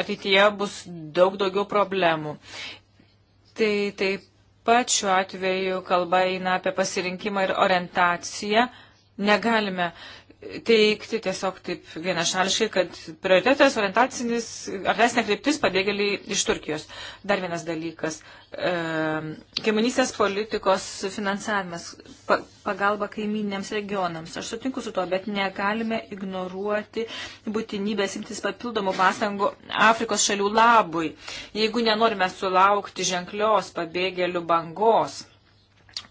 ateityje bus daug daugiau problemų. Tai taip pat šiuo atveju kalba eina apie pasirinkimą ir orientaciją. E, Negalime teikti tiesiog taip vienašališkai, kad prioritetas orientacinis, ar esne kryptis pabėgėliai iš Turkijos. Dar vienas dalykas. E, kaiminystės politikos finansavimas, pa, pagalba kaiminėms regionams. Aš sutinku su tuo, bet negalime ignoruoti būtinybės imtis papildomų pastangų Afrikos šalių labui, jeigu nenorime sulaukti ženklios pabėgėlių bangos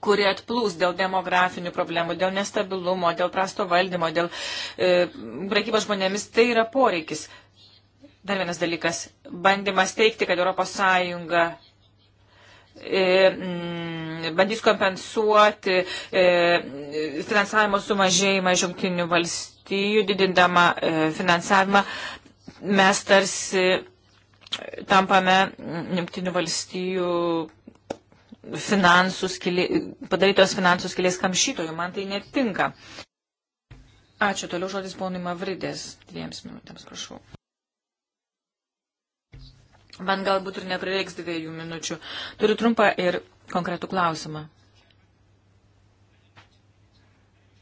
kurie atplūs dėl demografinių problemų, dėl nestabilumo, dėl prasto valdymo, dėl e, prekybos žmonėmis, tai yra poreikis. Dar vienas dalykas - bandymas teikti, kad ES e, mm, bandys kompensuoti e, finansavimo sumažėjimą iš jungtinių valstijų, didindama e, finansavimą. Mes tarsi tampame jungtinių valstijų finansų skilė, padarytos finansų skilės kamšytojų. Man tai netinka. Ačiū. Toliau žodis ponui Mavridės. Dviems minutėms, prašau. Man galbūt ir neprireiks dviejų minučių. Turiu trumpą ir konkretų klausimą.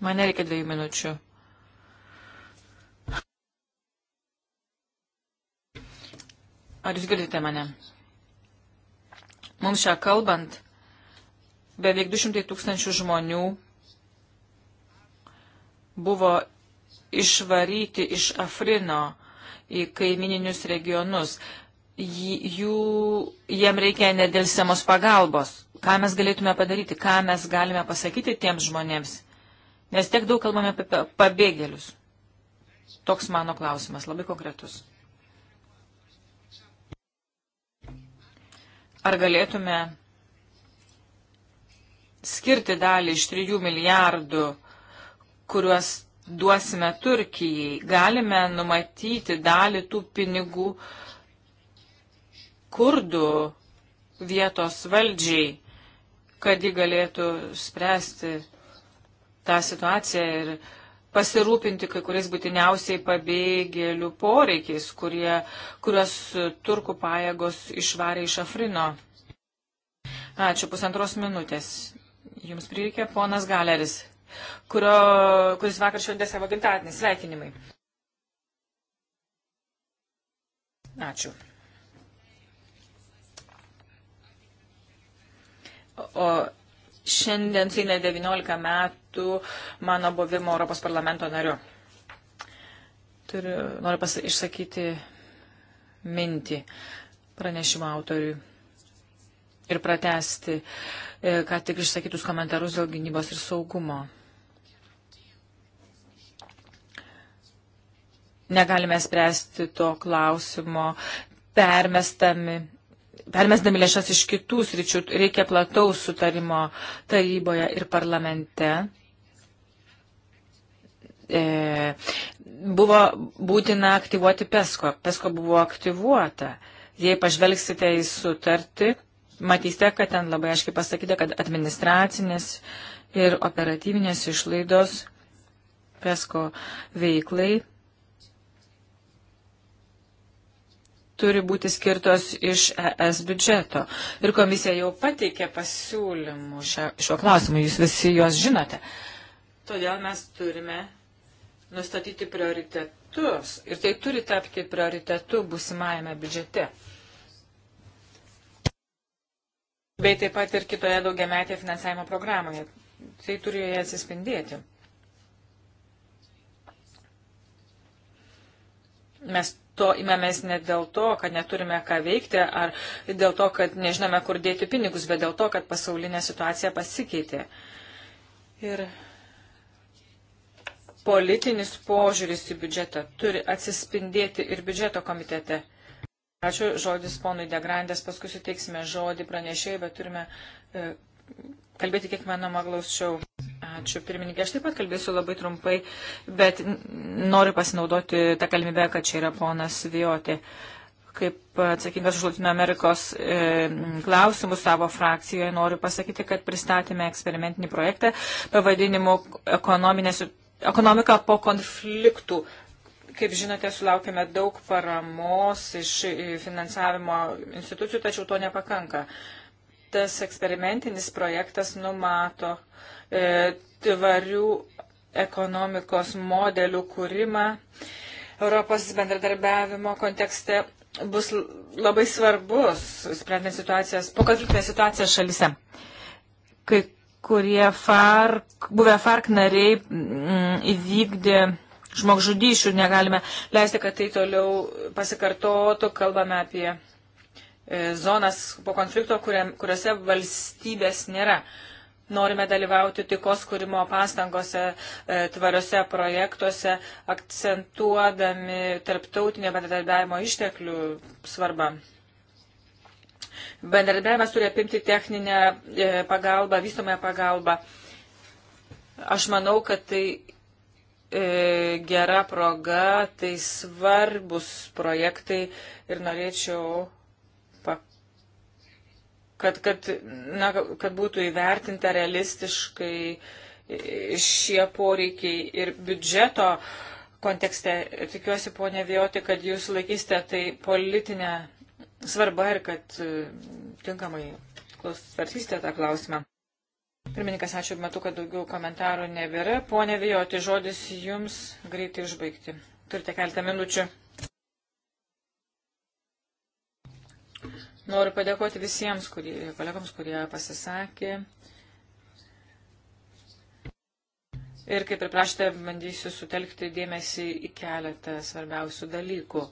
Man nereikia dviejų minučių. Ar jūs girdite mane? Mums šią kalbant, beveik 200 tūkstančių žmonių buvo išvaryti iš Afrino į kaimininius regionus. Jų, jiem reikia nedėlsiamos pagalbos. Ką mes galėtume padaryti, ką mes galime pasakyti tiems žmonėms, nes tiek daug kalbame apie pabėgėlius. Toks mano klausimas, labai konkretus. Ar galėtume skirti dalį iš 3 milijardų, kuriuos duosime Turkijai, galime numatyti dalį tų pinigų kurdų vietos valdžiai, kad ji galėtų spręsti tą situaciją ir pasirūpinti kai kuriais būtiniausiai pabėgėlių poreikiais, kurie, kuriuos turkų pajėgos išvarė iš Afrino. Ačiū pusantros minutės jums prireikė, ponas Galeris, kurio, kuris vakar šventė savo gimtadienį. Sveikinimai. Ačiū. O šiandien suina 19 metų mano buvimo Europos parlamento nariu. Turiu, noriu pas, išsakyti mintį pranešimo autoriui ir pratesti uh, E, ką tik išsakytus komentarus dėl gynybos ir saugumo. Negalime spręsti to klausimo permestami permesdami lėšas iš kitų sričių, reikia plataus sutarimo taryboje ir parlamente. E, buvo būtina aktyvuoti PESCO. PESCO buvo aktyvuota. Jei pažvelgsite į sutartį, matysite, kad ten labai aiškiai pasakyta, kad administracinės ir operatyvinės išlaidos PESCO veiklai turi būti skirtos iš ES biudžeto. Ir komisija jau pateikė pasiūlymų šio, šio klausimu, jūs visi juos žinote. Todėl mes turime nustatyti prioritetus ir tai turi tapti prioritetu busimajame biudžete. bei taip pat ir kitoje daugiametėje finansavimo programoje. Tai turi joje atsispindėti. Mes to imamės ne dėl to, kad neturime ką veikti, ar dėl to, kad nežinome, kur dėti pinigus, bet dėl to, kad pasaulinė situacija pasikeitė. Ir politinis požiūris į biudžetą turi atsispindėti ir biudžeto komitete. Ačiū, žodis ponui Degrandės, paskui suteiksime žodį pranešėjai, bet turime e, kalbėti kiek manoma glaučiau. Ačiū, pirmininkė. Aš taip pat kalbėsiu labai trumpai, bet noriu pasinaudoti tą galimybę, kad čia yra ponas Vijoti. Kaip atsakingas už Latino Amerikos e, klausimus savo frakcijoje noriu pasakyti, kad pristatėme eksperimentinį projektą pavadinimu ekonominės ekonomika po konfliktų Kaip žinote, sulaukime daug paramos iš e, finansavimo institucijų, tačiau to nepakanka. Tas eksperimentinis projektas numato e, tvarių ekonomikos modelių kūrimą Europos bendradarbiavimo kontekste bus labai svarbus, sprendžiant situacijas, pokazlitinę situaciją šalise. Kai kurie FARC, buvę FARC nariai m, įvykdė žmogžudyšių, negalime leisti, kad tai toliau pasikartotų, kalbame apie e, zonas po konflikto, kuriuose valstybės nėra. Norime dalyvauti tikos kūrimo pastangose, e, tvariuose projektuose, akcentuodami tarptautinio bendradarbiavimo išteklių svarbą. Bendradarbiavimas turi apimti techninę e, pagalbą, vystomąją pagalbą. Aš manau, kad tai E, gera proga, tai svarbus projektai ir norėčiau, kad, kad, na, kad būtų įvertinta realistiškai šie poreikiai ir biudžeto kontekste. Tikiuosi, ponė Vijoti, kad jūs laikysite tai politinę svarbą ir kad e, tinkamai svarstysite tą klausimą. Pirmininkas, ačiū, matau, kad daugiau komentarų nebėra. Pone Vijoti, žodis jums greitai užbaigti. Turite keletą minučių. Noriu padėkoti visiems kurie, kolegams, kurie pasisakė. Ir kaip ir prašėte, bandysiu sutelkti dėmesį į keletą svarbiausių dalykų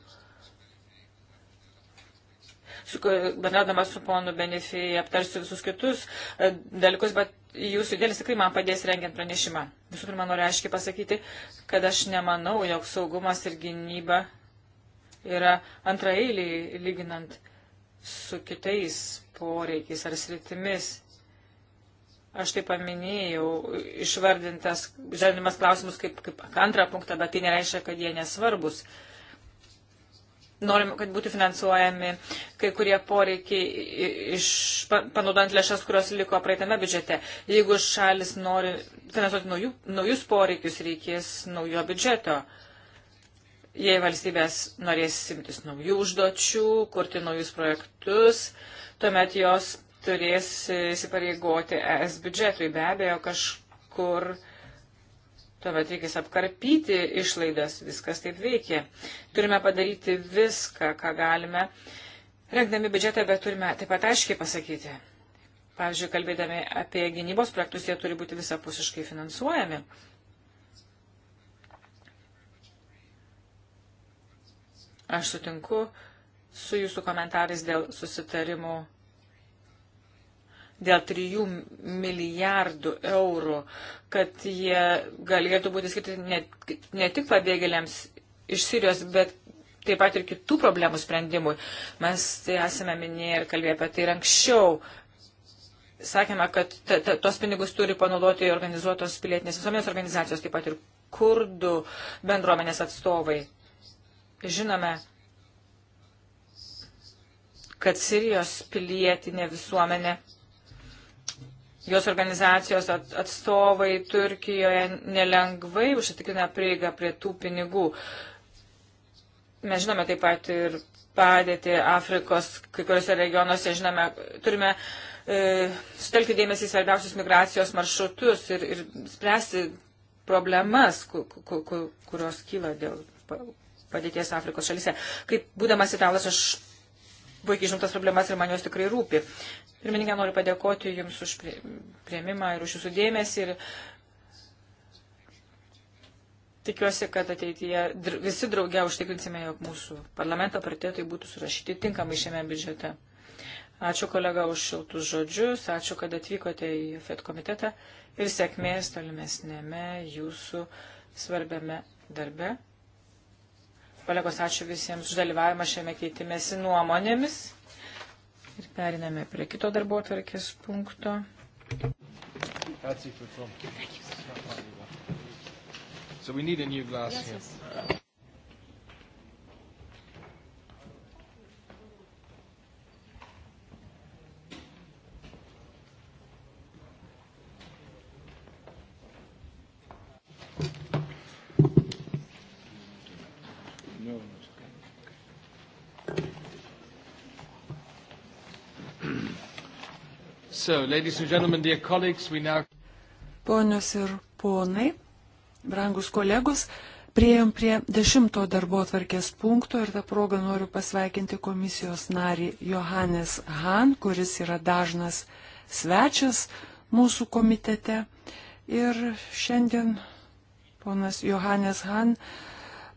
bendradamas su ponu Benefijai, aptarsiu visus kitus e, dalykus, bet jūsų dėlis tikrai man padės rengiant pranešimą. Visų pirma, noriu aiškiai pasakyti, kad aš nemanau, jog saugumas ir gynyba yra antraeiliai lyginant su kitais poreikiais ar sritimis. Aš tai paminėjau, išvardintas, žardimas klausimus kaip, kaip antrą punktą, bet tai nereiškia, kad jie nesvarbus. Uh, norim, kad būtų finansuojami kai kurie poreikiai iš, panaudojant lėšas, kurios liko praeitame biudžete. Jeigu šalis nori finansuoti naujų, naujus poreikius, reikės naujo biudžeto. Jei valstybės norės simtis naujų užduočių, kurti naujus projektus, tuomet jos turės įsipareigoti ES biudžetui. Be abejo, kažkur Tuomet reikės apkarpyti išlaidas, viskas taip veikia. Turime padaryti viską, ką galime. Rengdami biudžetą, bet turime taip pat aiškiai pasakyti. Pavyzdžiui, kalbėdami apie gynybos projektus, jie turi būti visapusiškai finansuojami. Aš sutinku su jūsų komentarais dėl susitarimų dėl 3 milijardų eurų, kad jie galėtų būti skirti ne, ne tik pabėgėliams iš Sirijos, bet taip pat ir kitų problemų sprendimui. Mes tai esame minėję ir kalbėję apie tai ir anksčiau. Sakėme, kad ta, ta, tos pinigus turi panaudoti organizuotos pilietinės visuomenės organizacijos, taip pat ir kurdų bendruomenės atstovai. Žinome, kad Sirijos pilietinė visuomenė jos organizacijos atstovai Turkijoje nelengvai užsitikrina prieigą prie tų pinigų. Mes žinome taip pat ir padėti Afrikos kai kuriuose regionuose, žinome, turime e, sutelkti dėmesį į svarbiausius migracijos maršrutus ir, ir spręsti problemas, ku, ku, ku, kurios kyla dėl padėties Afrikos šalise. Kaip būdamas italas, aš puikiai žinom tas problemas ir man jos tikrai rūpi. Pirmininkė, noriu padėkoti Jums už prieimimą ir už Jūsų dėmesį. Ir tikiuosi, kad ateityje visi drauge užtikrinsime, jog mūsų parlamento prioritetai būtų surašyti tinkamai šiame biudžete. Ačiū kolega už šiltus žodžius, ačiū, kad atvykote į FED komitetą ir sėkmės tolimesnėme jūsų svarbiame darbe. Kolegos, ačiū visiems už dalyvavimą šiame keitimėsi nuomonėmis. Ir periname prie kito darbo atvarkės punkto. Herzlich willkommen. So we need a new glass yes, here. Yes. So, ladies and gentlemen, dear colleagues, we now... Ponios ir ponai, brangus kolegos, prieėm prie dešimto darbo atvarkės punkto ir tą progą noriu pasveikinti komisijos narį Johannes Han, kuris yra dažnas svečias mūsų komitete. Ir šiandien ponas Johannes Han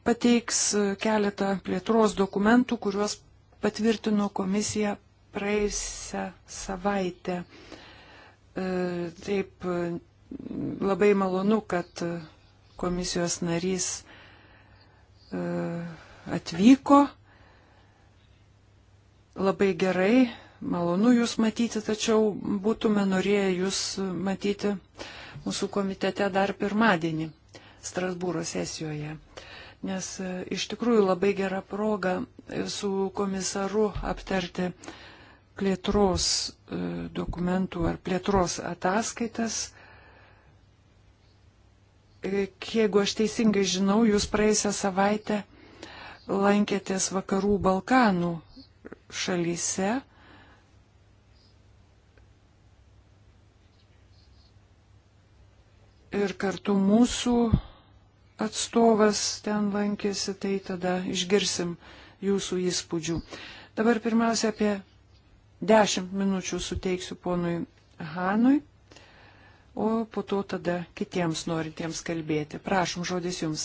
pateiks keletą plėtros dokumentų, kuriuos patvirtino komisija praėjusią savaitę. E, taip, labai malonu, kad komisijos narys e, atvyko. Labai gerai, malonu jūs matyti, tačiau būtume norėję jūs matyti mūsų komitete dar pirmadienį Strasbūro sesijoje nes e, iš tikrųjų labai gera proga su komisaru aptarti plėtros e, dokumentų ar plėtros ataskaitas. Jeigu aš teisingai žinau, jūs praėjusią savaitę lankėtės vakarų Balkanų šalyse. Ir kartu mūsų atstovas ten lankėsi, tai tada išgirsim jūsų įspūdžių. Dabar pirmiausia apie Dešimt minučių suteiksiu ponui Hanui, o po to tada kitiems norintiems kalbėti. Prašom, žodis jums.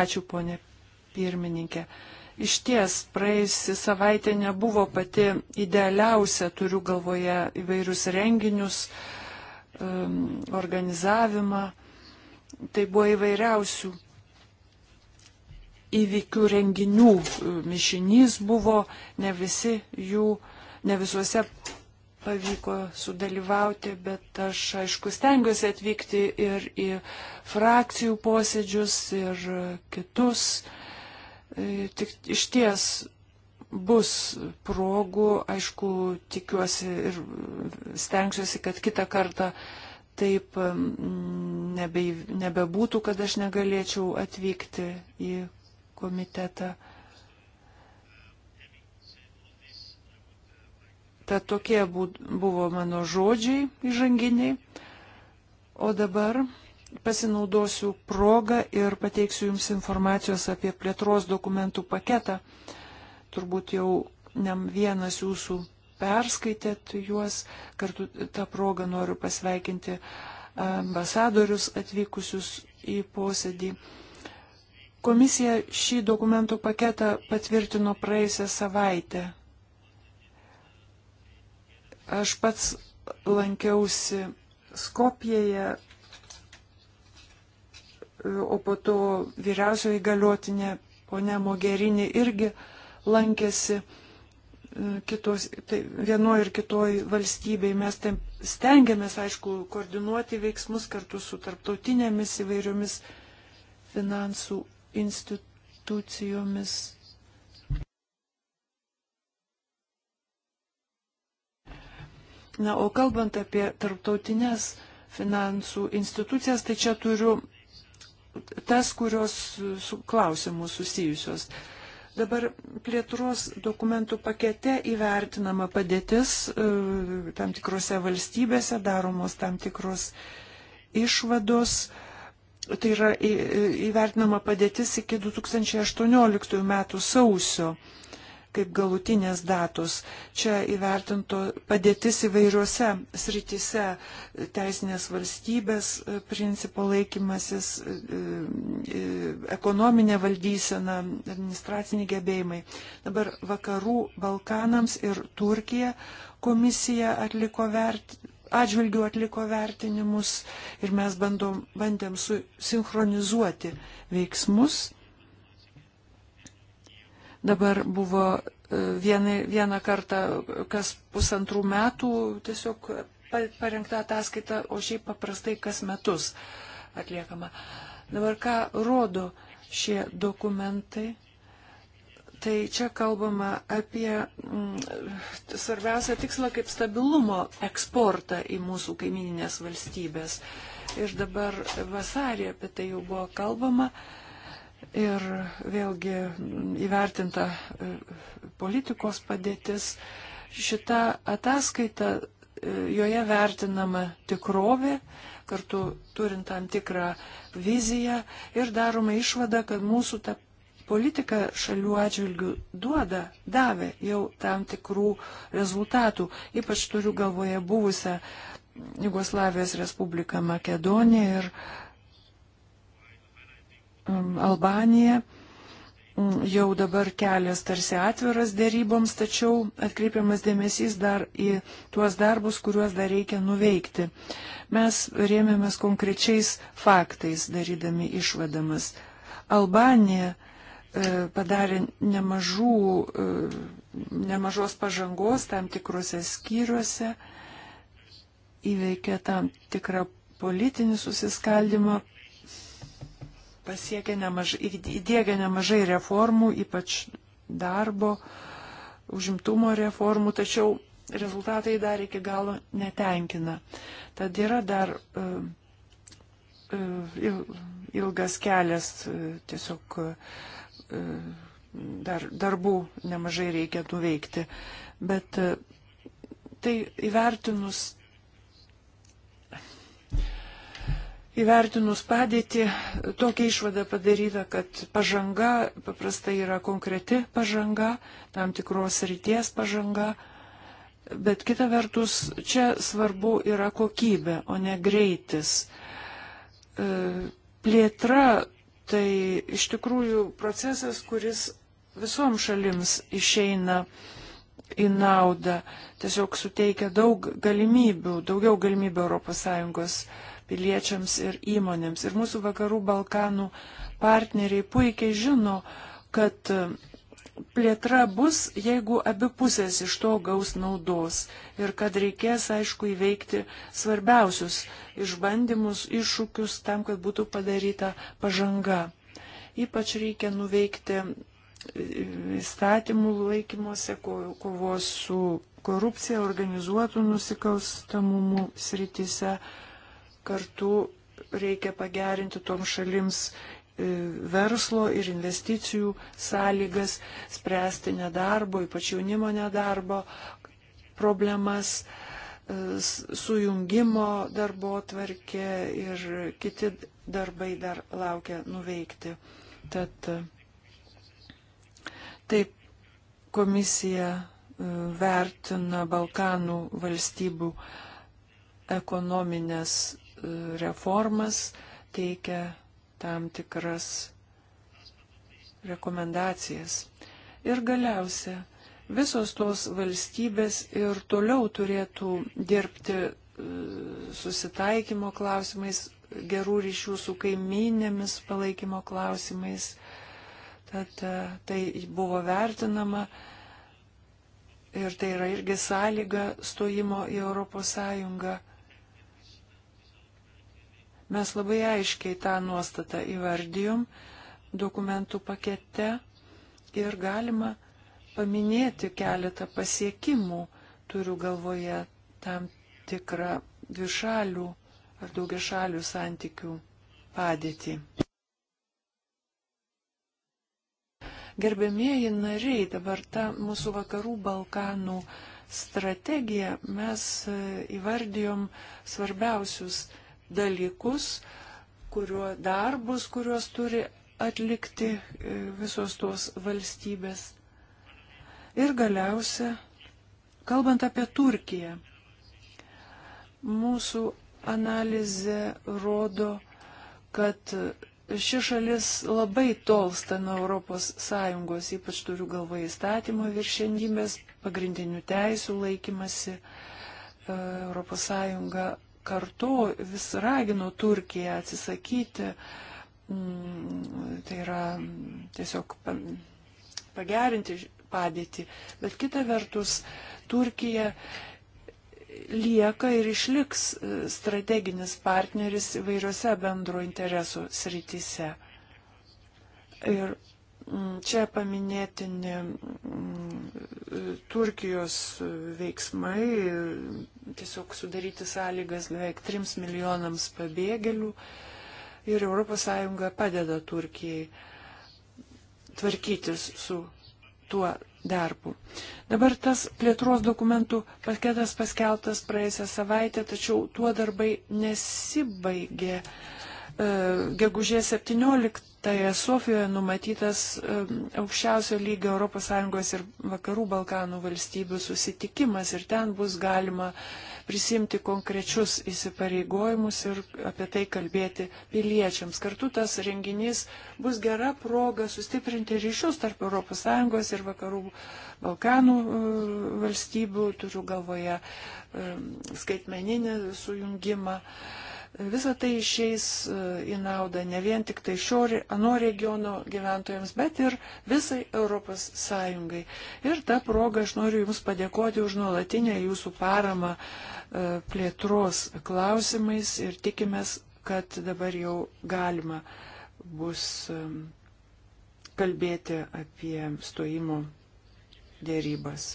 Ačiū, ponė pirmininkė. Iš ties, praėjusi savaitė nebuvo pati idealiausia, turiu galvoje įvairius renginius, um, organizavimą. Tai buvo įvairiausių įvykių renginių e, mišinys buvo, ne visi jų, ne visuose pavyko sudalyvauti, bet aš aišku stengiuosi atvykti ir į frakcijų posėdžius ir kitus. E, tik iš ties bus progų, aišku, tikiuosi ir stengsiuosi, kad kitą kartą taip mm, nebe, nebebūtų, kad aš negalėčiau atvykti į komitetą. Tad tokie buvo mano žodžiai įžanginiai. O dabar pasinaudosiu progą ir pateiksiu Jums informacijos apie plėtros dokumentų paketą. Turbūt jau ne vienas Jūsų perskaitėt juos. Kartu tą progą noriu pasveikinti ambasadorius atvykusius į posėdį. Komisija šį dokumentų paketą patvirtino praėjusią savaitę. Aš pats lankiausi Skopijoje, o po to vyriausioji galiotinė ponia Mogerinė irgi lankėsi e, kitos, tai vienoje ir kitoje valstybėje. Mes stengiamės, aišku, koordinuoti veiksmus kartu su tarptautinėmis įvairiomis finansų institucijomis. Na, o kalbant apie tarptautinės finansų institucijas, tai čia turiu tas, kurios su klausimu susijusios. Dabar plėtros dokumentų pakete įvertinama padėtis e, tam tikrose valstybėse, daromos tam tikros išvados tai yra įvertinama padėtis iki 2018 metų sausio kaip galutinės datos. Čia įvertinto padėtis įvairiuose srityse - teisinės valstybės e, principo laikymasis, e, e, ekonominė valdysena, administraciniai gebėjimai. Dabar vakarų Balkanams ir Turkija komisija atliko vert, atžvilgių atliko vertinimus ir mes bandom, bandėm sinchronizuoti veiksmus. Dabar buvo e, vieną, vieną kartą kas pusantrų metų tiesiog parengta ataskaita, o šiaip paprastai kas metus atliekama. Dabar ką rodo šie dokumentai? Tai čia kalbama apie mm, svarbiausią tikslą kaip stabilumo eksportą į mūsų kaimininės valstybės. Ir dabar vasarį apie tai jau buvo kalbama ir vėlgi įvertinta e, politikos padėtis. Šita ataskaita, e, joje vertinama tikrovė, kartu turint tam tikrą viziją ir daroma išvada, kad mūsų ta politika šalių atžvilgių duoda, davė jau tam tikrų rezultatų. Ypač turiu galvoje buvusią Jugoslavijos Respubliką Makedoniją ir um, Albaniją. Mm, jau dabar kelias tarsi atviras dėryboms, tačiau atkreipiamas dėmesys dar į tuos darbus, kuriuos dar reikia nuveikti. Mes rėmėmės konkrečiais faktais, darydami išvadamas. Albanija E, padarė nemažų, e, nemažos pažangos tam tikrose skyriuose, įveikė tam tikrą politinį susiskaldimą, pasiekė nemažai, įdėgė nemažai reformų, ypač darbo, užimtumo reformų, tačiau rezultatai dar iki galo netenkina. Tad yra dar e, ilgas kelias tiesiog E, dar, darbų nemažai reikia nuveikti. Bet e, tai įvertinus, įvertinus padėtį, tokia išvada padaryta, kad pažanga paprastai yra konkreti pažanga, tam tikros ryties pažanga. Bet kita vertus, čia svarbu yra kokybė, o ne greitis. E, plėtra Tai iš tikrųjų procesas, kuris visom šalims išeina į naudą, tiesiog suteikia daug galimybių, daugiau galimybių ES piliečiams ir įmonėms. Ir mūsų vakarų Balkanų partneriai puikiai žino, kad plėtra bus, jeigu abi pusės iš to gaus naudos ir kad reikės, aišku, įveikti svarbiausius išbandymus, iššūkius tam, kad būtų padaryta pažanga. Ypač reikia nuveikti e, įstatymų laikymuose, kovos su korupcija, organizuotų nusikalstamumu srityse. Kartu reikia pagerinti tom šalims E, verslo ir investicijų sąlygas, spręsti nedarbo, ypač jaunimo nedarbo problemas, e, sujungimo darbo tvarkė ir kiti darbai dar laukia nuveikti. Tad e, taip komisija vertina Balkanų valstybių ekonominės reformas, teikia tam tikras rekomendacijas. Ir galiausia, visos tos valstybės ir toliau turėtų dirbti e, susitaikymo klausimais, gerų ryšių su kaiminėmis palaikymo klausimais. Tad e, tai buvo vertinama ir tai yra irgi sąlyga stojimo į Europos Sąjungą. Mes labai aiškiai tą nuostatą įvardyjom dokumentų pakete ir galima paminėti keletą pasiekimų, turiu galvoje tam tikrą dvišalių ar daugiašalių santykių padėtį. Gerbėmieji nariai, dabar ta mūsų vakarų Balkanų strategija mes e, įvardijom svarbiausius dalykus, kuriuo darbus, kuriuos turi atlikti e, visos tos valstybės. Ir galiausia, kalbant apie Turkiją, mūsų analizė rodo, kad ši šalis labai tolsta nuo Europos Sąjungos, ypač turiu galvoje įstatymo viršendybės, pagrindinių teisų laikymasi. E, Europos Sąjunga kartu vis raginu Turkiją atsisakyti, mm, tai yra mm, tiesiog pagerinti padėtį, bet kita vertus Turkija lieka ir išliks e, strateginis partneris įvairiose bendro interesų srityse. Ir Čia paminėtini mm, Turkijos veiksmai, tiesiog sudaryti sąlygas beveik 3 milijonams pabėgėlių ir ES padeda Turkijai tvarkytis su tuo darbu. Dabar tas plėtros dokumentų paketas paskeltas praėjusią savaitę, tačiau tuo darbai nesibaigė. E, Gegužė 17 Tai Sofijoje numatytas aukščiausio lygio ES ir Vakarų Balkanų valstybių susitikimas ir ten bus galima prisimti konkrečius įsipareigojimus ir apie tai kalbėti piliečiams. Kartu tas renginys bus gera proga sustiprinti ryšius tarp ES ir Vakarų Balkanų e, valstybių, turiu galvoje skaitmeninį sujungimą. Visą tai išeis e, į naudą ne vien tik tai šio ano regiono gyventojams, bet ir visai Europos Sąjungai. Ir tą progą aš noriu Jums padėkoti už nuolatinę Jūsų paramą e, plėtros klausimais ir tikimės, kad dabar jau galima bus e, kalbėti apie stojimo dėrybas.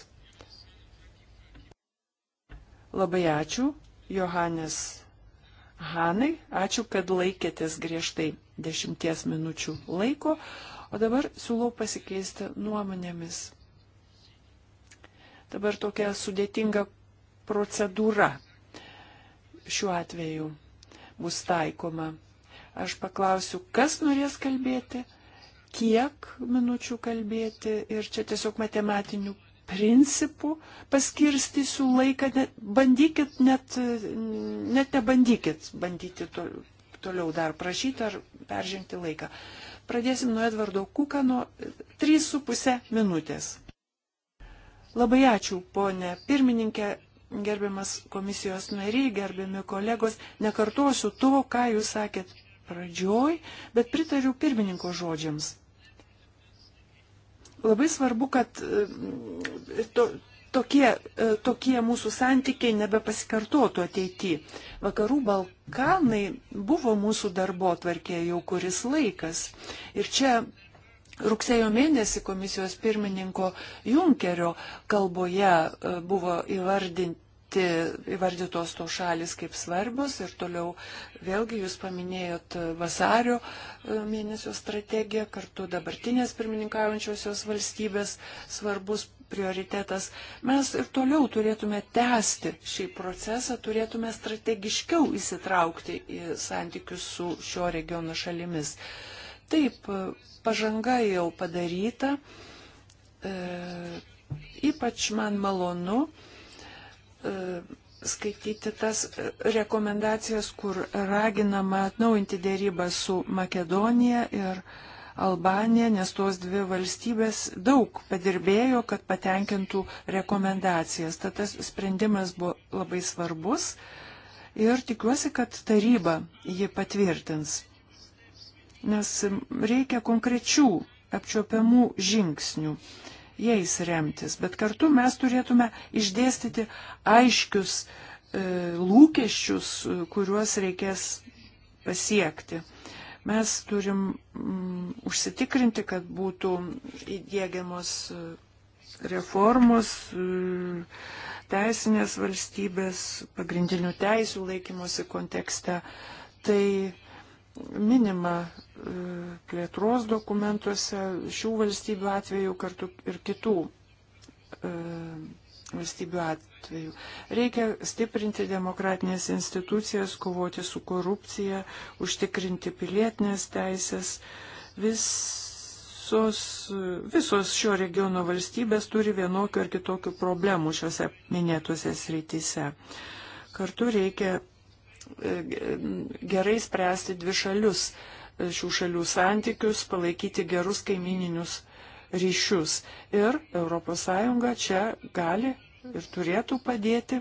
Labai ačiū, Johannes Hanai, ačiū, kad laikėtės griežtai dešimties minučių laiko, o dabar siūlau pasikeisti nuomonėmis. Dabar tokia sudėtinga procedūra šiuo atveju bus taikoma. Aš paklausiu, kas norės kalbėti, kiek minučių kalbėti ir čia tiesiog matematinių principų paskirstysiu laiką, net, bandykit, net, net nebandykit bandyti to, toliau dar prašyti ar peržengti laiką. Pradėsim nuo Edvardo Kukano 3,5 minutės. Labai ačiū, ponė pirmininkė, gerbiamas komisijos nariai, gerbiami kolegos. Nekartosiu to, ką jūs sakėt pradžioj, bet pritariu pirmininko žodžiams. Labai svarbu, kad e, to, tokie, e, tokie mūsų santykiai nebepasikartotų ateityje. Vakarų Balkanai buvo mūsų darbo tvarkė jau kuris laikas. Ir čia Rugsėjo mėnesį komisijos pirmininko Junkerio kalboje e, buvo įvardint, įvardyti, įvardytos to šalis kaip svarbus ir toliau vėlgi jūs paminėjot vasario e, mėnesio strategiją, kartu dabartinės pirmininkaujančiosios valstybės svarbus prioritetas. Mes ir toliau turėtume tęsti šį procesą, turėtume strategiškiau įsitraukti į santykius su šio regiono šalimis. Taip, e, pažanga jau padaryta. E, ypač man malonu, E, skaityti tas rekomendacijas, kur raginama atnaujinti dėrybą su Makedonija ir Albanija, nes tos dvi valstybės daug padirbėjo, kad patenkintų rekomendacijas. Tad tas sprendimas buvo labai svarbus ir tikiuosi, kad taryba jį patvirtins. Nes reikia konkrečių apčiopiamų žingsnių. Uh, jais remtis, bet kartu mes turėtume išdėstyti aiškius e, lūkesčius, e, kuriuos reikės pasiekti. Mes turim mm, užsitikrinti, kad būtų įdėgiamos e, reformos, e, teisinės valstybės, pagrindinių teisų laikymosi kontekste. Tai minima plėtros dokumentuose šių valstybių atveju kartu ir kitų e, valstybių atveju. Reikia stiprinti demokratinės institucijas, kovoti su korupcija, užtikrinti pilietinės teisės. Visos, visos šio regiono valstybės turi vienokių ar kitokių problemų šiuose minėtuose srityse. Kartu reikia e, gerai spręsti dvišalius šalius šių šalių santykius, palaikyti gerus kaimininius ryšius. Ir ES čia gali ir turėtų padėti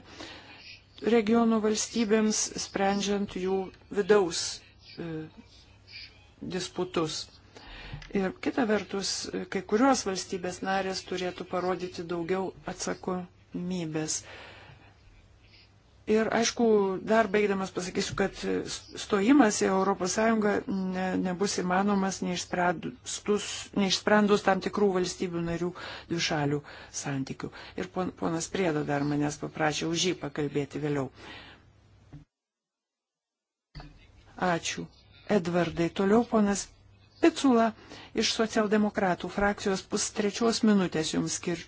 regionų valstybėms, sprendžiant jų vidaus e, disputus. Ir kita vertus, kai kurios valstybės narės turėtų parodyti daugiau atsakomybės. Ir aišku, dar baigdamas pasakysiu, kad stojimas į ES ne, nebus įmanomas neišsprendus tam tikrų valstybių narių dvišalių santykių. Ir pon, ponas Priedo dar manęs paprašė už jį pakalbėti vėliau. Ačiū. Edvardai, toliau ponas Picula iš socialdemokratų frakcijos pustrečios minutės jums skiriu.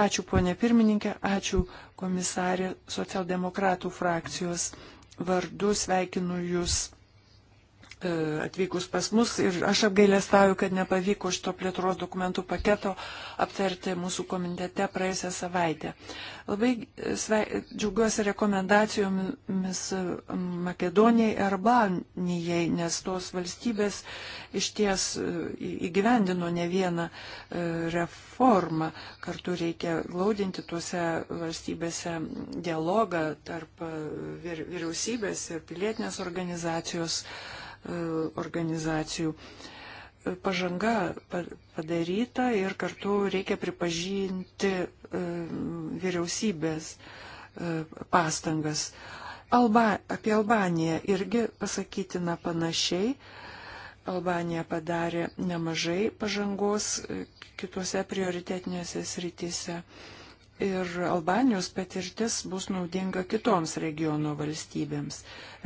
Ačiū ponė pirmininkė, ačiū komisarė socialdemokratų frakcijos vardu, sveikinu Jūs E, atvykus pas mus ir aš apgailestauju, kad nepavyko šito plėtros dokumentų paketo aptarti mūsų komitete praėjusią savaitę. Labai e, svei, džiaugiuosi rekomendacijomis Makedonijai ir Albanijai, nes tos valstybės iš ties e, įgyvendino ne vieną reformą. Kartu reikia glaudinti tuose valstybėse dialogą tarp vyriausybės ir pilietinės organizacijos. Uh, E, organizacijų. E, pažanga padaryta ir kartu reikia pripažinti e, vyriausybės pastangas. Alba, apie Albaniją irgi pasakytina panašiai. Albanija padarė nemažai pažangos kitose prioritetinėse srityse. Uh, ir Albanijos patirtis bus naudinga kitoms regiono valstybėms.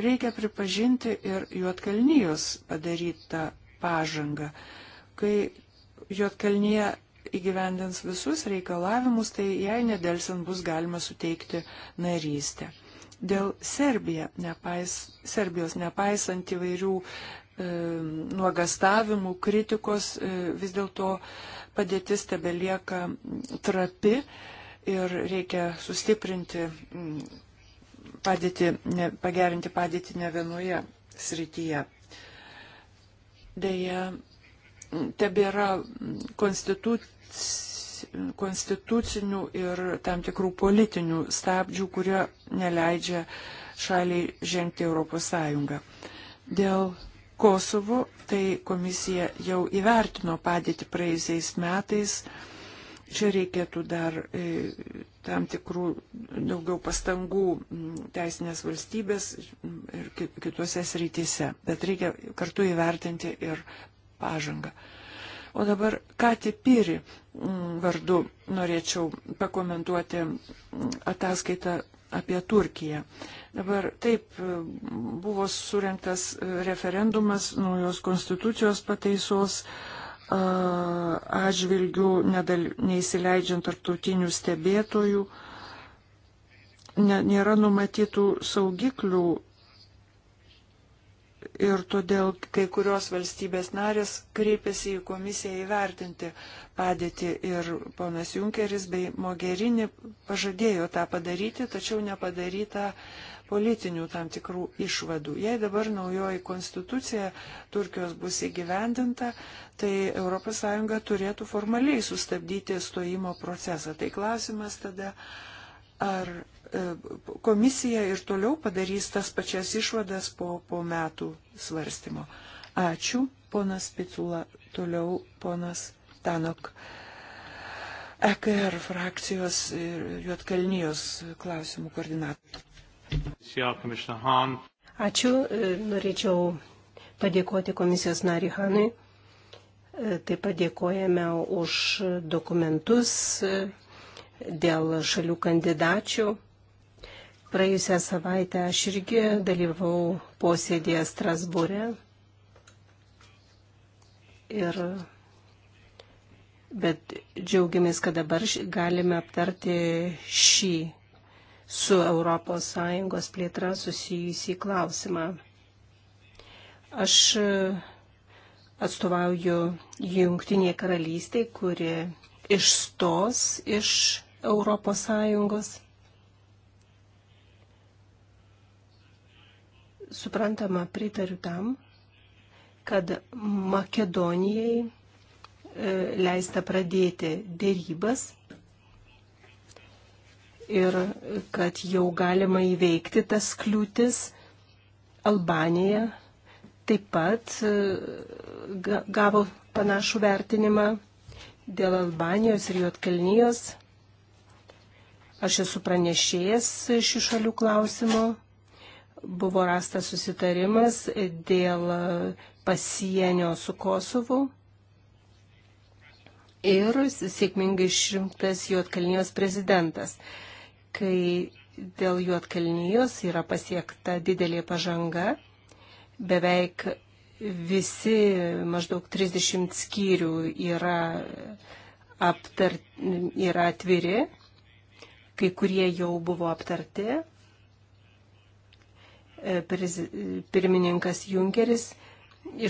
Reikia pripažinti ir Juotkalnyjos padarytą pažangą. Kai Juotkalnyje įgyvendins visus reikalavimus, tai jai nedelsant bus galima suteikti narystę. Dėl Serbija, nepais, Serbijos nepaisant įvairių e, nuogastavimų, kritikos, e, vis dėlto padėtis tebelieka trapi. E, ir reikia sustiprinti padėti, ne, pagerinti padėtį ne vienoje srityje. Deja, tebėra konstituc, konstitucinių ir tam tikrų politinių stabdžių, kurie neleidžia šaliai žengti Europos Sąjungą. Dėl Kosovo, tai komisija jau įvertino padėtį praeisiais metais Čia reikėtų dar e, tam tikrų daugiau pastangų teisinės valstybės ir kitose srityse, bet reikia kartu įvertinti ir pažangą. O dabar Kati Pyri vardu norėčiau pakomentuoti ataskaitą apie Turkiją. Dabar taip e, buvo surinktas referendumas naujos konstitucijos pataisos atžvilgių, neįsileidžiant tarptautinių stebėtojų, nėra numatytų saugiklių ir todėl kai kurios valstybės narės kreipėsi į komisiją įvertinti padėtį ir ponas Junkeris bei Mogerini pažadėjo tą padaryti, tačiau nepadaryta politinių tam tikrų išvadų. Jei dabar naujoji konstitucija Turkijos bus įgyvendinta, tai ES turėtų formaliai sustabdyti stojimo procesą. Tai klausimas tada, ar e, komisija ir toliau padarys tas pačias išvadas po, po metų svarstymo. Ačiū, ponas Picula, toliau ponas Tanok. EKR frakcijos ir Juotkalnijos klausimų koordinatorius. Ačiū, norėčiau padėkoti komisijos nariui Hanui. Taip pat dėkojame už dokumentus dėl šalių kandidačių. Praėjusią savaitę aš irgi dalyvau posėdėje Strasbūre. Ir bet džiaugiamės, kad dabar galime aptarti šį su ES plėtra susijusį klausimą. Aš atstovauju Junktinė karalystė, kuri išstos iš ES. Suprantama, pritariu tam, kad Makedonijai e, leista pradėti dėrybas ir kad jau galima įveikti tas kliūtis. Albanija taip pat e, gavo panašų vertinimą dėl Albanijos ir Jotkalnyjos. Aš esu pranešėjęs šių šalių klausimų. Buvo rastas susitarimas dėl pasienio su Kosovu ir sėkmingai išrinktas Jotkalnijos prezidentas kai dėl juotkalnyjos yra pasiekta didelė pažanga. Beveik visi maždaug 30 skyrių yra, aptar, yra atviri, kai kurie jau buvo aptarti. E, pirmininkas Junkeris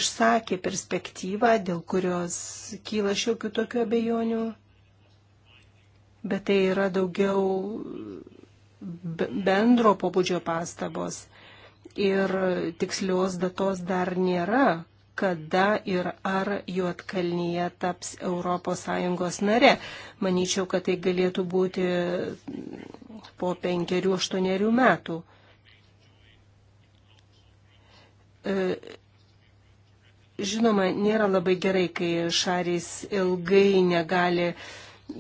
išsakė perspektyvą, dėl kurios kyla šiokių tokių abejonių bet tai yra daugiau bendro pobūdžio pastabos ir tikslios datos dar nėra, kada ir ar Juotkalnyje taps ES nare. Manyčiau, kad tai galėtų būti po penkerių, aštuonerių metų. E, žinoma, nėra labai gerai, kai šaris ilgai negali uh,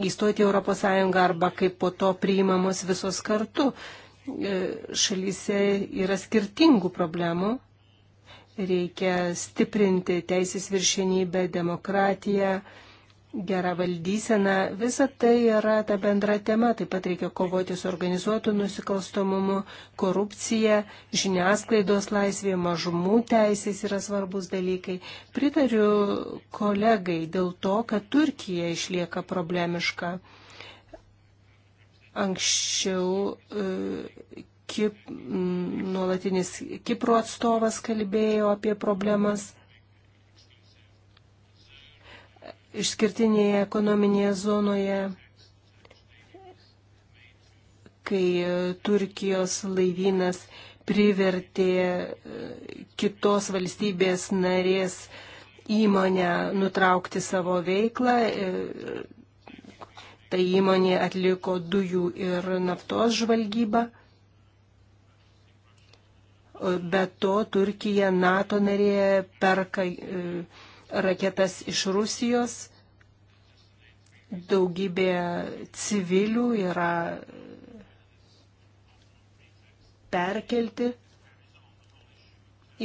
įstoti Europos Sąjungą arba kaip po to priimamos visos kartu. E, šalyse yra skirtingų problemų. Reikia stiprinti teisės viršenybę, demokratiją, gera valdysena, visa tai yra ta bendra tema. Taip pat reikia kovoti su organizuotu nusikalstamumu, korupcija, žiniasklaidos laisvė, mažumų teisės yra svarbus dalykai. Pritariu kolegai dėl to, kad Turkija išlieka problemiška. Anksčiau e, Kip, nuolatinis Kipro atstovas kalbėjo apie problemas išskirtinėje ekonominėje zonoje, kai e, Turkijos laivynas privertė e, kitos valstybės narės įmonę nutraukti savo veiklą. E, Ta įmonė atliko dujų ir naftos žvalgybą. Be to, Turkija NATO narė perka e, raketas iš Rusijos. Daugybė civilių yra perkelti.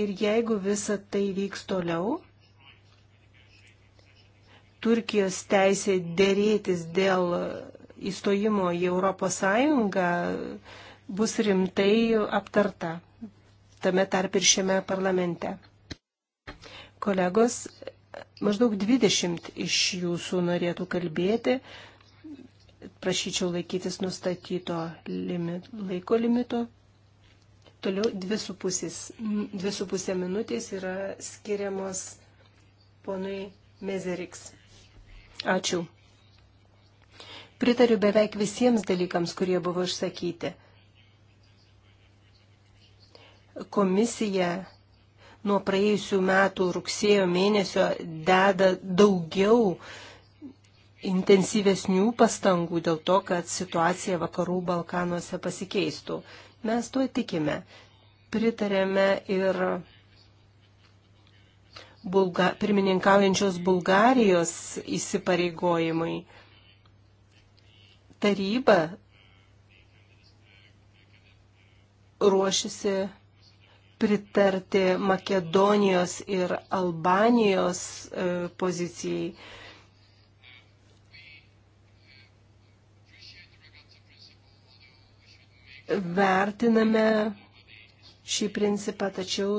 Ir jeigu visa tai vyks toliau, Turkijos teisė dėrėtis dėl įstojimo į Europos Sąjungą bus rimtai aptarta tame tarp ir šiame parlamente kolegos, maždaug 20 iš jūsų norėtų kalbėti. Prašyčiau laikytis nustatyto limit, laiko limito. Toliau dvi su, pusės, dvi su pusė minutės yra skiriamos ponui Mezeriks. Ačiū. Pritariu beveik visiems dalykams, kurie buvo išsakyti. Komisija nuo praėjusių metų rugsėjo mėnesio deda daugiau intensyvesnių pastangų dėl to, kad situacija vakarų Balkanuose pasikeistų. Mes tuo tikime. Pritarėme ir Bulga, pirmininkaujančios Bulgarijos įsipareigojimui. Taryba ruošiasi pritarti Makedonijos ir Albanijos e, pozicijai. Vertiname šį principą, tačiau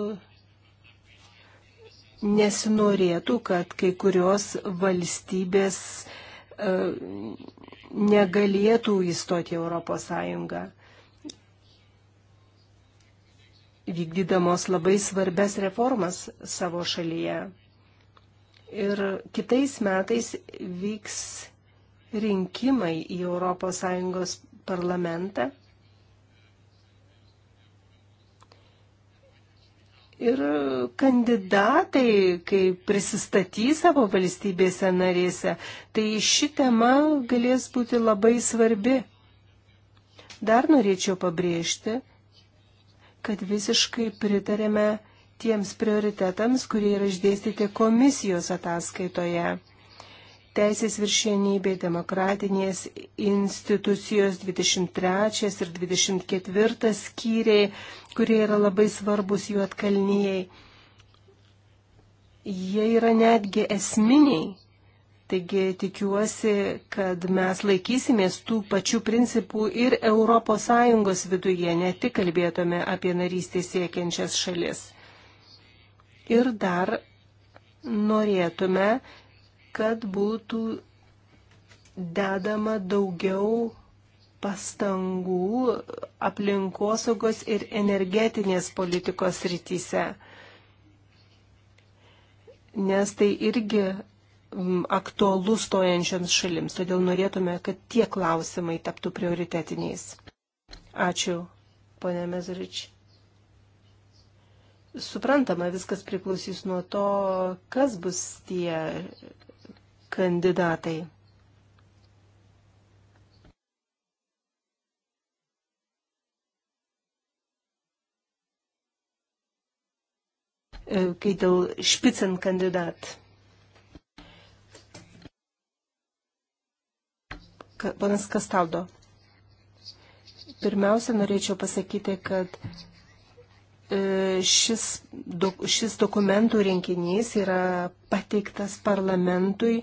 nesinorėtų, kad kai kurios valstybės e, negalėtų įstoti Europos Sąjungą vykdydamos labai svarbes reformas savo šalyje. Ir kitais metais vyks rinkimai į ES parlamentą. Ir kandidatai, kai prisistatys savo valstybėse narėse, tai ši tema galės būti labai svarbi. Dar norėčiau pabrėžti, kad visiškai pritarėme tiems prioritetams, kurie yra išdėstyti komisijos ataskaitoje. Teisės viršienybė, demokratinės institucijos 23 ir 24 skyriai, kurie yra labai svarbus jų atkalnyjei. Jie yra netgi esminiai Taigi tikiuosi, kad mes laikysimės tų pačių principų ir ES viduje, ne tik kalbėtume apie narystį siekiančias šalis. Ir dar norėtume, kad būtų dedama daugiau pastangų aplinkosaugos ir energetinės politikos rytise. Nes tai irgi aktualus stojančiams šalims. Todėl norėtume, kad tie klausimai taptų prioritetiniais. Ačiū, ponė Mezarič. Suprantama, viskas priklausys nuo to, kas bus tie kandidatai. E, kai dėl špicen kandidat. Ponas Kastaldo. Pirmiausia, norėčiau pasakyti, kad e, šis, šis dokumentų rinkinys yra pateiktas parlamentui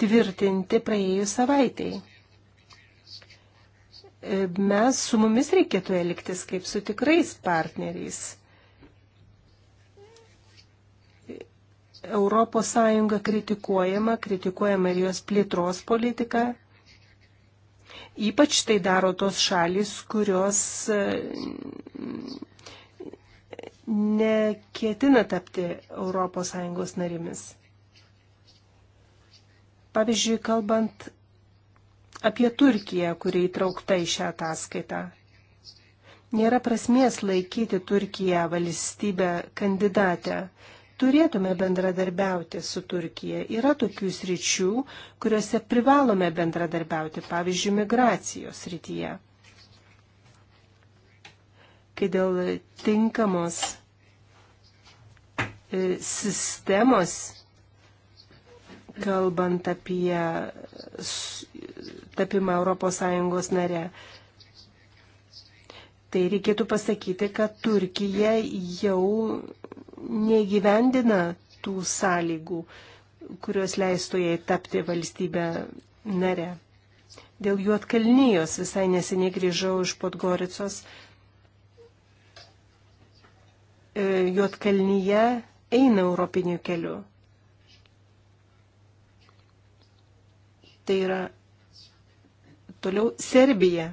tvirtinti praėjus savaitėjai. E, mes su mumis reikėtų elgtis kaip su tikrais partneriais. Europos Sąjunga kritikuojama, kritikuojama ir jos plėtros politika, Ypač tai daro tos šalis, kurios e, neketina tapti ES narimis. Pavyzdžiui, kalbant apie Turkiją, kuri įtraukta į šią ataskaitą. Nėra prasmės laikyti Turkiją valstybę kandidatę, turėtume bendradarbiauti su Turkija. Yra tokių sričių, kuriuose privalome bendradarbiauti, pavyzdžiui, migracijos srityje. Kai dėl tinkamos e, sistemos, kalbant apie tapimą ES nare, tai reikėtų pasakyti, kad Turkija jau neįgyvendina tų sąlygų, kurios leistų jai tapti valstybę nare. Dėl juotkalnyjos visai neseniai grįžau iš Podgoricos. E, Juotkalnyje eina europiniu keliu. Tai yra toliau Serbija.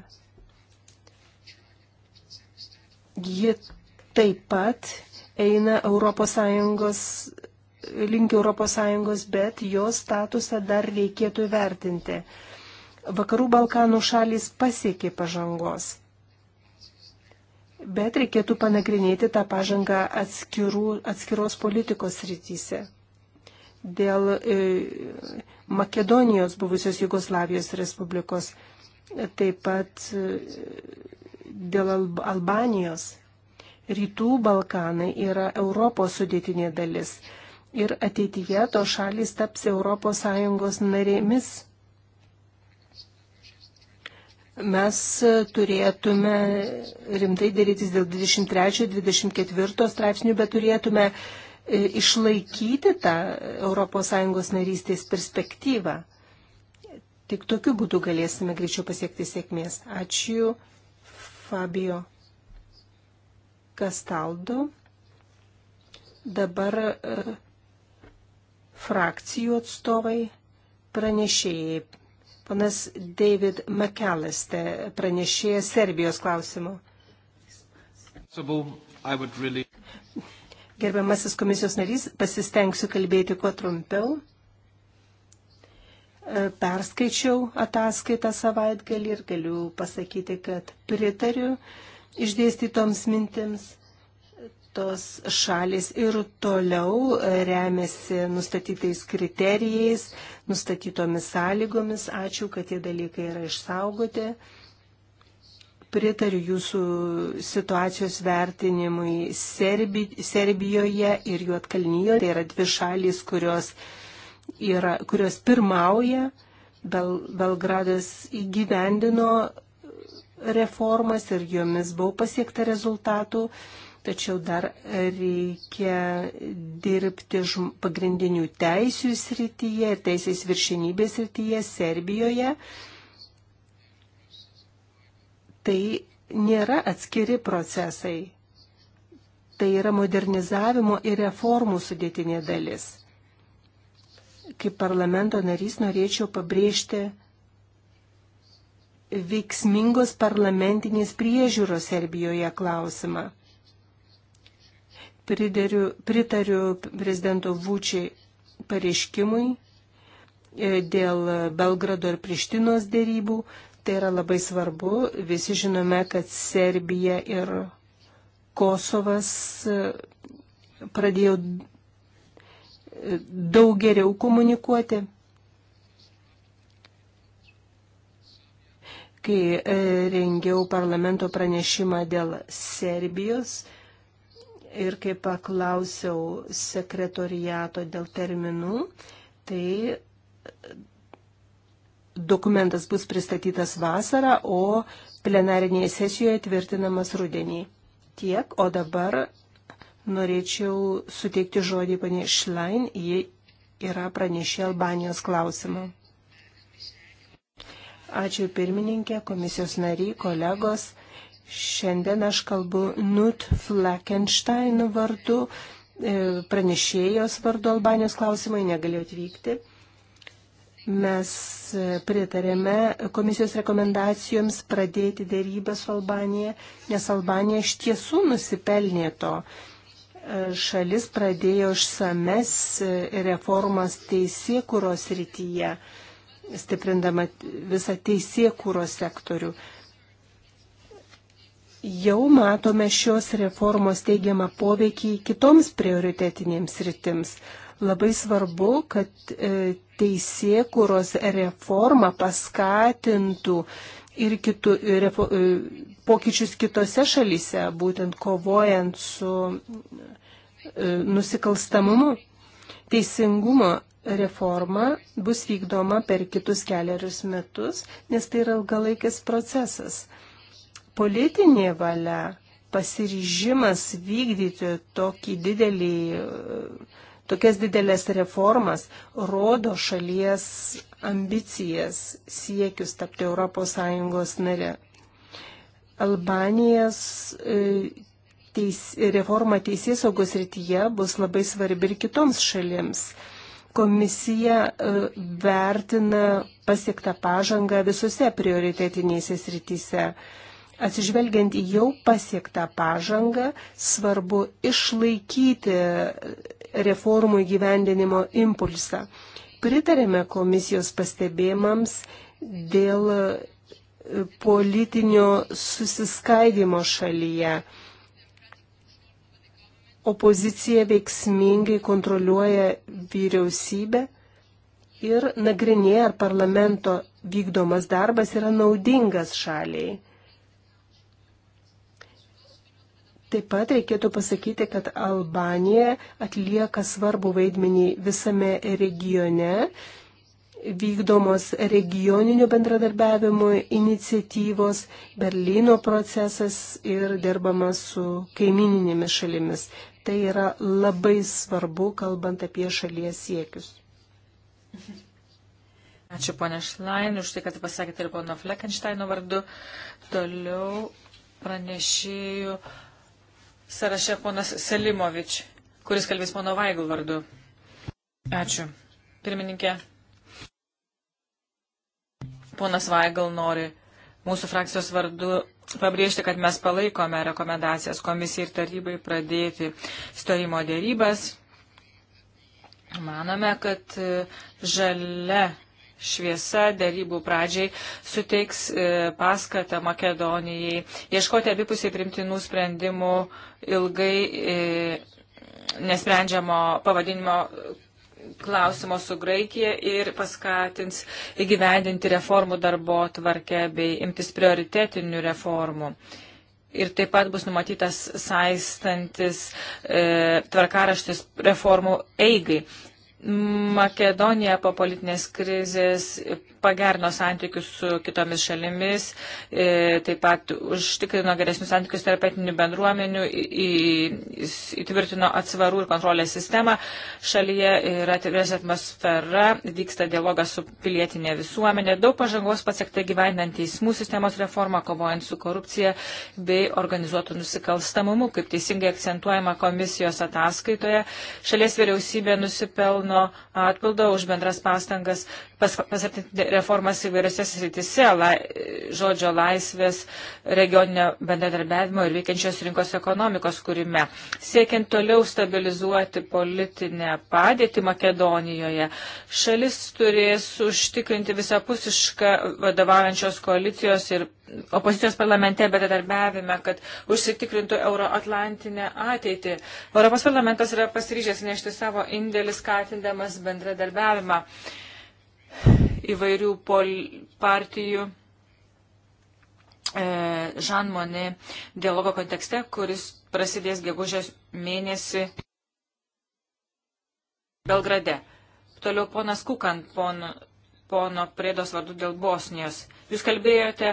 Ji taip pat eina ES link ES, bet jos statusą dar reikėtų įvertinti. Vakarų Balkanų šalis pasiekė pažangos. Bet reikėtų panagrinėti tą pažangą atskirų, atskiros politikos rytise. Dėl e, Makedonijos buvusios Jugoslavijos Respublikos, taip pat e, dėl Albanijos Rytų Balkanai yra Europos sudėtinė dalis ir ateityje to šalys taps ES narėmis. Mes turėtume rimtai dėrytis dėl 23-24 straipsnių, bet turėtume e, išlaikyti tą ES narystės perspektyvą. Tik tokiu būdu galėsime greičiau pasiekti sėkmės. Ačiū, Fabio. Kastaldo. Dabar e, frakcijų atstovai pranešėjai. Panas David McAllister pranešėja Serbijos klausimu. Gerbiamasis komisijos narys, pasistengsiu kalbėti kuo trumpiau. E, perskaičiau ataskaitą savaitgalį ir galiu pasakyti, kad pritariu išdėstytoms mintims. Tos šalis ir toliau remiasi nustatytais kriterijais, nustatytomis sąlygomis. Ačiū, kad tie dalykai yra išsaugoti. Pritariu jūsų situacijos vertinimui Serbi, Serbijoje ir Juotkalnyje. Tai yra dvi šalis, kurios, yra, kurios pirmauja. Bel, Belgradas įgyvendino reformas ir jomis buvo pasiekta rezultatų, tačiau dar reikia dirbti pagrindinių teisų srityje ir teisės viršinybės srityje Serbijoje. Tai nėra atskiri procesai. Tai yra modernizavimo ir reformų sudėtinė dalis. Kaip parlamento narys norėčiau pabrėžti veiksmingos parlamentinės priežiūros Serbijoje klausimą. Pridariu, pritariu prezidento Vučiai pareiškimui e, dėl Belgrado ir Prištinos dėrybų. Tai yra labai svarbu. Visi žinome, kad Serbija ir Kosovas e, pradėjo e, daug geriau komunikuoti. kai e, rengiau parlamento pranešimą dėl Serbijos ir kai paklausiau sekretoriato dėl terminų, tai dokumentas bus pristatytas vasarą, o plenarinėje sesijoje tvirtinamas rudenį. Tiek, o dabar norėčiau suteikti žodį panė Šlain, ji yra pranešė Albanijos klausimą. Ačiū pirmininkė, komisijos nariai, kolegos. Šiandien aš kalbu Nut Fleckenstein vardu, e, pranešėjos vardu Albanijos klausimai negalėjo atvykti. Mes e, pritarėme komisijos rekomendacijoms pradėti dėrybę su Albanija, nes Albanija iš tiesų nusipelnė to e, šalis pradėjo išsames reformas teisėkuros rytyje stiprindama visą teisėkūros sektorių. Jau matome šios reformos teigiamą poveikį kitoms prioritetinėms rytims. Labai svarbu, kad e, teisėkūros reforma paskatintų ir kitų refo, e, pokyčius kitose šalyse, būtent kovojant su e, nusikalstamumu. Teisingumo reforma bus vykdoma per kitus keliarius metus, nes tai yra ilgalaikis procesas. Politinė valia, pasiryžimas vykdyti tokį didelį, tokias didelės reformas rodo šalies ambicijas siekius tapti ES nare. Albanijos e, teis, reforma teisėsaugos rytyje bus labai svarbi ir kitoms šalims. Komisija e, vertina pasiektą pažangą visose prioritetinėse srityse. Atsižvelgiant į jau pasiektą pažangą, svarbu išlaikyti reformų įgyvendinimo impulsą. Pritarėme komisijos pastebėjimams dėl e, politinio susiskaidimo šalyje opozicija veiksmingai kontroliuoja vyriausybę ir nagrinėja, ar parlamento vykdomas darbas yra naudingas šaliai. Taip pat reikėtų pasakyti, kad Albanija atlieka svarbų vaidmenį visame regione, vykdomos regioninio bendradarbiavimo iniciatyvos, Berlyno procesas ir dirbama su kaimininėmis šalimis. Tai yra labai svarbu, kalbant apie šalies siekius. Ačiū ponė Šlain už tai, kad pasakėte ir pono Fleckensteino vardu. Toliau pranešėjų sąraše ponas Selimovič, kuris kalbės pono Vaigl vardu. Ačiū. Pirmininkė, Ponas Vaigal nori mūsų frakcijos vardu pabrėžti, kad mes palaikome rekomendacijas komisijai ir tarybai pradėti stojimo dėrybas. Manome, kad e, žalia šviesa dėrybų pradžiai suteiks e, paskatą Makedonijai ieškoti abipusiai primtinų sprendimų ilgai e, nesprendžiamo pavadinimo klausimo su Graikija ir paskatins įgyvendinti reformų darbo tvarkę bei imtis prioritetinių reformų. Ir taip pat bus numatytas saistantis e, tvarkaraštis reformų eigai. Makedonija po politinės krizės pagerino santykius su kitomis šalimis, e, taip pat užtikrino geresnius santykius tarp etinių bendruomenių, įtvirtino atsvarų ir kontrolės sistemą. Šalyje yra atviras atmosfera, vyksta dialogas su pilietinė visuomenė, daug pažangos pasiekta gyvenant teismų sistemos reformą, kovojant su korupcija bei organizuotų nusikalstamumu, kaip teisingai akcentuojama komisijos ataskaitoje. Šalies vyriausybė nusipelno atpildo už bendras pastangas pas, pasartinti reformas įvairiose sritise, la, žodžio laisvės, regioninio bendradarbiavimo ir veikiančios rinkos ekonomikos kūrime. Siekiant toliau stabilizuoti politinę padėtį Makedonijoje, šalis turės užtikrinti visapusišką vadovaujančios koalicijos ir opozicijos parlamente bendradarbiavime, kad užsitikrintų euroatlantinę ateitį. Europos parlamentas yra pasiryžęs nešti savo indėlį skatindamas bendradarbiavimą įvairių pol, partijų Žan e, Monė dialogo kontekste, kuris prasidės gegužės mėnesį Belgrade. Toliau ponas Kukan, pon, pono Priedos vardu dėl Bosnijos. Jūs kalbėjote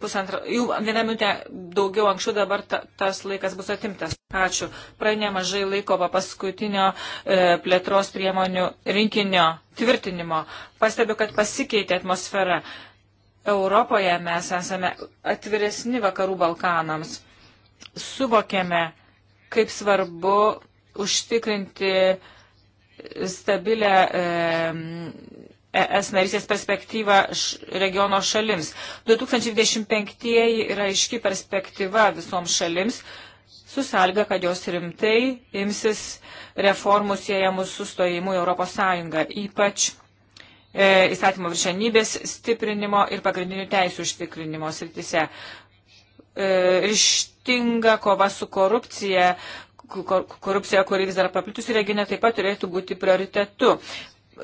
pusantrą, jau vieną minutę daugiau anksčiau, dabar ta, tas laikas bus atimtas. Ačiū. Praeina nemažai laiko po paskutinio e, plėtros priemonių rinkinio tvirtinimo. Pastebiu, kad pasikeitė atmosfera. Europoje mes esame atviresni vakarų Balkanams. Suvokėme, kaip svarbu užtikrinti stabilę. E, ES narysės perspektyvą regiono šalims. 2025 yra aiški perspektyva visoms šalims, su sąlyga, kad jos rimtai imsis reformų siejamų su stojimu į Europos Sąjungą, ypač e, įstatymo viršenybės stiprinimo ir pagrindinių teisų užtikrinimo srityse. E, ryštinga kova su korupcija, korupcija, kuri vis dar paplitusi regione, taip pat turėtų būti prioritetu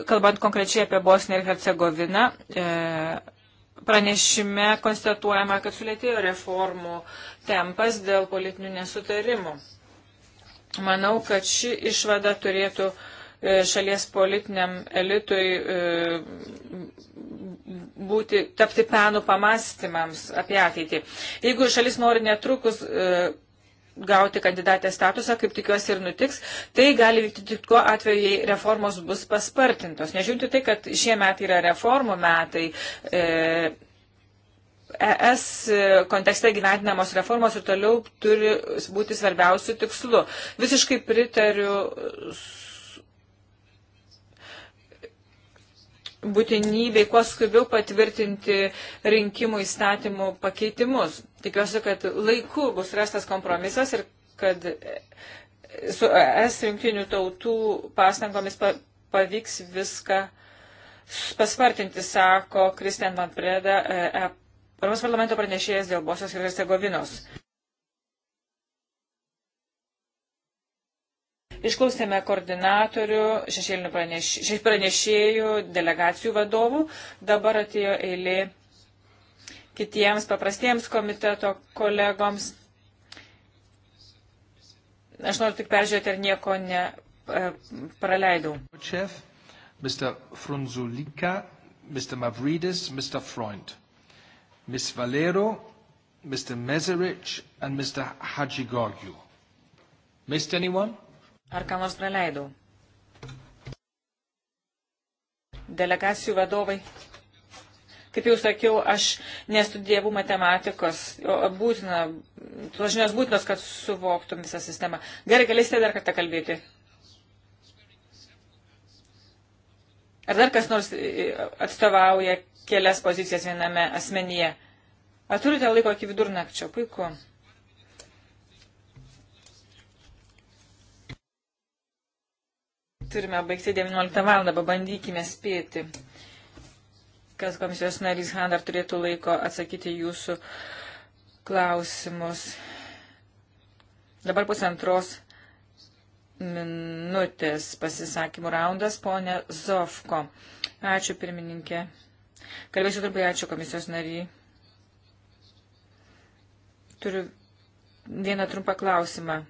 kalbant konkrečiai apie Bosniją ir Hercegoviną, e, pranešime konstatuojama, kad sulėtėjo reformų tempas dėl politinių nesutarimų. Manau, kad ši išvada turėtų e, šalies politiniam elitui e, būti, tapti penų pamastymams apie ateitį. Jeigu šalis nori netrukus gauti kandidatės statusą, kaip tikiuosi ir nutiks, tai gali vykti tik tuo atveju, jei reformos bus paspartintos. Nežiūrinti tai, kad šie metai yra reformų metai. E, ES kontekste gyventinamos reformos ir toliau turi būti svarbiausių tikslų. Visiškai pritariu būtinybei kuo skubiau patvirtinti rinkimų įstatymų pakeitimus. Tikiuosi, kad laiku bus rastas kompromisas ir kad su es rinktinių tautų pastangomis pa, pavyks viską paspartinti, sako Kristian Manpreda, e e Europos parlamento pranešėjas dėl Bosijos ir Hercegovinos. Išklausėme koordinatorių, šešėlinių pranešėjų, pranešėjų, delegacijų vadovų. Dabar atėjo eilė kitiems paprastiems komiteto kolegoms. Aš noriu tik peržiūrėti, ar nieko ne e, praleidau. Chef, Mr. Frunzulika, Mr. Mavridis, Mr. Freund, Ms. Valero, Mr. Mezerich and Mr. Hadjigorgiou. Missed anyone? Ar ką nors praleidau? Delegacijų vadovai. Kaip jau sakiau, aš nestudijavau matematikos, būtina, tos žinios būtinos, kad suvoktum visą sistemą. Gerai, galėsite dar kartą kalbėti. Ar dar kas nors e, e, atstovauja kelias pozicijas viename asmenyje? Ar turite laiko iki vidurnakčio? Puiku. Turime baigti 19 val. pabandykime spėti, kas komisijos narys Han dar turėtų laiko atsakyti jūsų klausimus. Dabar pusantros minutės pasisakymų raundas, ponė Zovko. Ačiū pirmininkė. Kalbėsiu trumpai, ačiū komisijos nariai. Turiu vieną trumpą klausimą.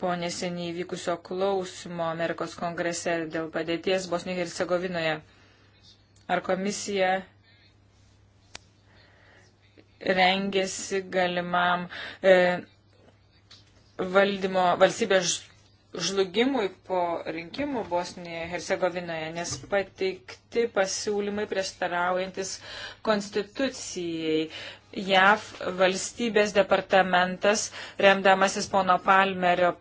po neseniai vykusio klausimo Amerikos kongrese dėl padėties Bosnijoje ir Segovinoje. Ar komisija rengėsi galimam e, valdymo valstybės žlugimui po rinkimų Bosnijoje ir Hercegovinoje, nes pateikti pasiūlymai prieštaraujantis konstitucijai. JAV valstybės departamentas, remdamasis pono Palmerio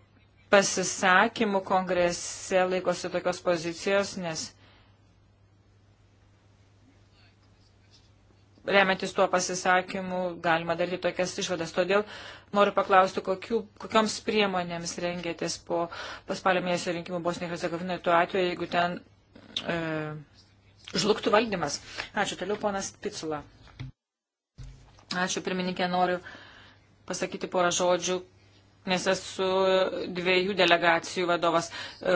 pasisakymų kongrese laikosi tokios pozicijos, nes remiantis tuo pasisakymu galima daryti tokias išvadas. Todėl noriu paklausti, kokiu, kokioms priemonėms rengėtės po paspalio mėnesio rinkimų Bosnijoje Hercegovinoje tuo atveju, jeigu ten e, žlugtų valdymas. Ačiū. Toliau ponas Picula. Ačiū, pirmininkė, noriu pasakyti porą žodžių nes esu dviejų delegacijų vadovas e,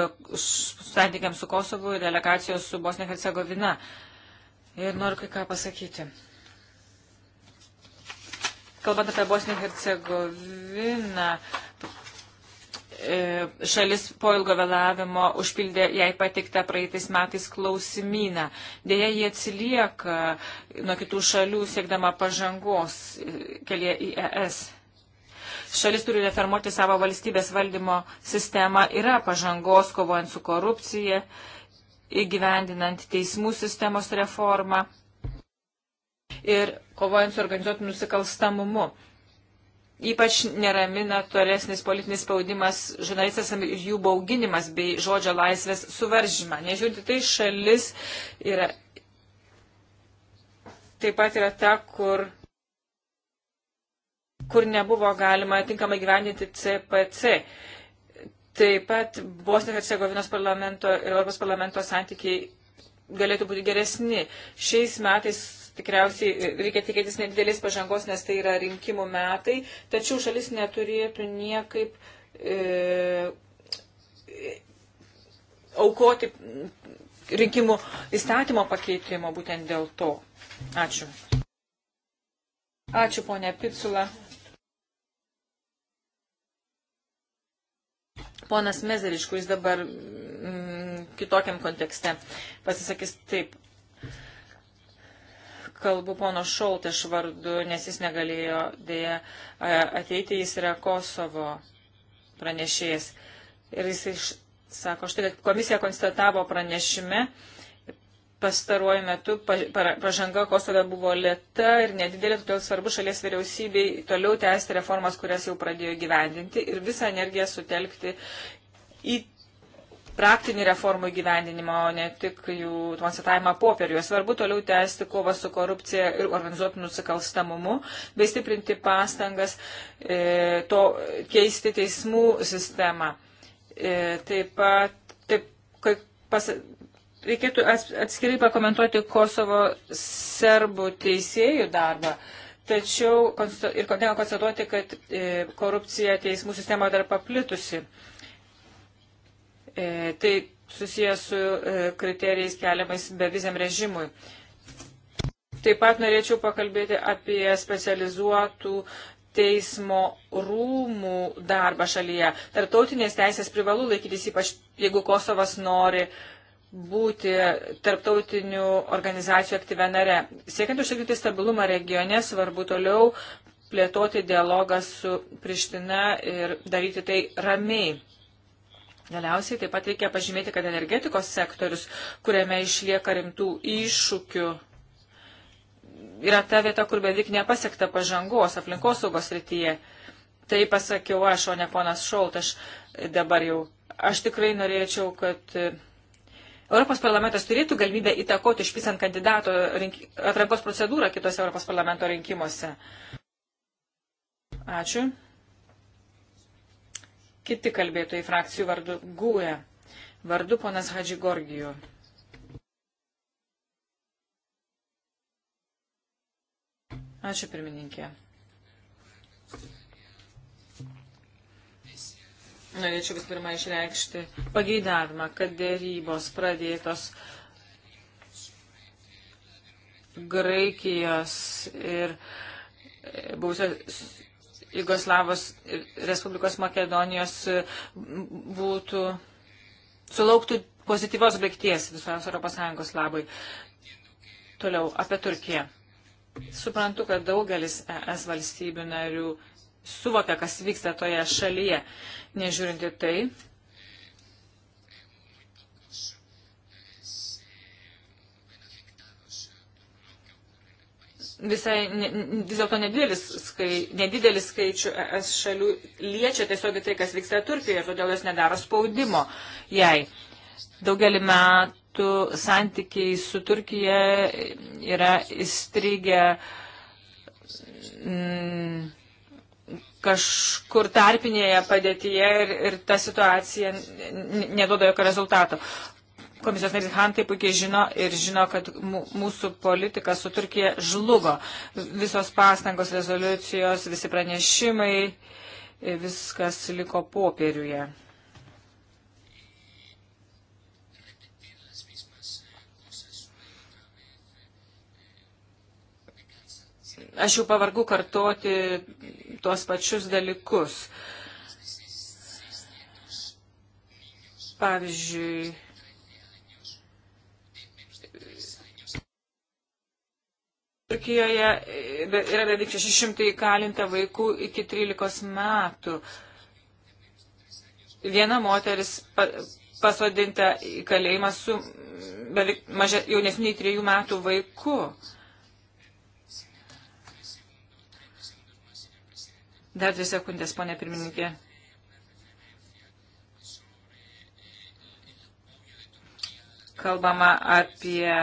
santykiams su Kosovu ir delegacijos su Bosnija Hercegovina. Ir noriu kai ką pasakyti. Kalbant apie Bosniją Hercegoviną, e, šalis po ilgo vėlavimo užpildė jai patiktą praeitais metais klausimyną. Deja, jie atsilieka nuo kitų šalių siekdama pažangos e, kelyje į ES šalis turi reformuoti savo valstybės valdymo sistemą, yra pažangos kovojant su korupcija, įgyvendinant teismų sistemos reformą ir kovojant su organizuotų nusikalstamumu. Ypač neramina tolesnis politinis spaudimas žurnalistams ir jų bauginimas bei žodžio laisvės suvaržymą. Nežiūrint, tai šalis yra, taip pat yra ta, kur kur nebuvo galima tinkamai gyvendinti CPC. Taip pat Bosnijos ir Hercegovinos parlamento ir Europos parlamento santykiai galėtų būti geresni. Šiais metais tikriausiai reikia tikėtis nedidelės pažangos, nes tai yra rinkimų metai, tačiau šalis neturėtų niekaip e, aukoti rinkimų įstatymo pakeitimo būtent dėl to. Ačiū. Ačiū, ponė Picula. Ponas Mezeriš, kuris dabar mm, kitokiam kontekste pasisakys taip. Kalbu pono Šautė švardu, nes jis negalėjo dėja ateiti, jis yra Kosovo pranešėjas. Ir jis iš, sako, štai komisija konstatavo pranešime, uh, pastaruoju metu pažanga Kosove buvo lėta ir nedidelė, todėl svarbu šalies vyriausybei toliau tęsti reformas, kurias jau pradėjo gyvendinti ir visą energiją sutelkti į praktinį reformų įgyvendinimą, o ne tik jų transitavimą popieriuje. Svarbu toliau tęsti kovą su korupcija ir organizuotų nusikalstamumu, bei stiprinti pastangas e, to keisti teismų sistemą. E, taip pat, taip, kai pas, reikėtų atskirai pakomentuoti Kosovo serbų teisėjų darbą. Tačiau ir kodėl konstatuoti, kad e, korupcija teismų sistemoje dar paplitusi. E, tai susijęs su e, kriterijais keliamais beviziam režimui. Taip pat norėčiau pakalbėti apie specializuotų teismo rūmų darbą šalyje. Tartautinės teisės privalu laikytis, ypač jeigu Kosovas nori uh, būti tarptautinių organizacijų aktyvę nare. Siekiant užtikrinti stabilumą regione, svarbu toliau plėtoti dialogą su Priština ir daryti tai ramiai. Galiausiai taip pat reikia pažymėti, kad energetikos sektorius, kuriame išlieka rimtų iššūkių, yra ta vieta, kur beveik nepasiekta pažangos aplinkosaugos rytyje. Tai pasakiau aš, o ne ponas Šolt, aš dabar jau. Aš tikrai norėčiau, kad Europos parlamentas turėtų galimybę įtakoti išpisant kandidato rink... atrankos procedūrą kitose Europos parlamento rinkimuose. Ačiū. Kiti kalbėtojai frakcijų vardu Gūė. Vardu ponas Hadži Gorgijų. Ačiū pirmininkė. norėčiau vis pirma išreikšti pageidavimą, kad dėrybos pradėtos Graikijos ir e, buvusios Jugoslavos Respublikos Makedonijos e, būtų sulauktų pozityvos baigties visos ES labai. Toliau apie Turkiją. Suprantu, kad daugelis ES valstybių narių suvokia, kas vyksta toje šalyje. Nežiūrinti tai, visai ne, vis dėlto nedidelis, skai, nedidelis skaičių es šalių liečia tiesiog tai, kas vyksta Turkijoje, todėl jos nedaro spaudimo jai. Daugelį metų santykiai su Turkija yra įstrigę. Mm, kažkur tarpinėje padėtyje ir, ir ta situacija neduoda jokio rezultato. Komisijos narys Han tai puikiai žino ir žino, kad mūsų politika su Turkija žlugo. Visos pastangos, rezoliucijos, visi pranešimai, viskas liko popieriuje. aš jau pavargu kartoti tuos pačius dalykus. Pavyzdžiui, Turkijoje yra beveik 600 įkalinta vaikų iki 13 metų. Viena moteris pasodinta į kalėjimą su beveik jaunesniai 3 metų vaiku. Dar dvi sekundės, ponė pirmininkė. Kalbama apie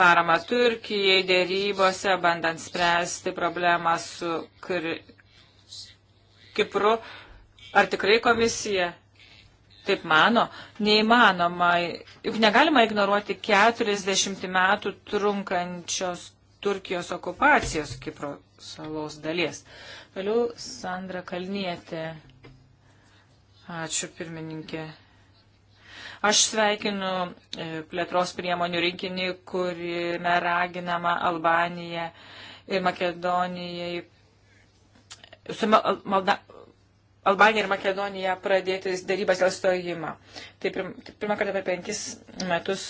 paramą Turkijai dėrybose, bandant spręsti problemą su Kri... Kipru. Ar tikrai komisija taip mano, neįmanoma, juk negalima ignoruoti 40 metų trunkančios Turkijos okupacijos Kipro salos dalies. Toliau Sandra Kalnietė. Ačiū pirmininkė. Aš sveikinu e, plėtros priemonių rinkinį, kuriame raginama Albanija ir Makedonijai. Su Malda, Albanija ir Makedonija pradėti darybas dėl stojimo. Tai pirmą kartą per penkis metus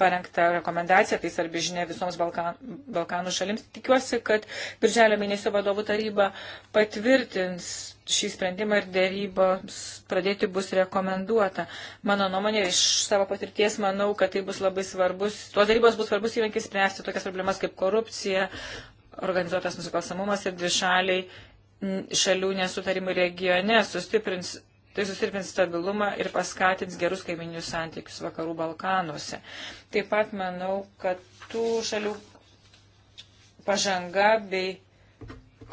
parengta rekomendacija, tai svarbi žinia visoms Balkan, Balkanų šalims. Tikiuosi, kad Birželio mėnesio vadovų taryba patvirtins šį sprendimą ir dėrybos pradėti bus rekomenduota. Mano nuomonė, iš savo patirties manau, kad tai bus labai svarbus, tuos darybos bus svarbus įrankis spręsti tokias problemas kaip korupcija, organizuotas nusikalstamumas ir dvišaliai šalių nesutarimų regione sustiprins Tai susilpins stabilumą ir paskatins gerus kaiminius santykius vakarų Balkanuose. Taip pat manau, kad tų šalių pažanga bei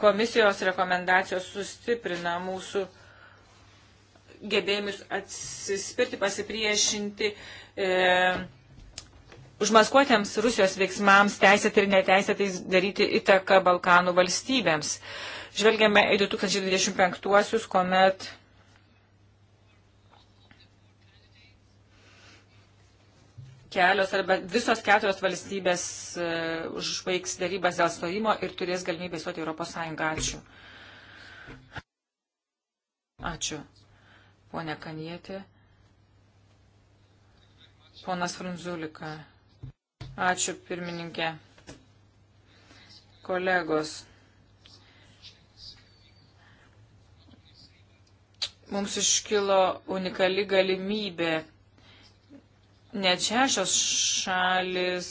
komisijos rekomendacijos sustiprina mūsų gebėjimus atsispirti, pasipriešinti. E, užmaskuotiems Rusijos veiksmams teisėt ir neteisėtais daryti įtaką Balkanų valstybėms. Žvelgiame į 2025-uosius, kuomet kelios arba visos keturios valstybės e, užbaigs darybas dėl stojimo ir turės galimybę įstoti Europos Sąjungą. Ačiū. Ačiū. Pone Kanietė. Ponas Frunzulika. Ačiū, pirmininkė. Kolegos. Mums iškilo unikali galimybė net šešios šalis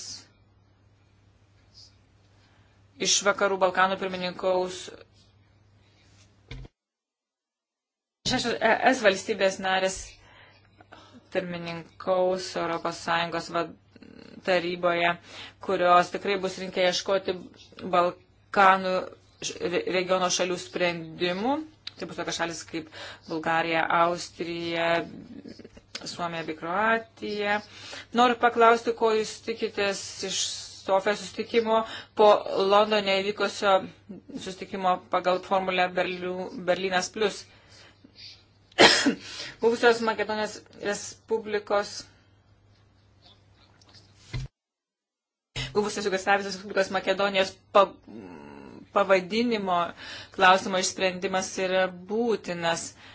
iš vakarų Balkanų pirmininkaus. Šešios ES valstybės narės pirmininkaus ES taryboje, kurios tikrai bus rinkę ieškoti Balkanų regiono šalių sprendimų. Tai bus tokia šalis kaip Bulgarija, Austrija, Suomija bei Kroatija. Noriu paklausti, ko jūs tikitės iš Sofijos sustikimo po Londone įvykusio sustikimo pagal formulę Berlių, Berlynas Plus. Buvusios Makedonijos Respublikos. Buvusios Jugoslavijos Respublikos Makedonijos pa, pavadinimo klausimo išsprendimas yra būtinas. Uh,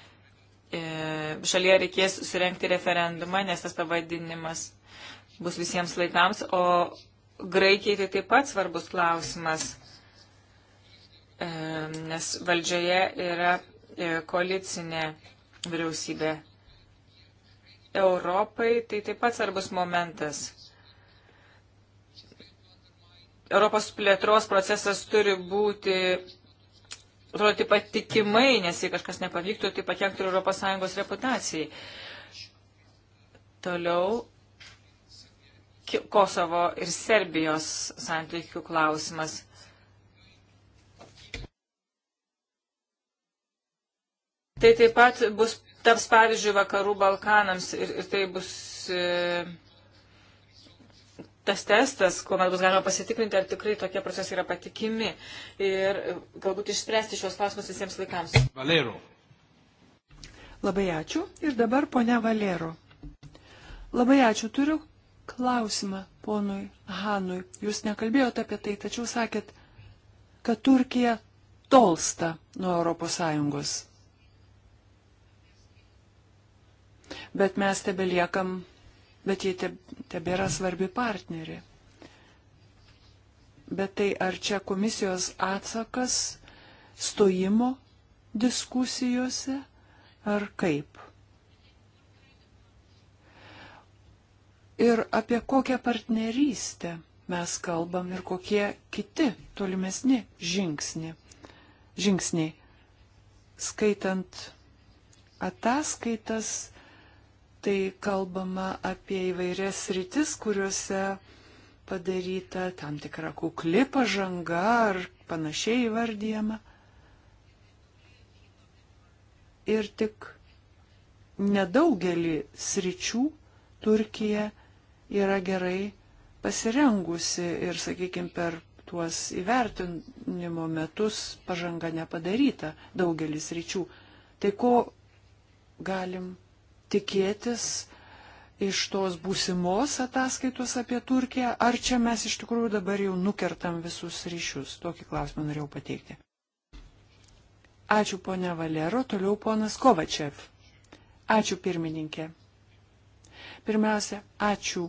E, šalyje reikės surenkti referendumą, nes tas pavadinimas bus visiems laikams, o Graikijai tai taip pat svarbus klausimas, e, nes valdžioje yra e, koalicinė vyriausybė. Europai tai taip pat svarbus momentas. Europos plėtros procesas turi būti rodyti patikimai, nes jei kažkas nepavyktų, tai pakenktų ir ES reputacijai. Toliau Kosovo ir Serbijos santykių klausimas. Tai taip pat bus taps pavyzdžių vakarų Balkanams ir, ir tai bus. E, tas testas, kuomet bus galima pasitikrinti, ar tikrai tokie procesai yra patikimi ir galbūt išspręsti šios klausimus visiems laikams. Valero. Labai ačiū. Ir dabar ponia Valero. Labai ačiū. Turiu klausimą ponui Hanui. Jūs nekalbėjote apie tai, tačiau sakėt, kad Turkija tolsta nuo ES. Bet mes tebeliekam bet jie tebėra svarbi partnerė. Bet tai ar čia komisijos atsakas stojimo diskusijose ar kaip? Ir apie kokią partnerystę mes kalbam ir kokie kiti tolimesni žingsni, žingsniai. Skaitant ataskaitas, tai kalbama apie įvairias rytis, kuriuose padaryta tam tikra kukli pažanga ar panašiai įvardyjama. Ir tik nedaugelį sričių Turkija yra gerai pasirengusi ir, sakykime, per tuos įvertinimo metus pažanga nepadaryta daugelis ryčių. Tai ko galim tikėtis iš tos būsimos ataskaitos apie Turkiją, ar čia mes iš tikrųjų dabar jau nukertam visus ryšius? Tokį klausimą norėjau pateikti. Ačiū ponia Valero, toliau ponas Kovačev. Ačiū pirmininkė. Pirmiausia, ačiū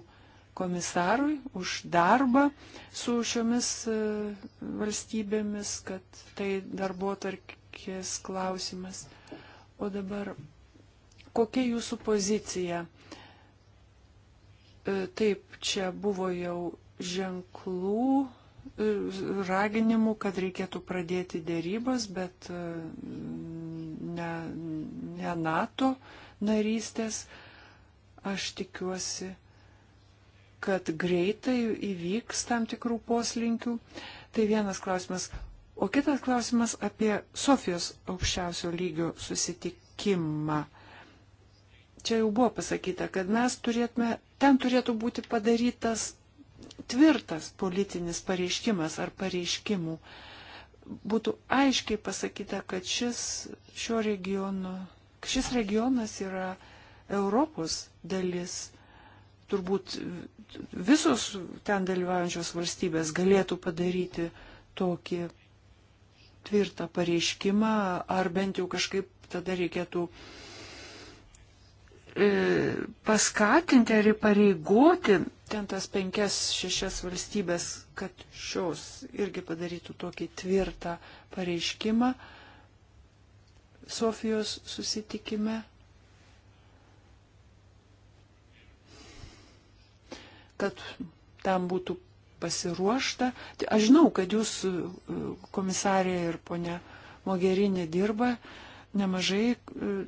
komisarui už darbą su šiomis e, valstybėmis, kad tai darbo tarkės klausimas. O dabar kokia jūsų pozicija? E, taip, čia buvo jau ženklų e, raginimų, kad reikėtų pradėti dėrybas, bet e, ne, ne NATO narystės. Aš tikiuosi, kad greitai įvyks tam tikrų poslinkių. Tai vienas klausimas. O kitas klausimas apie Sofijos aukščiausio lygio susitikimą čia jau buvo pasakyta, kad mes turėtume, ten turėtų būti padarytas tvirtas politinis pareiškimas ar pareiškimų. Būtų aiškiai pasakyta, kad šis, šio regiono, šis regionas yra Europos dalis. Turbūt visos ten dalyvaujančios valstybės galėtų padaryti tokį tvirtą pareiškimą ar bent jau kažkaip tada reikėtų uh, E, paskatinti ar įpareigoti ten tas penkias, šešias valstybės, kad šios irgi padarytų tokį tvirtą pareiškimą Sofijos susitikime. kad tam būtų pasiruošta. Aš žinau, kad jūs, e, komisarė ir ponia Mogerinė, dirba nemažai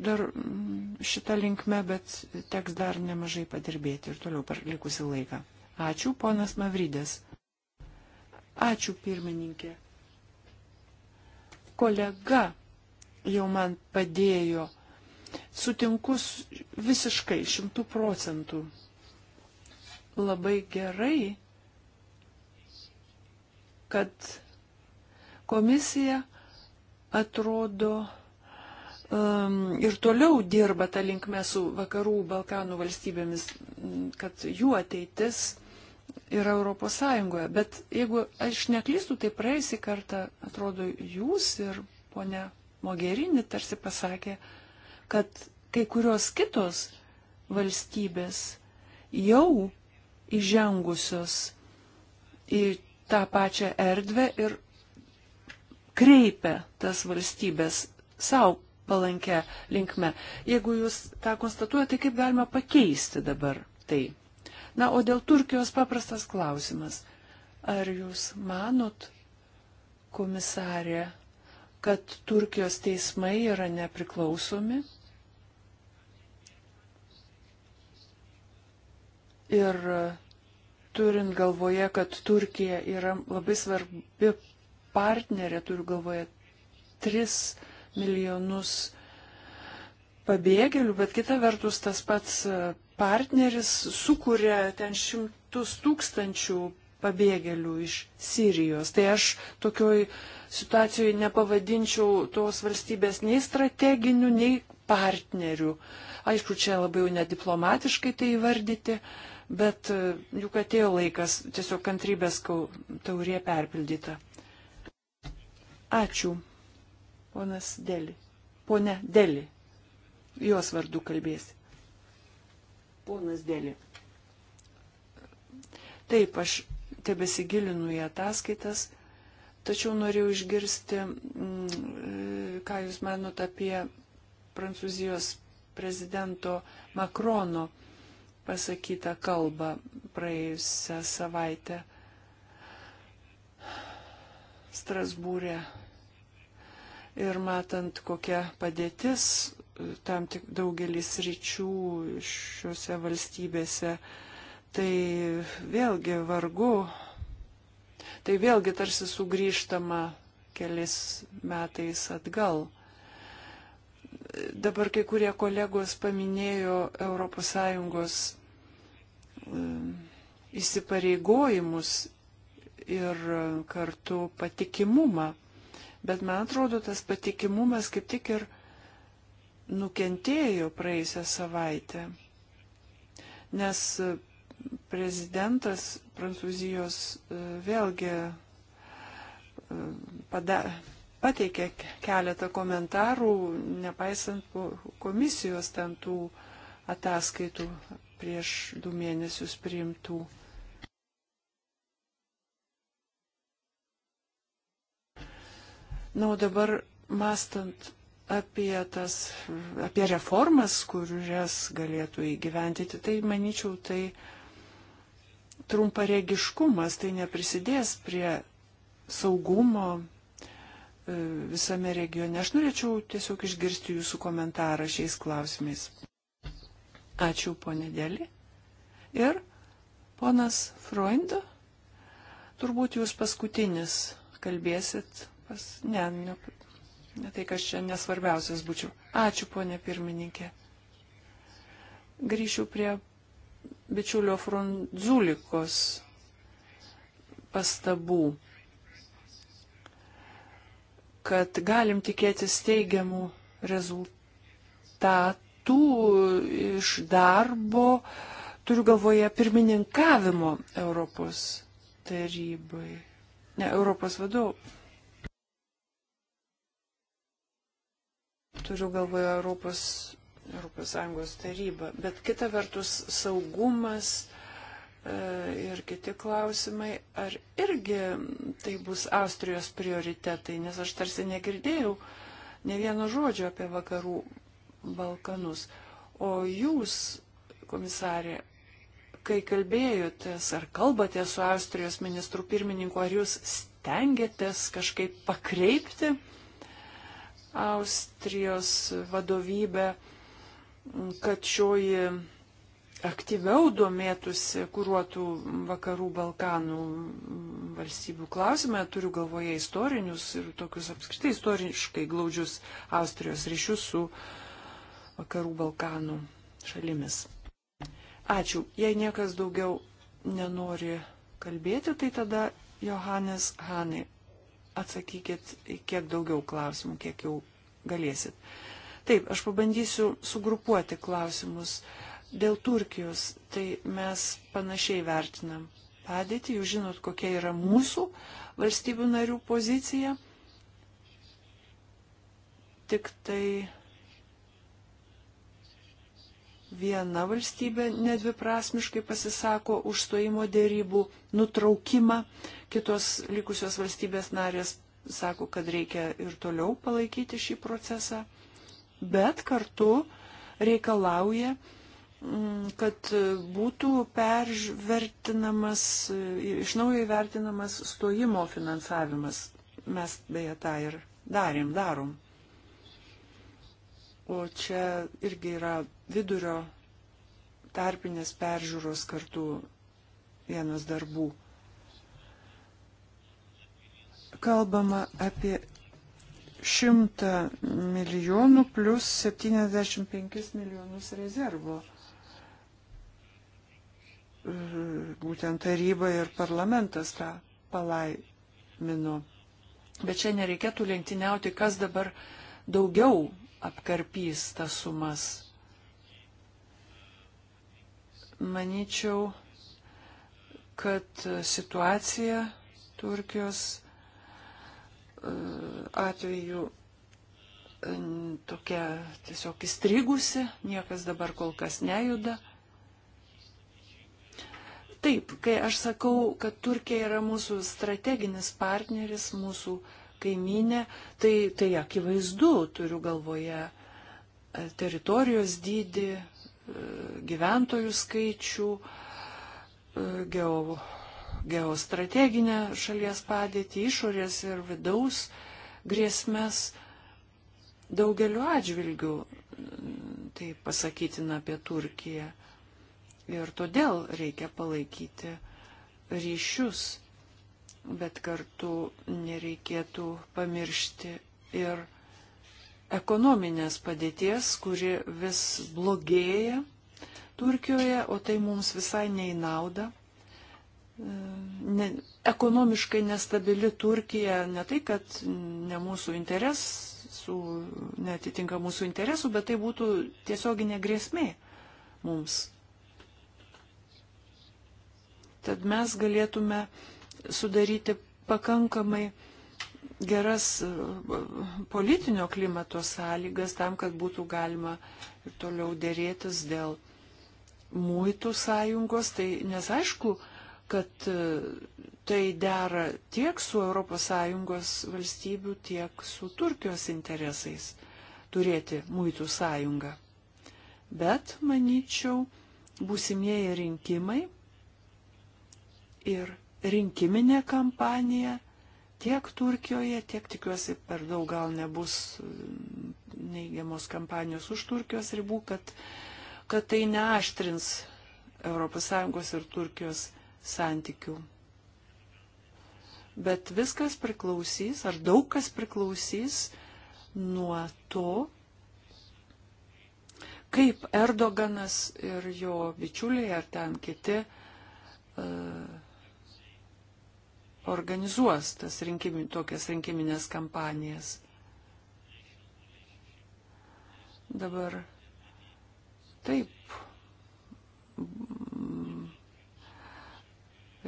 dar mm, šitą linkmę, bet teks dar nemažai padirbėti ir toliau per likusį laiką. Ačiū, ponas Mavrydės. Ačiū, pirmininkė. Kolega jau man padėjo. Sutinku visiškai šimtų procentų. Labai gerai, kad komisija atrodo Ehm, ir toliau dirba tą linkmę su vakarų Balkanų valstybėmis, kad jų ateitis yra Europos Sąjungoje. Bet jeigu aš neklystu, tai praeisį kartą, atrodo, jūs ir ponia Mogerini tarsi pasakė, kad kai kurios kitos valstybės jau įžengusios į tą pačią erdvę ir kreipia tas valstybės savo palankę linkme. Jeigu jūs tą konstatuojate, tai kaip galima pakeisti dabar tai? Na, o dėl Turkijos paprastas klausimas. Ar jūs manot, komisarė, kad Turkijos teismai yra nepriklausomi? Ir turint galvoje, kad Turkija yra labai svarbi partnerė, turiu galvoje tris milijonus pabėgėlių, bet kita vertus tas pats e, partneris sukuria ten šimtus tūkstančių pabėgėlių iš Sirijos. Tai aš tokioj situacijoje nepavadinčiau tos valstybės nei strateginių, nei partnerių. Aišku, čia labai jau nediplomatiškai tai įvardyti, bet e, juk atėjo laikas, tiesiog kantrybės taurė perpildyta. Ačiū. Ponas Deli. Pone Deli. Jos vardu kalbėsi. Ponas Deli. Taip, aš tebesigilinu į ataskaitas, tačiau norėjau išgirsti, mm, ką Jūs manot apie Prancūzijos prezidento Makrono pasakytą kalbą praėjusią savaitę Strasbūrė. E ir matant, kokia padėtis e, tam tik daugelis ryčių šiuose valstybėse, tai vėlgi vargu, tai vėlgi tarsi sugrįžtama kelis metais atgal. Dabar kai kurie kolegos paminėjo ES e, įsipareigojimus ir kartu patikimumą. Bet man atrodo, tas patikimumas kaip tik ir nukentėjo praeisią savaitę. Nes e, prezidentas Prancūzijos e, vėlgi e, pada, pateikė keletą komentarų, nepaisant komisijos ten tų ataskaitų prieš du mėnesius priimtų. Na, o dabar mastant apie tas, apie reformas, kurias galėtų įgyventyti, tai manyčiau, tai trumparegiškumas, tai neprisidės prie saugumo e, visame regione. Aš norėčiau tiesiog išgirsti jūsų komentarą šiais klausimais. Ačiū, ponė Dėlį. Ir ponas Freund, turbūt jūs paskutinis kalbėsit kas, ne, ne, ne tai, kas čia nesvarbiausias būčiau. Ačiū, ponė pirmininkė. Grįšiu prie bičiulio Frunzulikos pastabų, kad galim tikėtis teigiamų rezultatų iš darbo, turiu galvoje pirmininkavimo Europos tarybai, ne Europos vadovų turiu galvoje Europos, Europos Sąjungos tarybą. Bet kita vertus saugumas e, ir kiti klausimai, ar irgi tai bus Austrijos prioritetai, nes aš tarsi negirdėjau ne vieno žodžio apie vakarų Balkanus. O jūs, komisarė, kai kalbėjotės ar kalbate su Austrijos ministru pirmininku, ar jūs stengiatės kažkaip pakreipti uh, Austrijos vadovybę, kad šioji aktyviau domėtųsi, kuruotų vakarų Balkanų valstybių klausimą, turiu galvoje istorinius ir tokius apskritai istoriškai glaudžius Austrijos ryšius su vakarų Balkanų šalimis. Ačiū. Jei niekas daugiau nenori kalbėti, tai tada Johannes Hanai atsakykit kiek daugiau klausimų, kiek jau galėsit. Taip, aš pabandysiu sugrupuoti klausimus. Dėl Turkijos, tai mes panašiai vertinam padėtį, jūs žinot, kokia yra mūsų valstybių narių pozicija. Tik tai viena valstybė nedviprasmiškai pasisako už stojimo dėrybų nutraukimą, kitos likusios valstybės narės sako, kad reikia ir toliau palaikyti šį procesą, bet kartu reikalauja, mm, kad būtų pervertinamas, iš naujo įvertinamas stojimo finansavimas. Mes beje tą ir darėm, darom. O čia irgi yra vidurio tarpinės peržiūros kartu vienas darbų. Kalbama apie 100 milijonų plus 75 milijonus rezervo. Būtent taryba ir parlamentas tą palaimino. Bet čia nereikėtų lenktyniauti, kas dabar daugiau apkarpys tas sumas. Maničiau, kad situacija Turkijos e, atveju e, tokia tiesiog įstrigusi, niekas dabar kol kas nejuda. Taip, kai aš sakau, kad Turkija yra mūsų strateginis partneris, mūsų uh, kaiminė, tai, tai akivaizdu, turiu galvoje e, teritorijos dydį, e, gyventojų skaičių, e, geo, geostrateginę šalies padėtį, išorės ir vidaus grėsmės daugeliu atžvilgių, tai pasakytina apie Turkiją. Ir todėl reikia palaikyti ryšius bet kartu nereikėtų pamiršti ir ekonominės padėties, kuri vis blogėja Turkijoje, o tai mums visai neįnauda. E, ne, ekonomiškai nestabili Turkija ne tai, kad ne mūsų interesų, netitinka mūsų interesų, bet tai būtų tiesioginė grėsmė mums. Tad mes galėtume uh, sudaryti pakankamai geras e, politinio klimato sąlygas tam, kad būtų galima ir toliau dėrėtis dėl muitų sąjungos, tai nes aišku, kad e, tai dera tiek su ES valstybių, tiek su Turkijos interesais turėti muitų sąjungą. Bet, manyčiau, būsimieji rinkimai ir rinkiminė kampanija tiek Turkijoje, tiek tikiuosi per daug gal nebus mm, neigiamos kampanijos už Turkijos ribų, kad, kad tai neaštrins ES ir Turkijos santykių. Bet viskas priklausys, ar daug kas priklausys nuo to, kaip Erdoganas ir jo bičiuliai ar ten kiti uh, organizuos tas rinkimi, tokias rinkiminės kampanijas. Dabar taip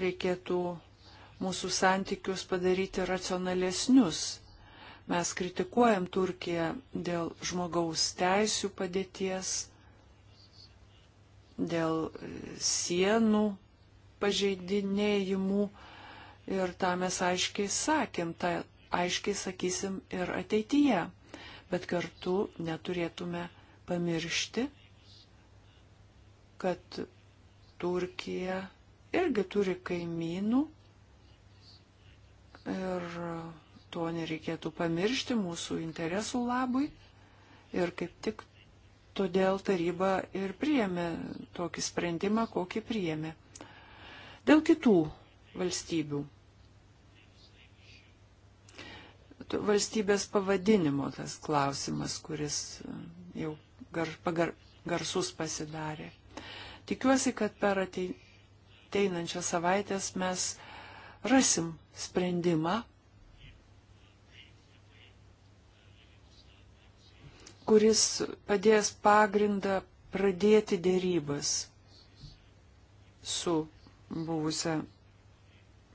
reikėtų mūsų santykius padaryti racionalesnius. Mes kritikuojam Turkiją dėl žmogaus teisų padėties, dėl sienų pažeidinėjimų, Ir tą mes aiškiai sakėm, tą aiškiai sakysim ir ateityje. Bet kartu neturėtume pamiršti, kad Turkija irgi turi kaimynų ir to nereikėtų pamiršti mūsų interesų labui. Ir kaip tik todėl taryba ir priėmė tokį sprendimą, kokį priėmė. Dėl kitų valstybių. valstybės pavadinimo tas klausimas, kuris e, jau gar, pagar, garsus pasidarė. Tikiuosi, kad per ateinančią savaitęs mes rasim sprendimą, kuris padės pagrindą pradėti dėrybas su buvusią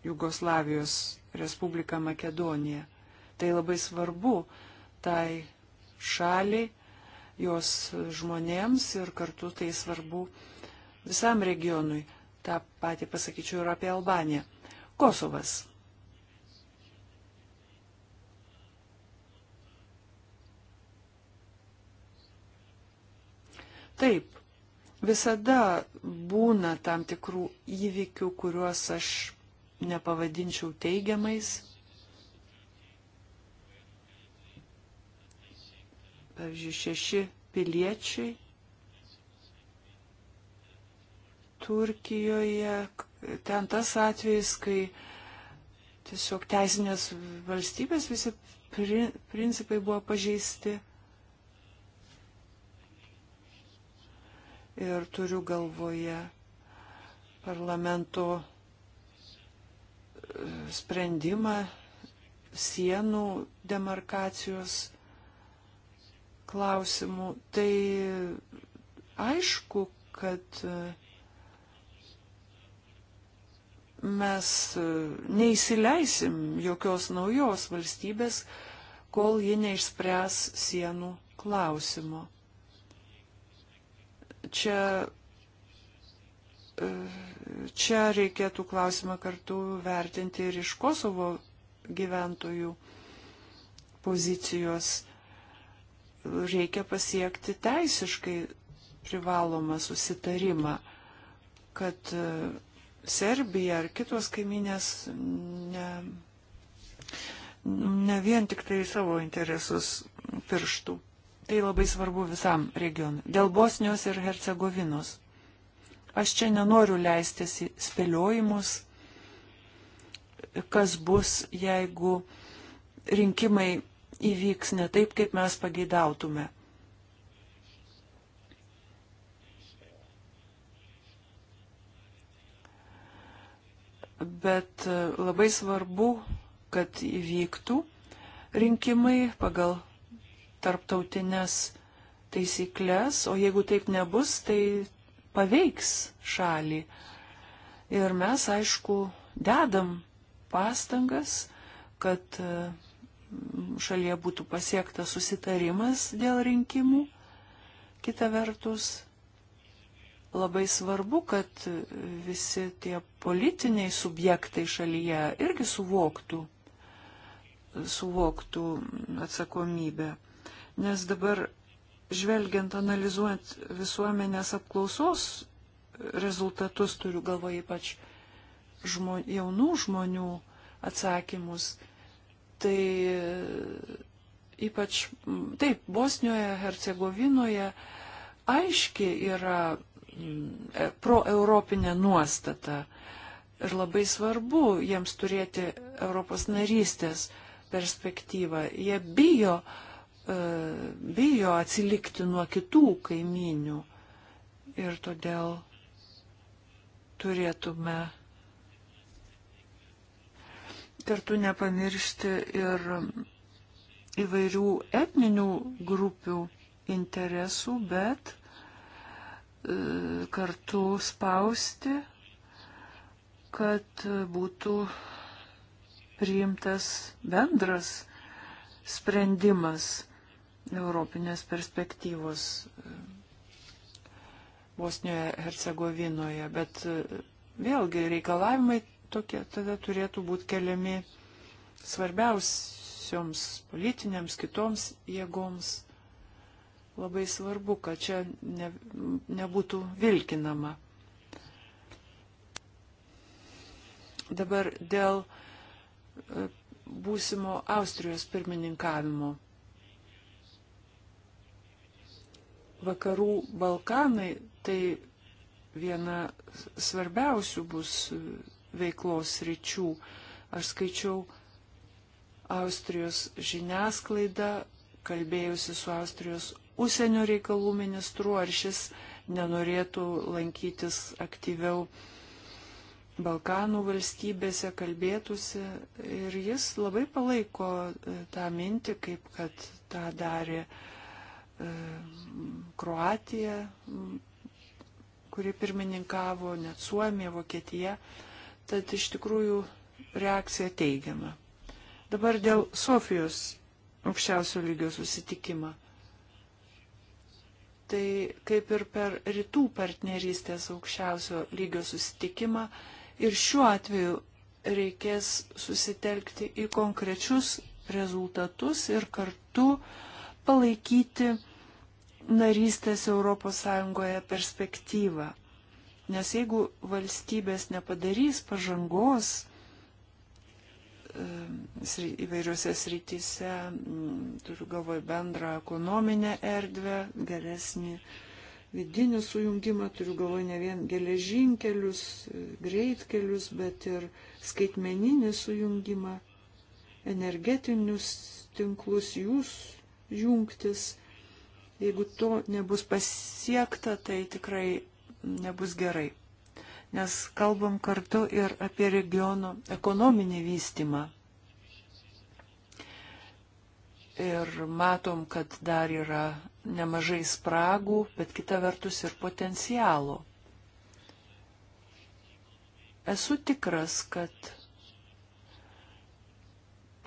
Jugoslavijos Respubliką Makedoniją. Tai labai svarbu tai šaliai, jos žmonėms ir kartu tai svarbu visam regionui. Ta pati pasakyčiau ir apie Albaniją. Kosovas. Taip, visada būna tam tikrų įvykių, kuriuos aš nepavadinčiau teigiamais, pavyzdžiui, šeši piliečiai Turkijoje, ten tas atvejis, kai tiesiog teisinės valstybės visi pri, principai buvo pažeisti. Ir turiu galvoje parlamento e, sprendimą sienų demarkacijos klausimų, tai aišku, kad e, mes e, neįsileisim jokios naujos valstybės, kol ji neišspręs sienų klausimo. Čia, e, čia reikėtų klausimą kartu vertinti ir iš Kosovo gyventojų pozicijos reikia pasiekti teisiškai privalomą susitarimą, kad e, Serbija ar kitos kaiminės ne, ne vien tik tai savo interesus pirštų. Tai labai svarbu visam regionui. Dėl Bosnijos ir Hercegovinos. Aš čia nenoriu leistis į spėliojimus, kas bus, jeigu rinkimai įvyks ne taip, kaip mes pageidautume. Bet e, labai svarbu, kad įvyktų rinkimai pagal tarptautinės taisyklės, o jeigu taip nebus, tai paveiks šalį. Ir mes, aišku, dedam pastangas, kad uh, šalyje būtų pasiektas susitarimas dėl rinkimų. Kita vertus, labai svarbu, kad visi tie politiniai subjektai šalyje irgi suvoktų, suvoktų atsakomybę. Nes dabar, žvelgiant, analizuojant visuomenės apklausos rezultatus, turiu galvoje ypač žmo, jaunų žmonių atsakymus, Tai ypač, taip, Bosnijoje, Hercegovinoje aiškiai yra e, proeuropinė nuostata. Ir labai svarbu jiems turėti Europos narystės perspektyvą. Jie bijo, e, bijo atsilikti nuo kitų kaiminių. Ir todėl turėtume kartu nepamiršti ir įvairių etninių grupių interesų, bet e, kartu spausti, kad būtų priimtas bendras sprendimas Europinės perspektyvos e, Bosnijoje, Hercegovinoje, bet e, vėlgi reikalavimai tokie tada turėtų būti keliami svarbiausioms politinėms kitoms jėgoms. Labai svarbu, kad čia ne, nebūtų vilkinama. Dabar dėl e, būsimo Austrijos pirmininkavimo. Vakarų Balkanai tai viena svarbiausių bus veiklos ryčių. Aš skaičiau Austrijos žiniasklaidą, kalbėjusi su Austrijos užsienio reikalų ministru, ar šis nenorėtų lankytis aktyviau Balkanų valstybėse, kalbėtųsi. Ir jis labai palaiko e, tą mintį, kaip kad tą darė e, Kroatija, kuri pirmininkavo, net Suomija, Vokietija. Tad iš tikrųjų reakcija teigiama. Dabar dėl Sofijos aukščiausio lygio susitikimą. Tai kaip ir per rytų partnerystės aukščiausio lygio susitikimą ir šiuo atveju reikės susitelkti į konkrečius rezultatus ir kartu palaikyti narystės ES perspektyvą. Nes jeigu valstybės nepadarys pažangos e, įvairiuose srityse, turiu galvoj bendrą ekonominę erdvę, geresnį vidinį sujungimą, turiu galvoj ne vien geležinkelius, e, greitkelius, bet ir skaitmeninį sujungimą, energetinius tinklus, jūs jungtis. Jeigu to nebus pasiekta, tai tikrai nebus gerai. Nes kalbam kartu ir apie regiono ekonominį vystimą. Ir matom, kad dar yra nemažai spragų, bet kita vertus ir potencialo. Esu tikras, kad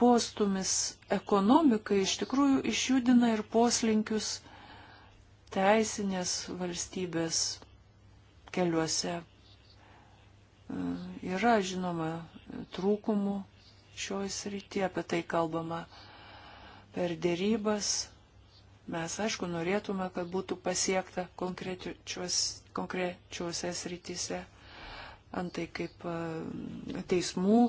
postumis ekonomikai iš tikrųjų išjudina ir poslinkius teisinės valstybės keliuose. E, yra, žinoma, trūkumų šioje srityje, apie tai kalbama per dėrybas. Mes, aišku, norėtume, kad būtų pasiekta konkrečiuose konkrečios srityse, antai kaip e, teismų,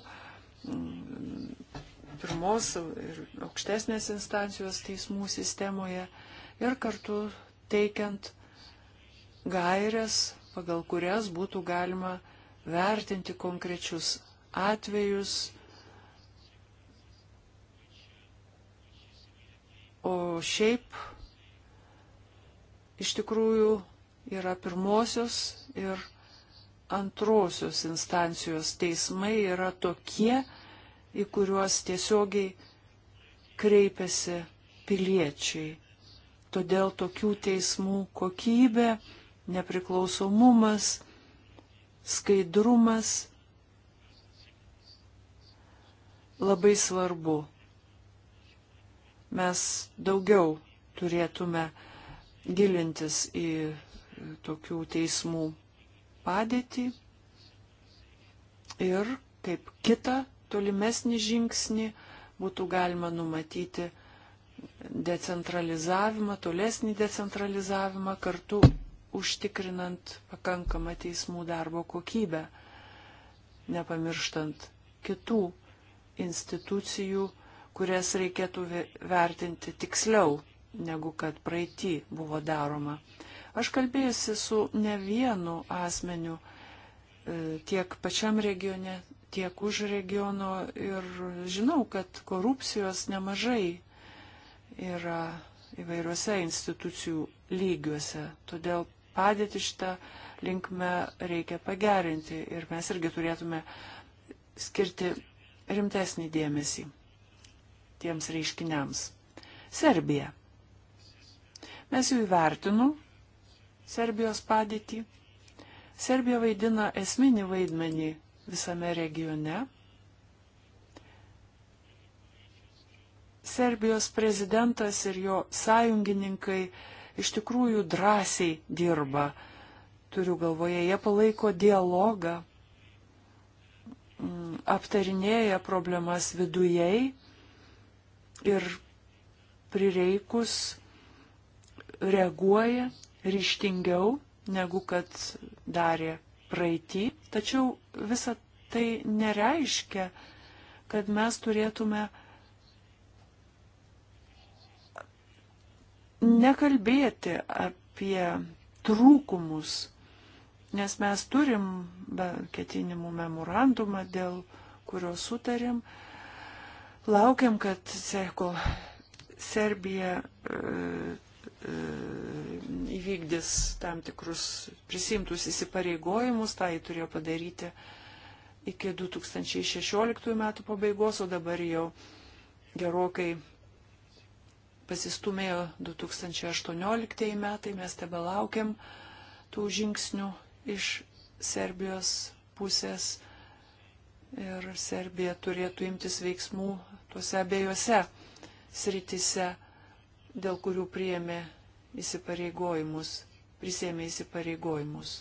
pirmos ir aukštesnės instancijos teismų sistemoje ir kartu teikiant gairias pagal kurias būtų galima vertinti konkrečius atvejus. O šiaip iš tikrųjų yra pirmosios ir antrosios instancijos teismai yra tokie, į kuriuos tiesiogiai kreipiasi piliečiai. Todėl tokių teismų kokybė nepriklausomumas, skaidrumas labai svarbu. Mes daugiau turėtume gilintis į tokių teismų padėtį ir kaip kitą tolimesnį žingsnį būtų galima numatyti decentralizavimą, tolesnį decentralizavimą kartu užtikrinant pakankamą teismų darbo kokybę, nepamirštant kitų institucijų, kurias reikėtų vertinti tiksliau negu kad praeitį buvo daroma. Aš kalbėjusi su ne vienu asmeniu e, tiek pačiam regione, tiek už regiono ir žinau, kad korupcijos nemažai yra įvairiuose institucijų lygiuose. Todėl padėtį šitą linkme reikia pagerinti ir mes irgi turėtume skirti rimtesnį dėmesį tiems reiškiniams. Serbija. Mes jau įvertinu Serbijos padėtį. Serbija vaidina esminį vaidmenį visame regione. Serbijos prezidentas ir jo sąjungininkai iš tikrųjų drąsiai dirba. Turiu galvoje, jie palaiko dialogą, mm, aptarinėja problemas vidujei ir prireikus reaguoja ryštingiau negu kad darė praeitį. Tačiau visa tai nereiškia, kad mes turėtume nekalbėti apie trūkumus, nes mes turim ketinimų memorandumą, dėl kurio sutarėm, laukiam, kad Seko Serbija e, e, įvykdys tam tikrus prisimtus įsipareigojimus, tai turėjo padaryti iki 2016 metų pabaigos, o dabar jau gerokai pasistumėjo 2018 metai, mes tebe laukiam tų žingsnių iš Serbijos pusės ir Serbija turėtų imtis veiksmų tuose abiejose sritise, dėl kurių priėmė įsipareigojimus, prisėmė įsipareigojimus.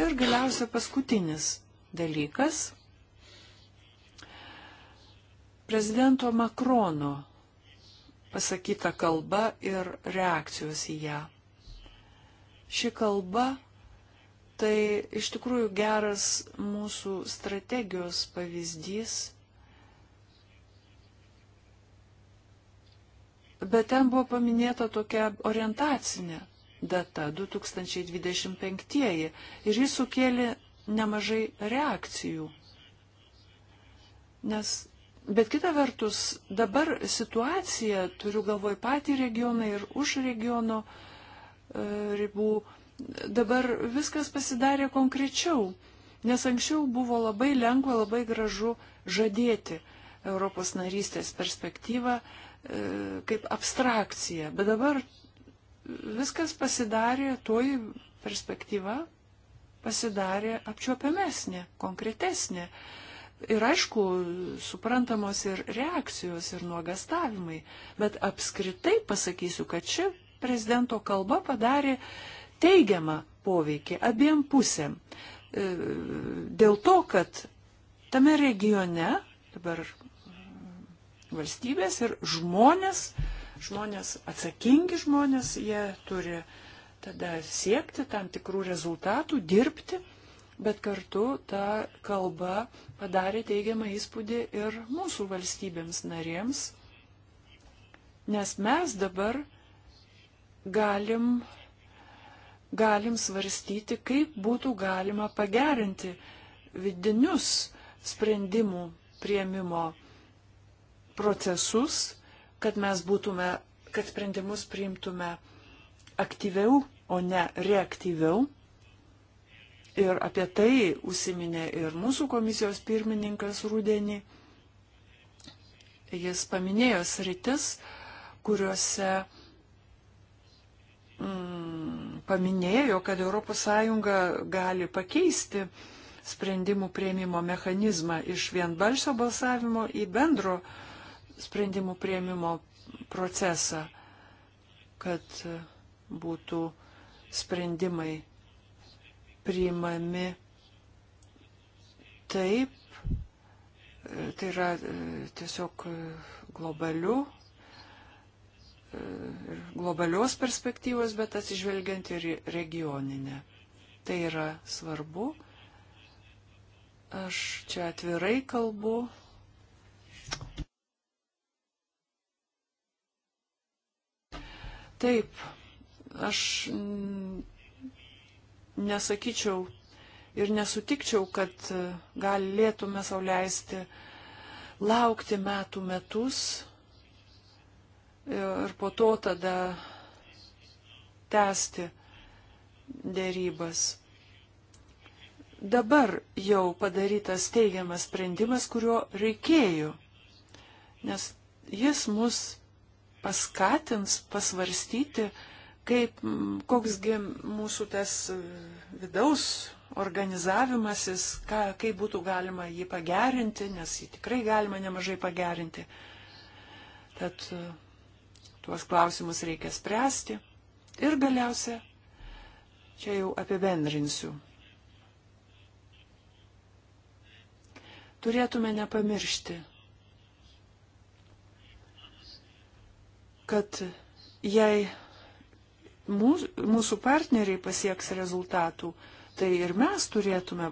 Ir galiausia paskutinis dalykas Prezidento Makrono pasakyta kalba ir reakcijos į ją. Ši kalba tai iš tikrųjų geras mūsų strategijos pavyzdys, bet ten buvo paminėta tokia orientacinė data 2025 ir jis sukėlė nemažai reakcijų, nes Bet kita vertus, dabar situacija, turiu galvoj patį regioną ir už regiono e, ribų, dabar viskas pasidarė konkrečiau, nes anksčiau buvo labai lengva, labai gražu žadėti Europos narystės perspektyvą e, kaip abstrakciją, bet dabar viskas pasidarė, toji perspektyva pasidarė apčiuopiamesnė, konkretesnė. Uh, Ir aišku, suprantamos ir reakcijos, ir nuogastavimai, bet apskritai pasakysiu, kad ši prezidento kalba padarė teigiamą poveikį abiem pusėm. E, dėl to, kad tame regione dabar valstybės ir žmonės, žmonės atsakingi žmonės, jie turi tada siekti tam tikrų rezultatų, dirbti bet kartu ta kalba padarė teigiamą įspūdį ir mūsų valstybėms narėms, nes mes dabar galim, galim svarstyti, kaip būtų galima pagerinti vidinius sprendimų prieimimo procesus, kad mes būtume, kad sprendimus priimtume aktyviau, o ne reaktyviau. Ir apie tai užsiminė ir mūsų komisijos pirmininkas Rūdienį. Jis paminėjo sritis, kuriuose mm, paminėjo, kad ES gali pakeisti sprendimų prieimimo mechanizmą iš vienbalsio balsavimo į bendro sprendimų prieimimo procesą, kad būtų sprendimai priimami taip, tai yra e, tiesiog e, globalių e, ir globalios perspektyvos, bet atsižvelgiant ir regioninę. Tai yra svarbu. Aš čia atvirai kalbu. Taip, aš nesakyčiau ir nesutikčiau, kad galėtume sauliaisti laukti metų metus ir po to tada tęsti dėrybas. Dabar jau padarytas teigiamas sprendimas, kurio reikėjo, nes jis mus paskatins pasvarstyti, kaip, koksgi mūsų tas e, vidaus organizavimasis, ką, kaip būtų galima jį pagerinti, nes jį tikrai galima nemažai pagerinti. Tad e, tuos klausimus reikia spręsti. Ir galiausia, čia jau apibendrinsiu. Turėtume nepamiršti, kad jei mūsų partneriai pasieks rezultatų, tai ir mes turėtume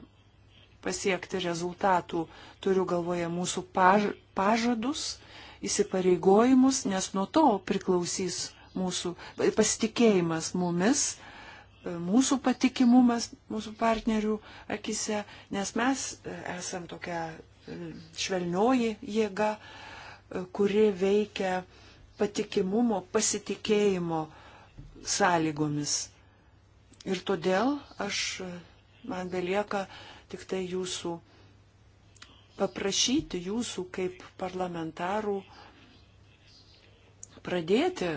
pasiekti rezultatų, turiu galvoje mūsų pažadus, įsipareigojimus, nes nuo to priklausys mūsų pasitikėjimas mumis, mūsų patikimumas mūsų partnerių akise, nes mes esam tokia e, švelnioji jėga, e, kuri veikia patikimumo, pasitikėjimo sąlygomis. Ir todėl aš, man belieka tik tai jūsų paprašyti, jūsų kaip parlamentarų pradėti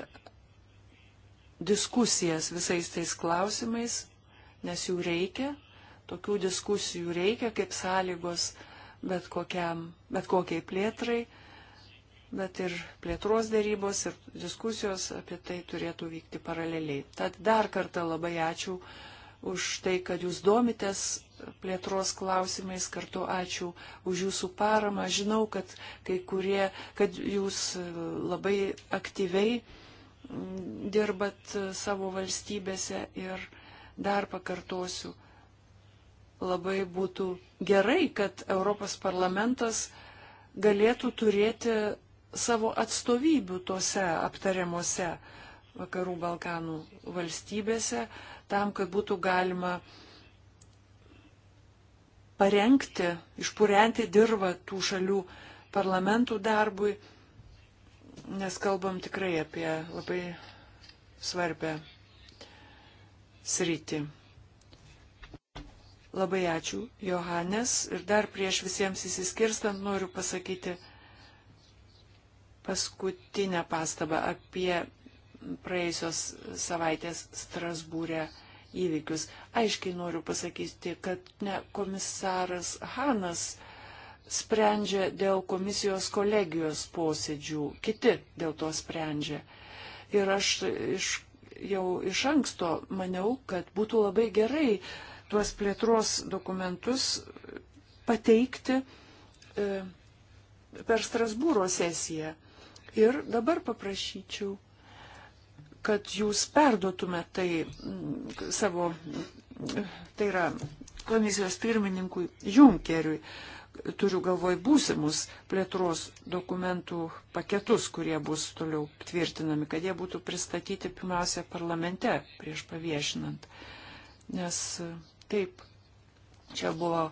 diskusijas visais tais klausimais, nes jų reikia, tokių diskusijų reikia kaip sąlygos bet, kokiam, bet kokiai plėtrai bet ir plėtros dėrybos ir diskusijos apie tai turėtų vykti paraleliai. Tad dar kartą labai ačiū už tai, kad jūs domitės plėtros klausimais, kartu ačiū už jūsų paramą. Žinau, kad kai kurie, kad jūs labai aktyviai mm, dirbat savo valstybėse ir dar pakartosiu, labai būtų gerai, kad Europos parlamentas galėtų turėti savo atstovybių tose aptariamuose vakarų Balkanų valstybėse, tam, kad būtų galima parengti, išpurenti dirbą tų šalių parlamentų darbui, nes kalbam tikrai apie labai svarbę sritį. Labai ačiū, Johannes. Ir dar prieš visiems įsiskirstant noriu pasakyti, paskutinę pastabą apie praėjusios savaitės Strasbūrė įvykius. Aiškiai noriu pasakyti, kad ne komisaras Hanas sprendžia dėl komisijos kolegijos posėdžių, kiti dėl to sprendžia. Ir aš iš, jau iš anksto maniau, kad būtų labai gerai tuos plėtros dokumentus pateikti e, per Strasbūro sesiją. Ir dabar paprašyčiau, kad jūs perduotume tai mm, savo, mm, tai yra komisijos pirmininkui Junkeriui, turiu galvoj būsimus plėtros dokumentų paketus, kurie bus toliau tvirtinami, kad jie būtų pristatyti pirmiausia parlamente prieš paviešinant. Nes e, taip, čia buvo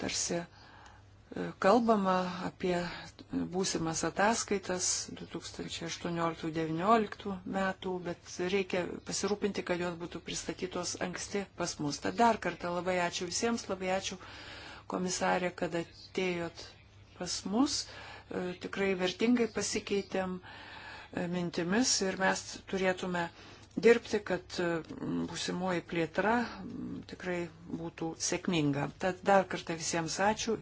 tarsi kalbama apie būsimas ataskaitas 2018-2019 metų, bet reikia pasirūpinti, kad jos būtų pristatytos anksti pas mus. Tad dar kartą labai ačiū visiems, labai ačiū komisarė, kad atėjot pas mus. E, tikrai vertingai pasikeitėm e, mintimis ir mes turėtume dirbti, kad e, būsimoji plėtra tikrai būtų sėkminga. Tad dar kartą visiems ačiū.